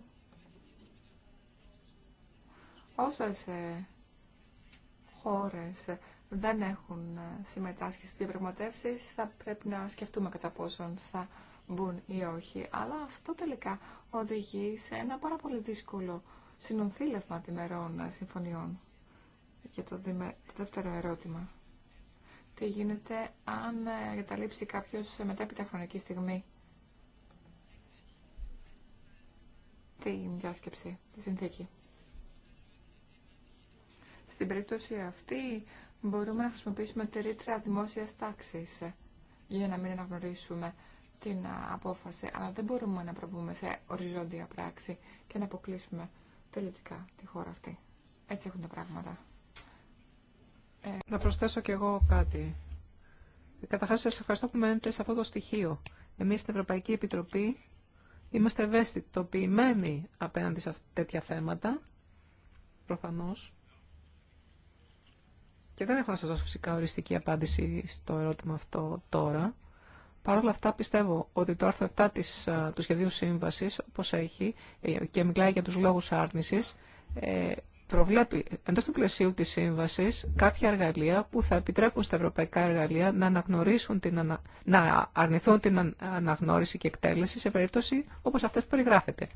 όσες ε, χώρες δεν έχουν ε, συμμετάσχει στις διαπραγματεύσεις, θα πρέπει να σκεφτούμε κατά πόσον θα μπουν ή όχι. Αλλά αυτό τελικά οδηγεί σε ένα πάρα πολύ δύσκολο συνονθήλευμα τιμερών συμφωνιών. Για το, δημε... το δεύτερο ερώτημα. Τι γίνεται αν εγκαταλείψει κάποιος μετέπειτα χρονική στιγμή την διάσκεψη, τη συνθήκη. Στην περίπτωση αυτή μπορούμε να χρησιμοποιήσουμε τη ρήτρα δημόσιας τάξης ε, για να μην αναγνωρίσουμε την απόφαση, αλλά δεν μπορούμε να προβούμε σε οριζόντια πράξη και να αποκλείσουμε τελικά τη χώρα αυτή. Έτσι έχουν τα πράγματα. Ε, να προσθέσω κι εγώ κάτι. Καταρχάς σας ευχαριστώ που μένετε σε αυτό το στοιχείο. Εμείς στην Ευρωπαϊκή Επιτροπή είμαστε ευαισθητοποιημένοι απέναντι σε τέτοια θέματα, προφανώς. Και δεν έχω να σας δώσω φυσικά οριστική απάντηση στο ερώτημα αυτό τώρα. Παρ' όλα αυτά πιστεύω ότι το άρθρο 7 της, ε, του σχεδίου σύμβασης, όπως έχει ε, και μιλάει για τους λόγους άρνησης, ε, προβλέπει εντός του πλαισίου της σύμβασης κάποια εργαλεία που θα επιτρέπουν στα ευρωπαϊκά εργαλεία να, την ανα... να αρνηθούν την αναγνώριση και εκτέλεση σε περίπτωση όπως αυτές που περιγράφεται,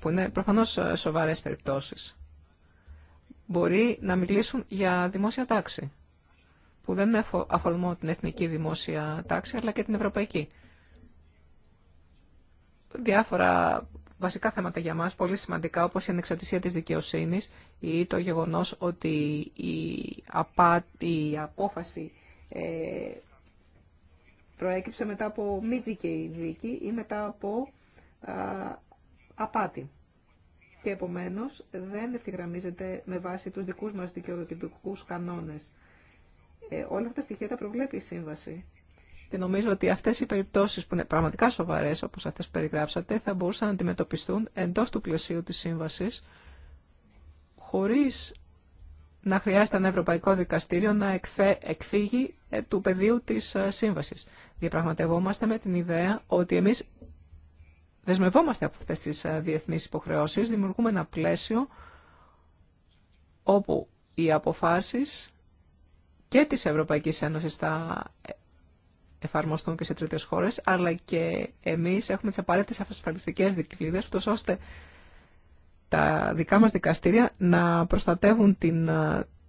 που είναι προφανώς σοβαρές περιπτώσεις. Μπορεί να μιλήσουν για δημόσια τάξη που δεν αφορμώ την εθνική δημόσια τάξη, αλλά και την ευρωπαϊκή. Διάφορα βασικά θέματα για μας, πολύ σημαντικά, όπως η ανεξαρτησία της δικαιοσύνης ή το γεγονός ότι η, απά, η απόφαση ε, προέκυψε μετά από μη δίκαιη δίκη ή μετά από απάτη. Και επομένως δεν ευθυγραμμίζεται με βάση τους δικούς μας δικαιοδοτικούς κανόνες ε, όλα αυτά τα στοιχεία τα προβλέπει η σύμβαση. Και νομίζω ότι αυτέ οι περιπτώσει που είναι πραγματικά σοβαρέ, όπω αυτέ που περιγράψατε, θα μπορούσαν να αντιμετωπιστούν εντό του πλαισίου τη σύμβαση, χωρί να χρειάζεται ένα Ευρωπαϊκό Δικαστήριο να εκφύγει ε, του πεδίου τη ε, σύμβαση. Διαπραγματευόμαστε με την ιδέα ότι εμεί δεσμευόμαστε από αυτέ τι διεθνεί υποχρεώσει, δημιουργούμε ένα πλαίσιο όπου οι αποφάσεις και της Ευρωπαϊκής Ένωσης θα εφαρμοστούν και σε τρίτες χώρες, αλλά και εμείς έχουμε τις απαραίτητες ασφαλιστικές δικλείδες, ώστε τα δικά μας δικαστήρια να προστατεύουν την,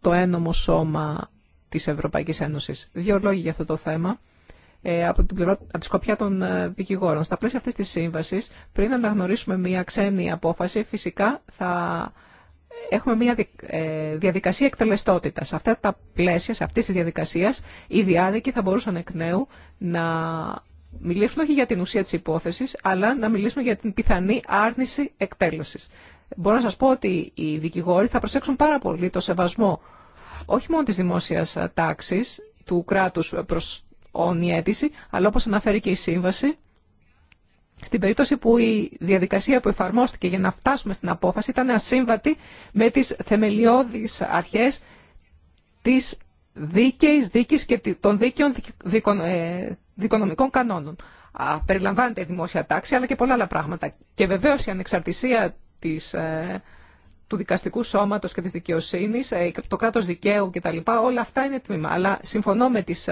το ένομο σώμα της Ευρωπαϊκής Ένωσης. Δύο λόγοι για αυτό το θέμα. Ε, από, την πλευρά, τη σκοπιά των ε, δικηγόρων. Στα πλαίσια αυτής της σύμβασης, πριν αναγνωρίσουμε μια ξένη απόφαση, φυσικά θα έχουμε μια ε, διαδικασία εκτελεστότητας. Σε αυτά τα πλαίσια, σε αυτή τη διαδικασία, οι διάδικοι θα μπορούσαν εκ νέου να μιλήσουν όχι για την ουσία της υπόθεσης, αλλά να μιλήσουν για την πιθανή άρνηση εκτέλεσης. Μπορώ να σας πω ότι οι δικηγόροι θα προσέξουν πάρα πολύ το σεβασμό όχι μόνο της δημόσιας τάξης, του κράτους προς όνει αίτηση, αλλά όπως αναφέρει και η σύμβαση, στην περίπτωση που η διαδικασία που εφαρμόστηκε για να φτάσουμε στην απόφαση ήταν ασύμβατη με τις θεμελιώδεις αρχές της δίκαιης δίκης και των δίκαιων ε, δικονομικών κανόνων. Περιλαμβάνεται η δημόσια τάξη αλλά και πολλά άλλα πράγματα. Και βεβαίως η ανεξαρτησία της, ε, του δικαστικού σώματος και της δικαιοσύνης, ε, το κράτος δικαίου κτλ. Όλα αυτά είναι τμήμα. Αλλά συμφωνώ με τις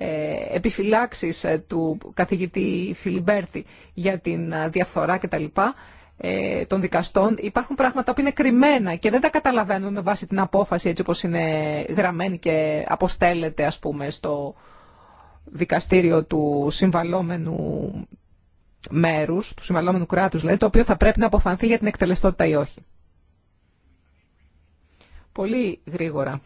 ε, επιφυλάξεις ε, του καθηγητή Φιλιμπέρτη για την ε, διαφθορά κτλ των δικαστών. Υπάρχουν πράγματα που είναι κρυμμένα και δεν τα καταλαβαίνουμε με βάση την απόφαση έτσι όπως είναι γραμμένη και αποστέλλεται ας πούμε στο δικαστήριο του συμβαλόμενου μέρους, του συμβαλόμενου κράτους δηλαδή, το οποίο θα πρέπει να αποφανθεί για την εκτελεστότητα ή όχι. Πολύ γρήγορα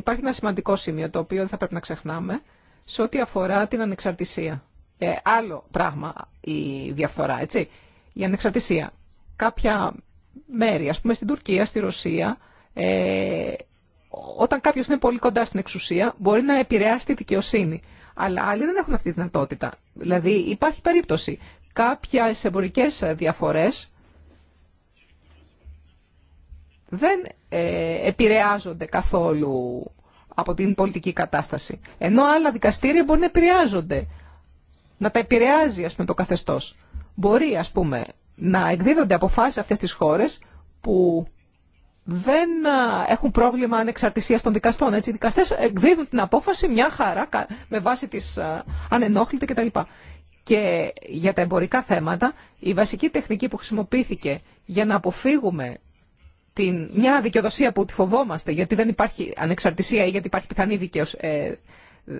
Υπάρχει ένα σημαντικό σημείο το οποίο δεν θα πρέπει να ξεχνάμε σε ό,τι αφορά την ανεξαρτησία. Ε, άλλο πράγμα η διαφορά, έτσι. Η ανεξαρτησία. Κάποια μέρη, ας πούμε στην Τουρκία, στη Ρωσία, ε, όταν κάποιος είναι πολύ κοντά στην εξουσία, μπορεί να επηρεάσει τη δικαιοσύνη. Αλλά άλλοι δεν έχουν αυτή τη δυνατότητα. Δηλαδή υπάρχει περίπτωση. Κάποιες εμπορικέ διαφορές δεν ε, επηρεάζονται καθόλου από την πολιτική κατάσταση. Ενώ άλλα δικαστήρια μπορεί να επηρεάζονται, να τα επηρεάζει ας πούμε, το καθεστώς. Μπορεί ας πούμε, να εκδίδονται αποφάσεις αυτές τις χώρες που δεν έχουν πρόβλημα ανεξαρτησίας των δικαστών. Έτσι, οι δικαστές εκδίδουν την απόφαση μια χαρά με βάση τις ανενόχλητη κτλ. Και για τα εμπορικά θέματα, η βασική τεχνική που χρησιμοποιήθηκε για να αποφύγουμε μια δικαιοδοσία που τη φοβόμαστε γιατί δεν υπάρχει ανεξαρτησία ή γιατί υπάρχει πιθανή δικαιος, ε,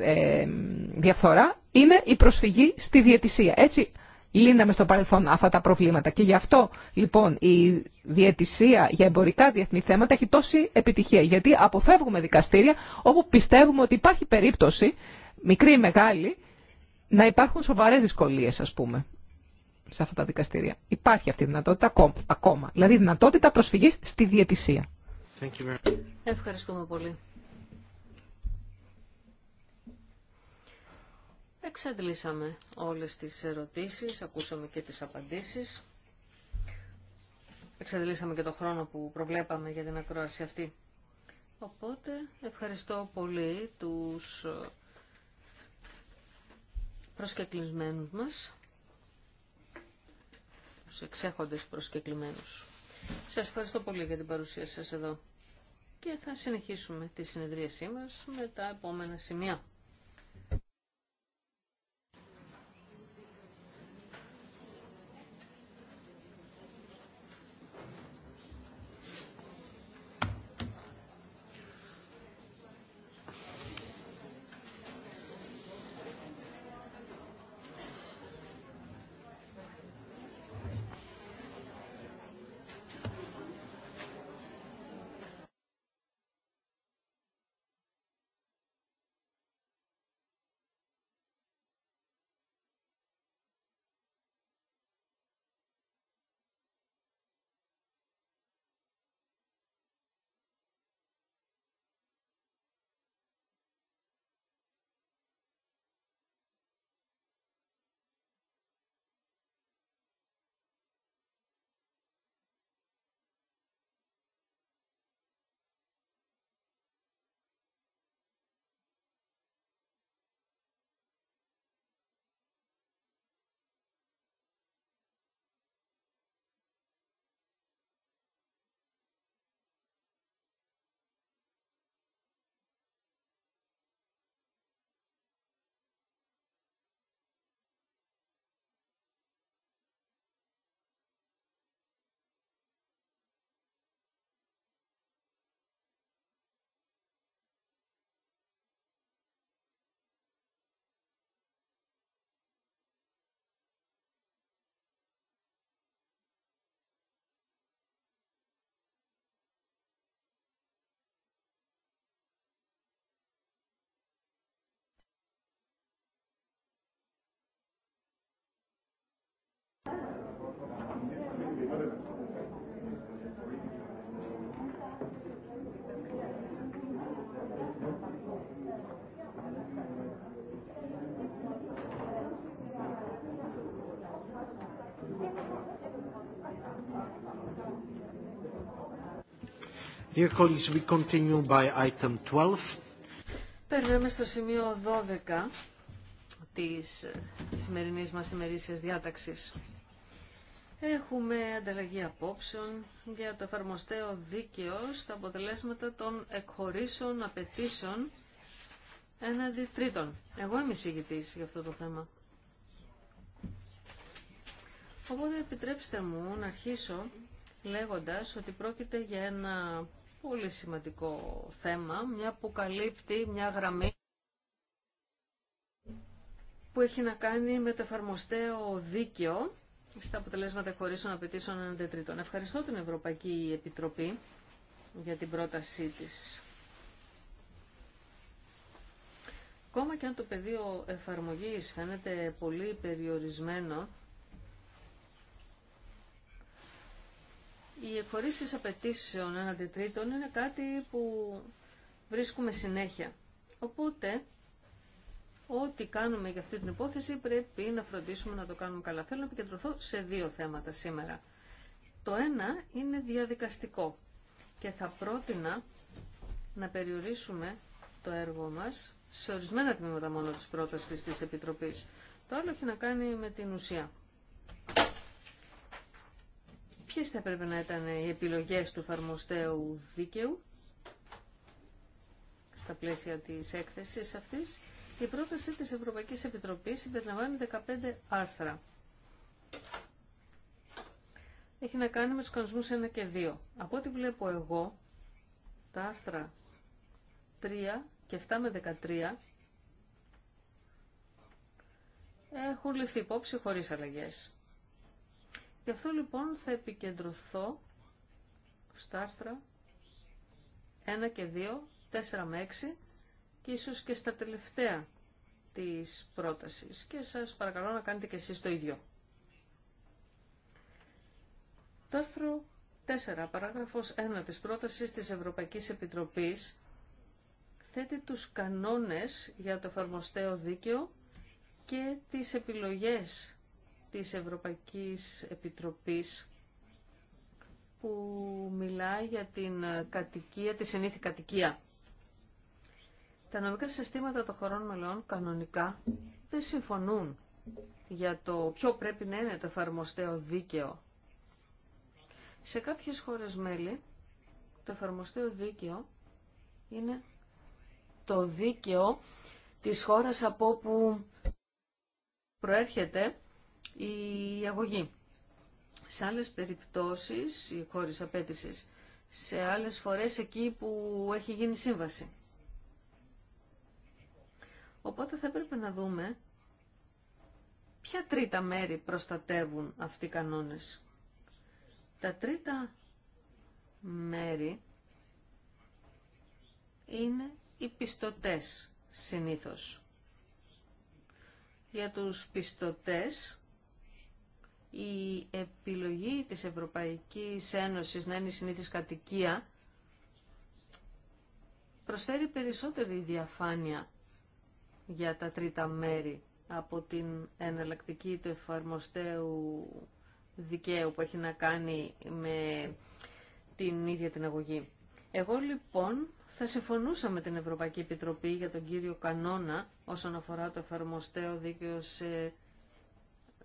ε, διαφθορά είναι η προσφυγή στη διαιτησία. Έτσι λύναμε στο παρελθόν αυτά τα προβλήματα και γι' αυτό λοιπόν η διαιτησία για εμπορικά διεθνή θέματα έχει τόση επιτυχία γιατί αποφεύγουμε δικαστήρια όπου πιστεύουμε ότι υπάρχει περίπτωση μικρή ή μεγάλη να υπάρχουν σοβαρές δυσκολίες ας πούμε σε αυτά τα δικαστήρια. Υπάρχει αυτή η δυνατότητα ακόμα. Δηλαδή δυνατότητα προσφυγή στη διαιτησία. Ευχαριστούμε πολύ. Εξαντλήσαμε όλες τις ερωτήσεις, ακούσαμε και τις απαντήσεις. Εξαντλήσαμε και το χρόνο που προβλέπαμε για την ακρόαση αυτή. Οπότε ευχαριστώ πολύ τους ε, προσκεκλισμένους μας τους εξέχοντες προσκεκλημένους. Σας ευχαριστώ πολύ για την παρουσία σας εδώ και θα συνεχίσουμε τη συνεδρίασή μας με τα επόμενα σημεία. Dear Περνάμε στο σημείο 12 της σημερινής μας ημερήσιας διάταξης. Έχουμε ανταλλαγή απόψεων για το εφαρμοστέο δίκαιο στα αποτελέσματα των εκχωρήσεων απαιτήσεων έναντι τρίτων. Εγώ είμαι εισηγητής για αυτό το θέμα. Οπότε επιτρέψτε μου να αρχίσω λέγοντας ότι πρόκειται για ένα πολύ σημαντικό θέμα, μια που καλύπτει μια γραμμή που έχει να κάνει με το εφαρμοστέο δίκαιο στα αποτελέσματα χωρίσεων απαιτήσεων τετρίτων. Ευχαριστώ την Ευρωπαϊκή Επιτροπή για την πρότασή της. Ακόμα και αν το πεδίο εφαρμογής φαίνεται πολύ περιορισμένο, Οι εκχωρήσει απαιτήσεων έναντι τρίτων είναι κάτι που βρίσκουμε συνέχεια. Οπότε, ό,τι κάνουμε για αυτή την υπόθεση πρέπει να φροντίσουμε να το κάνουμε καλά. Θέλω να επικεντρωθώ σε δύο θέματα σήμερα. Το ένα είναι διαδικαστικό και θα πρότεινα να περιορίσουμε το έργο μας σε ορισμένα τμήματα μόνο της πρότασης της Επιτροπής. Το άλλο έχει να κάνει με την ουσία. Ποιες θα έπρεπε να ήταν οι επιλογές του εφαρμοστέου δίκαιου στα πλαίσια της έκθεσης αυτής. Η πρόταση της Ευρωπαϊκής Επιτροπής συμπεριλαμβάνει 15 άρθρα. Έχει να κάνει με τους κανονισμούς 1 και 2. Από ό,τι βλέπω εγώ, τα άρθρα 3 και 7 με 13 έχουν ληφθεί υπόψη χωρίς αλλαγές. Γι' αυτό λοιπόν θα επικεντρωθώ στα άρθρα 1 και 2, 4 με 6 και ίσως και στα τελευταία της πρότασης και σας παρακαλώ να κάνετε και εσείς το ίδιο. Το άρθρο 4, παράγραφος 1 της πρότασης της Ευρωπαϊκής Επιτροπής θέτει τους κανόνες για το εφαρμοστέο δίκαιο και τις επιλογές της Ευρωπαϊκής Επιτροπής που μιλάει για την κατοικία, τη συνήθη κατοικία. Τα νομικά συστήματα των χωρών μελών κανονικά δεν συμφωνούν για το ποιο πρέπει να είναι το εφαρμοστέο δίκαιο. Σε κάποιες χώρες μέλη το εφαρμοστέο δίκαιο είναι το δίκαιο της χώρας από όπου προέρχεται η αγωγή. Σε άλλες περιπτώσεις, οι χώρες απέτησης, σε άλλες φορές εκεί που έχει γίνει σύμβαση. Οπότε θα έπρεπε να δούμε ποια τρίτα μέρη προστατεύουν αυτοί οι κανόνες. Τα τρίτα μέρη είναι οι πιστωτές συνήθως. Για τους πιστωτές η επιλογή της Ευρωπαϊκής Ένωσης να είναι η κατοικία προσφέρει περισσότερη διαφάνεια για τα τρίτα μέρη από την εναλλακτική του εφαρμοστέου δικαίου που έχει να κάνει με την ίδια την αγωγή. Εγώ λοιπόν θα συμφωνούσα με την Ευρωπαϊκή Επιτροπή για τον κύριο κανόνα όσον αφορά το εφαρμοστέο δίκαιο σε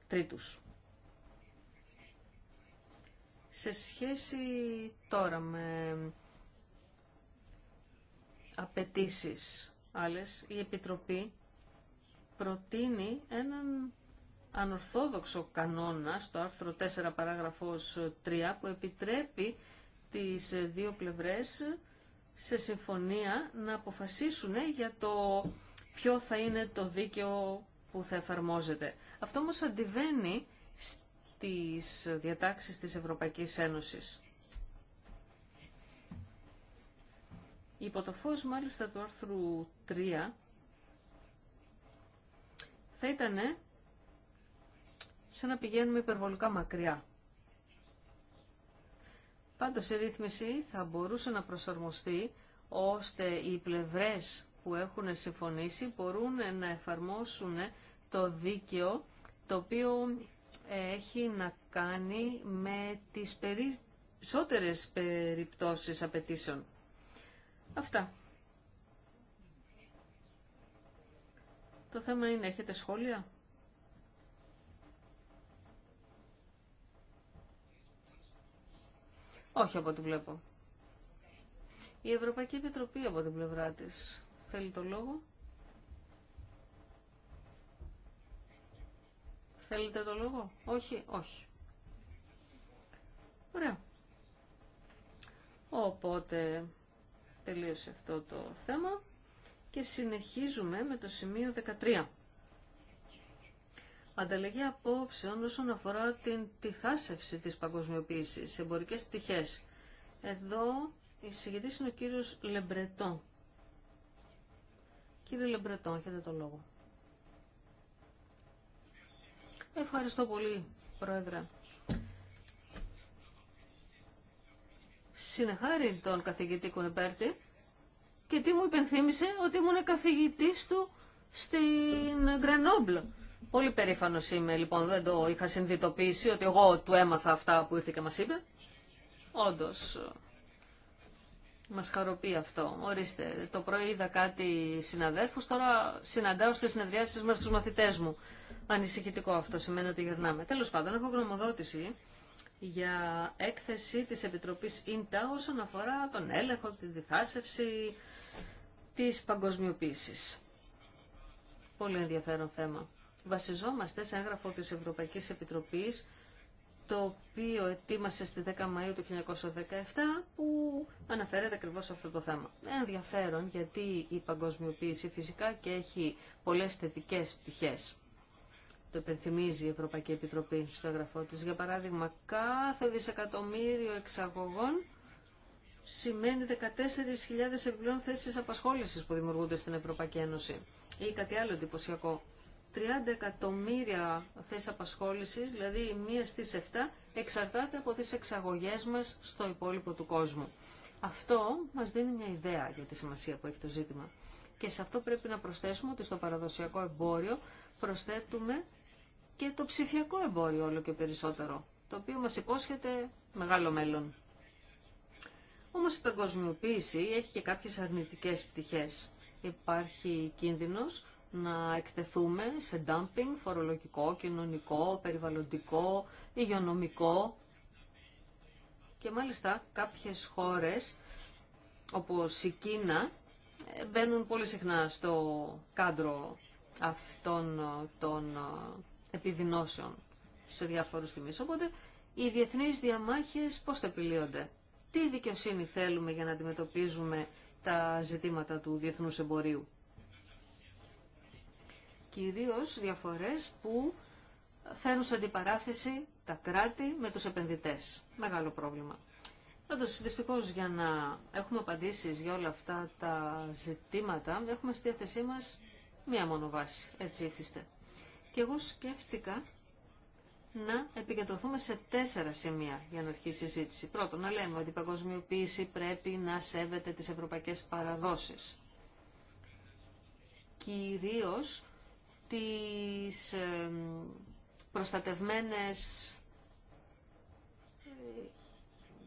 τρίτους. Σε σχέση τώρα με απαιτήσει άλλες, η Επιτροπή προτείνει έναν ανορθόδοξο κανόνα στο άρθρο 4 παράγραφος 3 που επιτρέπει τις δύο πλευρές σε συμφωνία να αποφασίσουν για το ποιο θα είναι το δίκαιο που θα εφαρμόζεται. Αυτό όμως αντιβαίνει τις διατάξεις της Ευρωπαϊκής Ένωσης. Υπό το φως μάλιστα του άρθρου 3 θα ήταν σαν να πηγαίνουμε υπερβολικά μακριά. Πάντως η ρύθμιση θα μπορούσε να προσαρμοστεί ώστε οι πλευρές που έχουν συμφωνήσει μπορούν να εφαρμόσουν το δίκαιο το οποίο έχει να κάνει με τις περισσότερες περιπτώσεις απαιτήσεων. Αυτά. Το θέμα είναι, έχετε σχόλια? Όχι από ό,τι βλέπω. Η Ευρωπαϊκή Επιτροπή από την πλευρά της θέλει το λόγο. Θέλετε το λόγο. Όχι, όχι. Ωραία. Οπότε τελείωσε αυτό το θέμα και συνεχίζουμε με το σημείο 13. Ανταλλαγή απόψεων όσον αφορά την τυχάσευση της παγκοσμιοποίησης, εμπορικές πτυχές. Εδώ η συγκεκριτής είναι ο κύριος Λεμπρετό. Κύριε Λεμπρετό, έχετε το λόγο. Ευχαριστώ πολύ, Πρόεδρε. Συνεχάρη τον καθηγητή Κουνεπέρτη και τι μου υπενθύμησε ότι ήμουν καθηγητής του στην Γκρενόμπλ. Πολύ περήφανος είμαι λοιπόν, δεν το είχα συνειδητοποιήσει ότι εγώ του έμαθα αυτά που ήρθε και μας είπε. Όντως, μας χαροποιεί αυτό. Ορίστε, το πρωί είδα κάτι συναδέρφους, τώρα συναντάω στις συνεδριάσεις με τους μαθητές μου ανησυχητικό αυτό, σημαίνει ότι γυρνάμε. Τέλος πάντων, έχω γνωμοδότηση για έκθεση της Επιτροπής ΙΝΤΑ όσον αφορά τον έλεγχο, τη διθάσευση της παγκοσμιοποίησης. Πολύ ενδιαφέρον θέμα. Βασιζόμαστε σε έγγραφο της Ευρωπαϊκής Επιτροπής το οποίο ετοίμασε στις 10 Μαΐου του 1917 που αναφέρεται ακριβώς σε αυτό το θέμα. Ενδιαφέρον γιατί η παγκοσμιοποίηση φυσικά και έχει πολλές θετικές πτυχές. Το υπενθυμίζει η Ευρωπαϊκή Επιτροπή στο εγγραφό της. Για παράδειγμα, κάθε δισεκατομμύριο εξαγωγών σημαίνει 14.000 επιπλέον θέσεις απασχόλησης που δημιουργούνται στην Ευρωπαϊκή Ένωση. Ή κάτι άλλο εντυπωσιακό. 30 εκατομμύρια θέσεις απασχόλησης, δηλαδή η μία στις 7, εξαρτάται από τις εξαγωγές μας στο υπόλοιπο του κόσμου. Αυτό μας δίνει μια ιδέα για τη σημασία που έχει το ζήτημα. Και σε αυτό πρέπει να προσθέσουμε ότι στο παραδοσιακό εμπόριο προσθέτουμε και το ψηφιακό εμπόριο όλο και περισσότερο, το οποίο μας υπόσχεται μεγάλο μέλλον. Όμως η παγκοσμιοποίηση έχει και κάποιες αρνητικές πτυχές. Υπάρχει κίνδυνος να εκτεθούμε σε dumping φορολογικό, κοινωνικό, περιβαλλοντικό, υγειονομικό και μάλιστα κάποιες χώρες όπως η Κίνα μπαίνουν πολύ συχνά στο κάντρο αυτών των επιδεινώσεων σε διάφορους τιμής. Οπότε οι διεθνείς διαμάχες πώς θα επιλύονται. Τι δικαιοσύνη θέλουμε για να αντιμετωπίζουμε τα ζητήματα του διεθνούς εμπορίου. Κυρίως διαφορές που φέρουν σε αντιπαράθεση τα κράτη με τους επενδυτές. Μεγάλο πρόβλημα. Πάντως, δυστυχώ για να έχουμε απαντήσεις για όλα αυτά τα ζητήματα, έχουμε στη διάθεσή μας μία μόνο βάση. Έτσι ήθιστε. Και εγώ σκέφτηκα να επικεντρωθούμε σε τέσσερα σημεία για να αρχίσει η συζήτηση. Πρώτον, να λέμε ότι η παγκοσμιοποίηση πρέπει να σέβεται τις ευρωπαϊκές παραδόσεις. Κυρίως τις προστατευμένες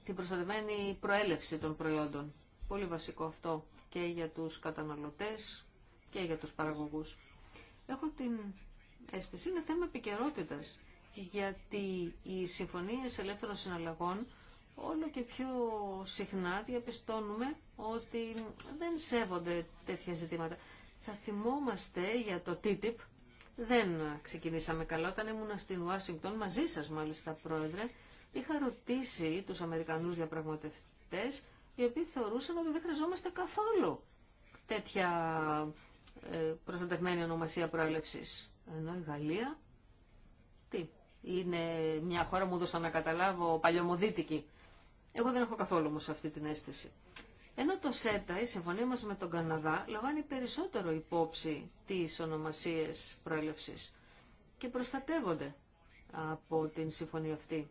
την προστατευμένη προέλευση των προϊόντων. Πολύ βασικό αυτό και για τους καταναλωτές και για τους παραγωγούς. Έχω την αίσθηση, είναι θέμα επικαιρότητα. Γιατί οι συμφωνίε ελεύθερων συναλλαγών όλο και πιο συχνά διαπιστώνουμε ότι δεν σέβονται τέτοια ζητήματα. Θα θυμόμαστε για το TTIP, δεν ξεκινήσαμε καλά, όταν ήμουν στην Ουάσιγκτον, μαζί σας μάλιστα πρόεδρε, είχα ρωτήσει τους Αμερικανούς διαπραγματευτέ, οι οποίοι θεωρούσαν ότι δεν χρειαζόμαστε καθόλου τέτοια ε, προστατευμένη ονομασία προέλευση. Ενώ η Γαλλία, τι, είναι μια χώρα μου δώσα να καταλάβω παλιωμοδίτικη. Εγώ δεν έχω καθόλου όμω αυτή την αίσθηση. Ενώ το ΣΕΤΑ, η συμφωνία μα με τον Καναδά, λαμβάνει περισσότερο υπόψη τι ονομασίε προέλευση και προστατεύονται από την συμφωνία αυτή.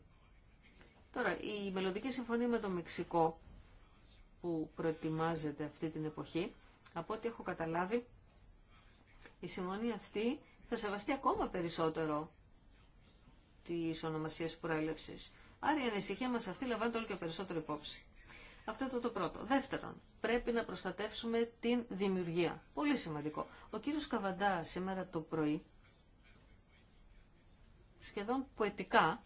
Τώρα, η μελλοντική συμφωνία με το Μεξικό που προετοιμάζεται αυτή την εποχή, από ό,τι έχω καταλάβει, η συμφωνία αυτή θα σεβαστεί ακόμα περισσότερο τις ονομασίες προέλευσης. Άρα η ανησυχία μας αυτή λαμβάνεται όλο και περισσότερο υπόψη. Αυτό ήταν το πρώτο. Δεύτερον, πρέπει να προστατεύσουμε την δημιουργία. Πολύ σημαντικό. Ο κύριο Καβαντά σήμερα το πρωί, σχεδόν ποετικά,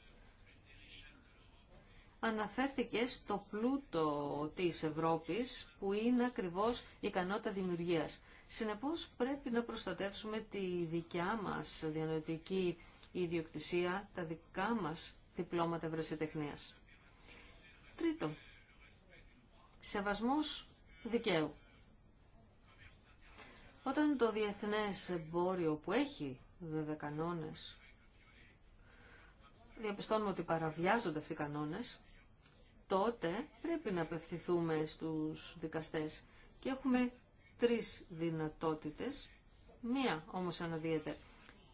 αναφέρθηκε στο πλούτο της Ευρώπης που είναι ακριβώς η ικανότητα δημιουργίας. Συνεπώς πρέπει να προστατεύσουμε τη δικιά μας διανοητική ιδιοκτησία, τα δικά μας διπλώματα βρεσιτεχνίας. Τρίτο, σεβασμός δικαίου. Όταν το διεθνές εμπόριο που έχει βέβαια κανόνες, διαπιστώνουμε ότι παραβιάζονται αυτοί οι κανόνες, τότε πρέπει να απευθυνθούμε στους δικαστές και έχουμε τρεις δυνατότητες. Μία όμως αναδύεται.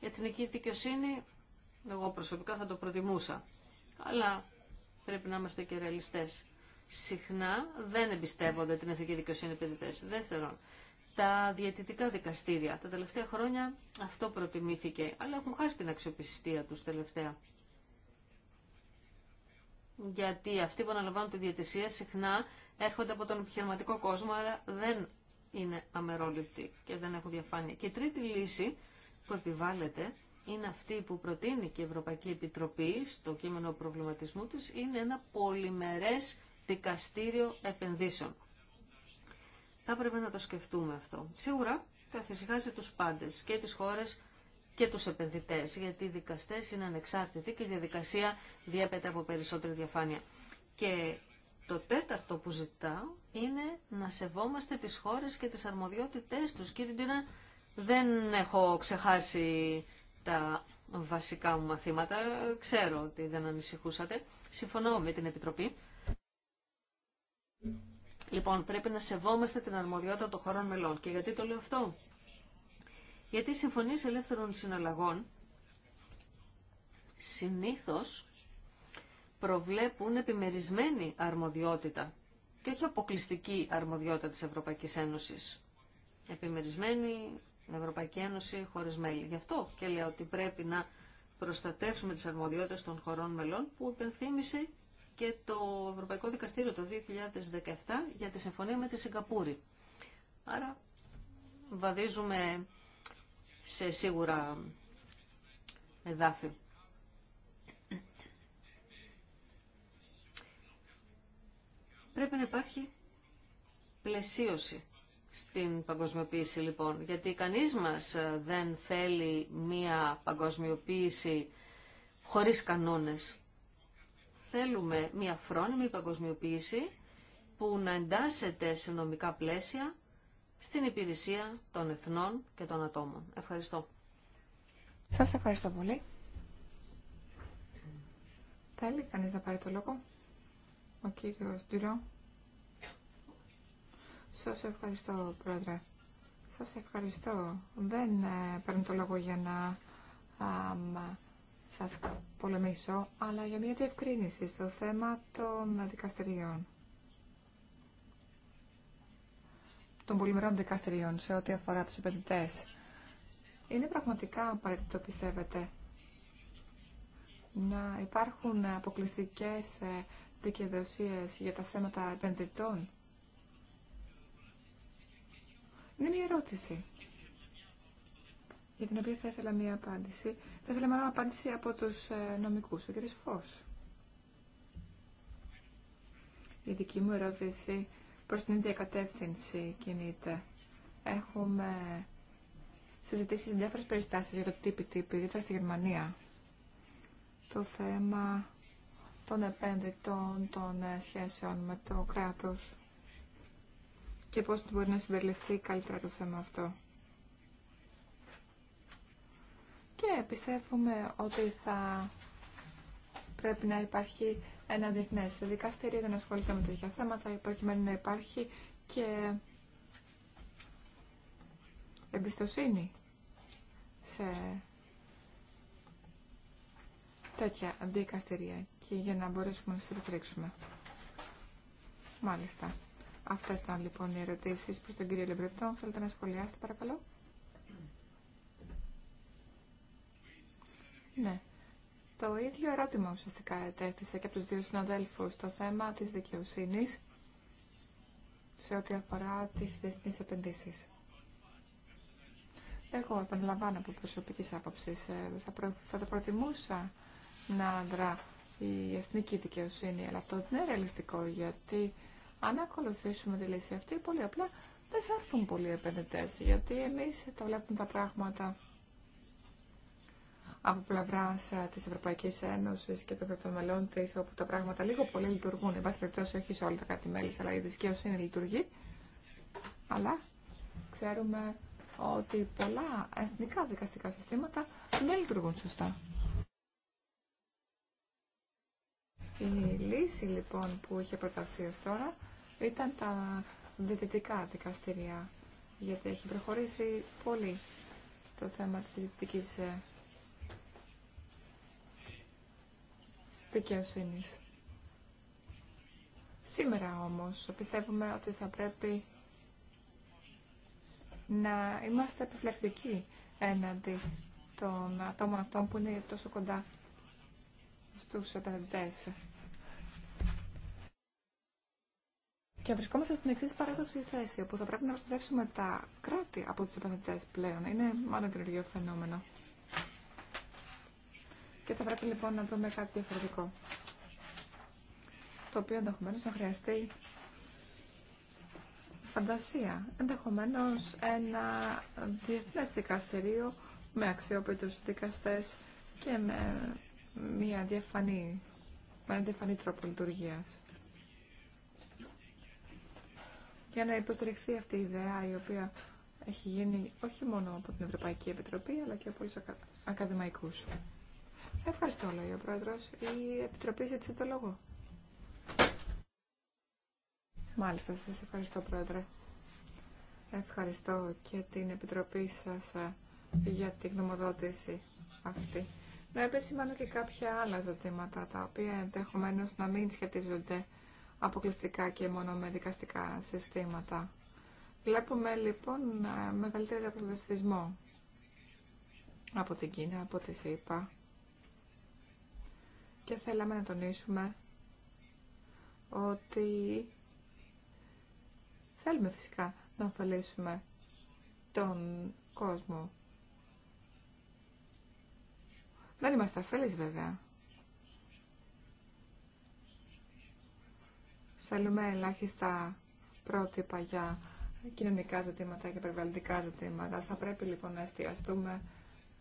Εθνική δικαιοσύνη, εγώ προσωπικά θα το προτιμούσα. Αλλά πρέπει να είμαστε και ρεαλιστές. Συχνά δεν εμπιστεύονται την εθνική δικαιοσύνη επενδυτές. Δεύτερον, τα διαιτητικά δικαστήρια. Τα τελευταία χρόνια αυτό προτιμήθηκε, αλλά έχουν χάσει την αξιοπιστία τους τελευταία. Γιατί αυτοί που αναλαμβάνουν τη διατησία συχνά έρχονται από τον επιχειρηματικό κόσμο, αλλά δεν είναι αμερόληπτη και δεν έχουν διαφάνεια. Και η τρίτη λύση που επιβάλλεται είναι αυτή που προτείνει και η Ευρωπαϊκή Επιτροπή στο κείμενο προβληματισμού της, είναι ένα πολυμερές δικαστήριο επενδύσεων. Θα πρέπει να το σκεφτούμε αυτό. Σίγουρα καθυσυχάζει τους πάντες και τις χώρες και τους επενδυτές, γιατί οι δικαστές είναι ανεξάρτητοι και η διαδικασία διέπεται από περισσότερη διαφάνεια. Και το τέταρτο που ζητάω είναι να σεβόμαστε τις χώρες και τις αρμοδιότητές τους. Κύριε Ντίνα, δεν έχω ξεχάσει τα βασικά μου μαθήματα. Ξέρω ότι δεν ανησυχούσατε. Συμφωνώ με την Επιτροπή. Λοιπόν, πρέπει να σεβόμαστε την αρμοδιότητα των χωρών μελών. Και γιατί το λέω αυτό. Γιατί οι ελεύθερων συναλλαγών συνήθως προβλέπουν επιμερισμένη αρμοδιότητα και όχι αποκλειστική αρμοδιότητα της Ευρωπαϊκής Ένωσης. Επιμερισμένη Ευρωπαϊκή Ένωση χωρίς μέλη. Γι' αυτό και λέω ότι πρέπει να προστατεύσουμε τις αρμοδιότητες των χωρών μελών που υπενθύμησε και το Ευρωπαϊκό Δικαστήριο το 2017 για τη συμφωνία με τη Σιγκαπούρη. Άρα βαδίζουμε σε σίγουρα εδάφη. Πρέπει να υπάρχει πλαισίωση στην παγκοσμιοποίηση λοιπόν, γιατί κανείς μας ε, δεν θέλει μία παγκοσμιοποίηση χωρίς κανόνες. Θέλουμε μία φρόνιμη παγκοσμιοποίηση που να εντάσσεται σε νομικά πλαίσια στην υπηρεσία των εθνών και των ατόμων. Ευχαριστώ. Σας ευχαριστώ πολύ. Θέλει κανείς να πάρει το λόγο. Ο κύριος Ντυρό. Σας ευχαριστώ, Πρόεδρε. Σας ευχαριστώ. Δεν ε, παίρνω το λόγο για να α, σας πολεμήσω, αλλά για μια διευκρίνηση στο θέμα των δικαστηριών. Των πολυμερών δικαστηριών σε ό,τι αφορά τους επενδυτές. Είναι πραγματικά απαραίτητο, πιστεύετε, να υπάρχουν αποκλειστικές ε, δικαιοδοσίες για τα θέματα επενδυτών. Είναι μια ερώτηση για την οποία θα ήθελα μια απάντηση. Θα ήθελα μια απάντηση από τους ε, νομικούς, ο κ. Φως. Η δική μου ερώτηση προς την ίδια κατεύθυνση κινείται. Έχουμε συζητήσει διάφορε περιστάσεις για το TPTP, ιδιαίτερα στη Γερμανία. Το θέμα των επένδυτων των ε, σχέσεων με το κράτος και πώς μπορεί να συμπεριληφθεί καλύτερα το θέμα αυτό. Και πιστεύουμε ότι θα πρέπει να υπάρχει ένα διεθνές δικαστήριο για να ασχολείται με τέτοια θέματα, προκειμένου να υπάρχει και εμπιστοσύνη σε τέτοια δικαστηρία και για να μπορέσουμε να σας υποστηρίξουμε. Μάλιστα. Αυτά ήταν λοιπόν οι ερωτήσει προς τον κύριο Λεμπρετών. Θέλετε να σχολιάσετε παρακαλώ. Ναι. Το ίδιο ερώτημα ουσιαστικά ετέθησε και από τους δύο συναδέλφους το θέμα της δικαιοσύνης σε ό,τι αφορά τις διεθνεί επενδύσεις. Εγώ επαναλαμβάνω από προσωπικής άποψης, ε, θα, θα το προτιμούσα να δρά η εθνική δικαιοσύνη. Αλλά αυτό δεν είναι ρεαλιστικό γιατί αν ακολουθήσουμε τη λύση αυτή, πολύ απλά δεν θα έρθουν πολλοί επενδυτέ. Γιατί εμεί τα βλέπουμε τα πράγματα από πλευρά ε, τη Ευρωπαϊκή Ένωση και των κρατών μελών τη, όπου τα πράγματα λίγο πολύ λειτουργούν. Εν πάση περιπτώσει, όχι σε όλα τα κράτη-μέλη, αλλά η δικαιοσύνη λειτουργεί. Αλλά ξέρουμε ότι πολλά εθνικά δικαστικά συστήματα δεν λειτουργούν σωστά. Η λύση λοιπόν που είχε προταθεί ως τώρα ήταν τα διαιτητικά δικαστηρία, γιατί έχει προχωρήσει πολύ το θέμα της διτητικής ε, δικαιοσύνης. Σήμερα όμως πιστεύουμε ότι θα πρέπει να είμαστε επιφλεκτικοί έναντι των ατόμων αυτών που είναι τόσο κοντά στους επενδυτές. Και βρισκόμαστε στην εξή παράδοξη θέση, όπου θα πρέπει να προστατεύσουμε τα κράτη από του επενδυτέ πλέον. Είναι μάλλον καινούργιο φαινόμενο. Και θα πρέπει λοιπόν να βρούμε κάτι διαφορετικό. Το οποίο ενδεχομένω να χρειαστεί φαντασία. Ενδεχομένω ένα διεθνέ δικαστηρίο με αξιόπιτου δικαστέ και με, μια διαφανή, τρόπο λειτουργίας. για να υποστηριχθεί αυτή η ιδέα η οποία έχει γίνει όχι μόνο από την Ευρωπαϊκή Επιτροπή αλλά και από όλους τους ακα... ακαδημαϊκούς. Ευχαριστώ, λέει ο Πρόεδρος. Η Επιτροπή ζήτησε το λόγο. Μάλιστα, σας ευχαριστώ, Πρόεδρε. Ευχαριστώ και την Επιτροπή σας ε, για την γνωμοδότηση αυτή. Να επισημάνω και κάποια άλλα ζητήματα, τα οποία ενδεχομένω να μην σχετίζονται αποκλειστικά και μόνο με δικαστικά συστήματα. Βλέπουμε λοιπόν ε, μεγαλύτερο αποδεστισμό από την Κίνα, από τη ΣΥΠΑ και θέλαμε να τονίσουμε ότι θέλουμε φυσικά να ωφελήσουμε τον κόσμο. Δεν είμαστε αφέλεις βέβαια. Θέλουμε ελάχιστα πρότυπα για κοινωνικά ζητήματα και περιβαλλοντικά ζητήματα. Θα πρέπει λοιπόν να εστιαστούμε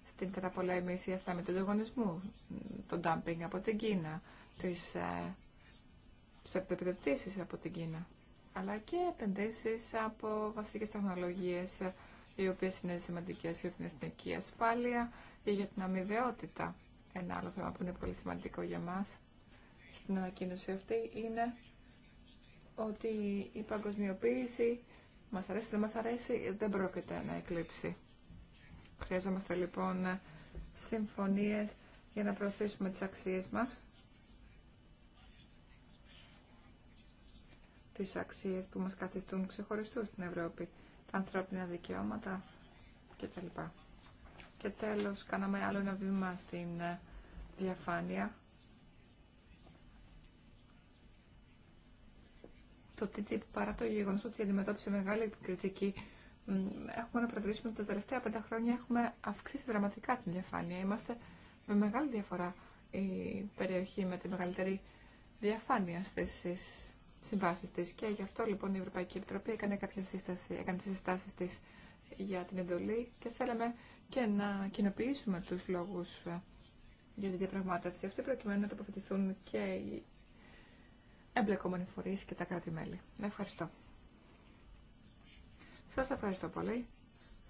στην καταπολέμηση αυτά με τον εγγονισμό, τον dumping από την Κίνα, τις ψευτοπιδοτήσεις από την Κίνα, αλλά και επενδύσεις από βασικές τεχνολογίες οι οποίες είναι σημαντικές για την εθνική ασφάλεια ή για την αμοιβαιότητα. Ένα άλλο θέμα που είναι πολύ σημαντικό για μας στην ανακοίνωση αυτή είναι ότι η παγκοσμιοποίηση μας αρέσει, δεν μας αρέσει, δεν πρόκειται να εκλείψει. Χρειαζόμαστε λοιπόν συμφωνίες για να προωθήσουμε τις αξίες μας. Τις αξίες που μας καθιστούν ξεχωριστούς στην Ευρώπη. Τα ανθρώπινα δικαιώματα κτλ. Και τέλος, κάναμε άλλο ένα βήμα στην ε, διαφάνεια το TTIP παρά το γεγονό ότι αντιμετώπισε μεγάλη κριτική. Έχουμε να παρατηρήσουμε ότι τα τελευταία πέντε χρόνια έχουμε αυξήσει δραματικά την διαφάνεια. Είμαστε με μεγάλη διαφορά η περιοχή με τη μεγαλύτερη διαφάνεια στι συμβάσει τη. Και γι' αυτό λοιπόν η Ευρωπαϊκή Επιτροπή έκανε κάποια σύσταση, έκανε τι συστάσει τη για την εντολή και θέλαμε και να κοινοποιήσουμε του λόγου ε, για την διαπραγμάτευση αυτή προκειμένου να τοποθετηθούν και εμπλεκόμενοι φορείς και τα κράτη-μέλη. Ευχαριστώ. Σας ευχαριστώ πολύ.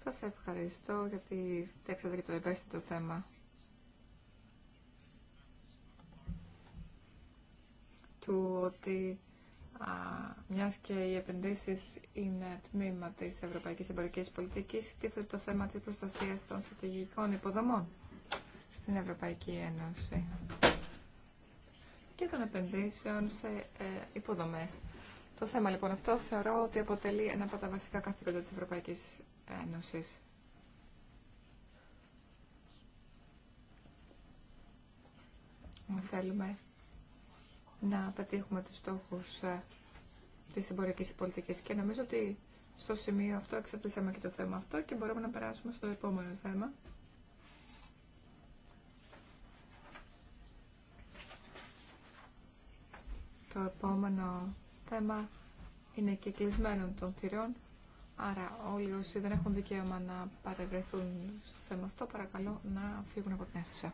Σας ευχαριστώ γιατί φτιάξατε και το ευαίσθητο θέμα. του ότι α, μιας και οι επενδύσεις είναι τμήμα της Ευρωπαϊκής Εμπορικής Πολιτικής, τίθεται το θέμα της προστασίας των στρατηγικών υποδομών στην Ευρωπαϊκή Ένωση και των επενδύσεων σε ε, υποδομές. Το θέμα λοιπόν αυτό θεωρώ ότι αποτελεί ένα από τα βασικά καθήκοντα τη Ευρωπαϊκής Ένωση. Θέλουμε να πετύχουμε τους στόχους ε, της εμπορικής πολιτικής και νομίζω ότι στο σημείο αυτό εξαρτήσαμε και το θέμα αυτό και μπορούμε να περάσουμε στο επόμενο θέμα. Το επόμενο θέμα είναι και κλεισμένο των θυρών. Άρα όλοι όσοι δεν έχουν δικαίωμα να παρευρεθούν στο θέμα αυτό, παρακαλώ να φύγουν από την αίθουσα.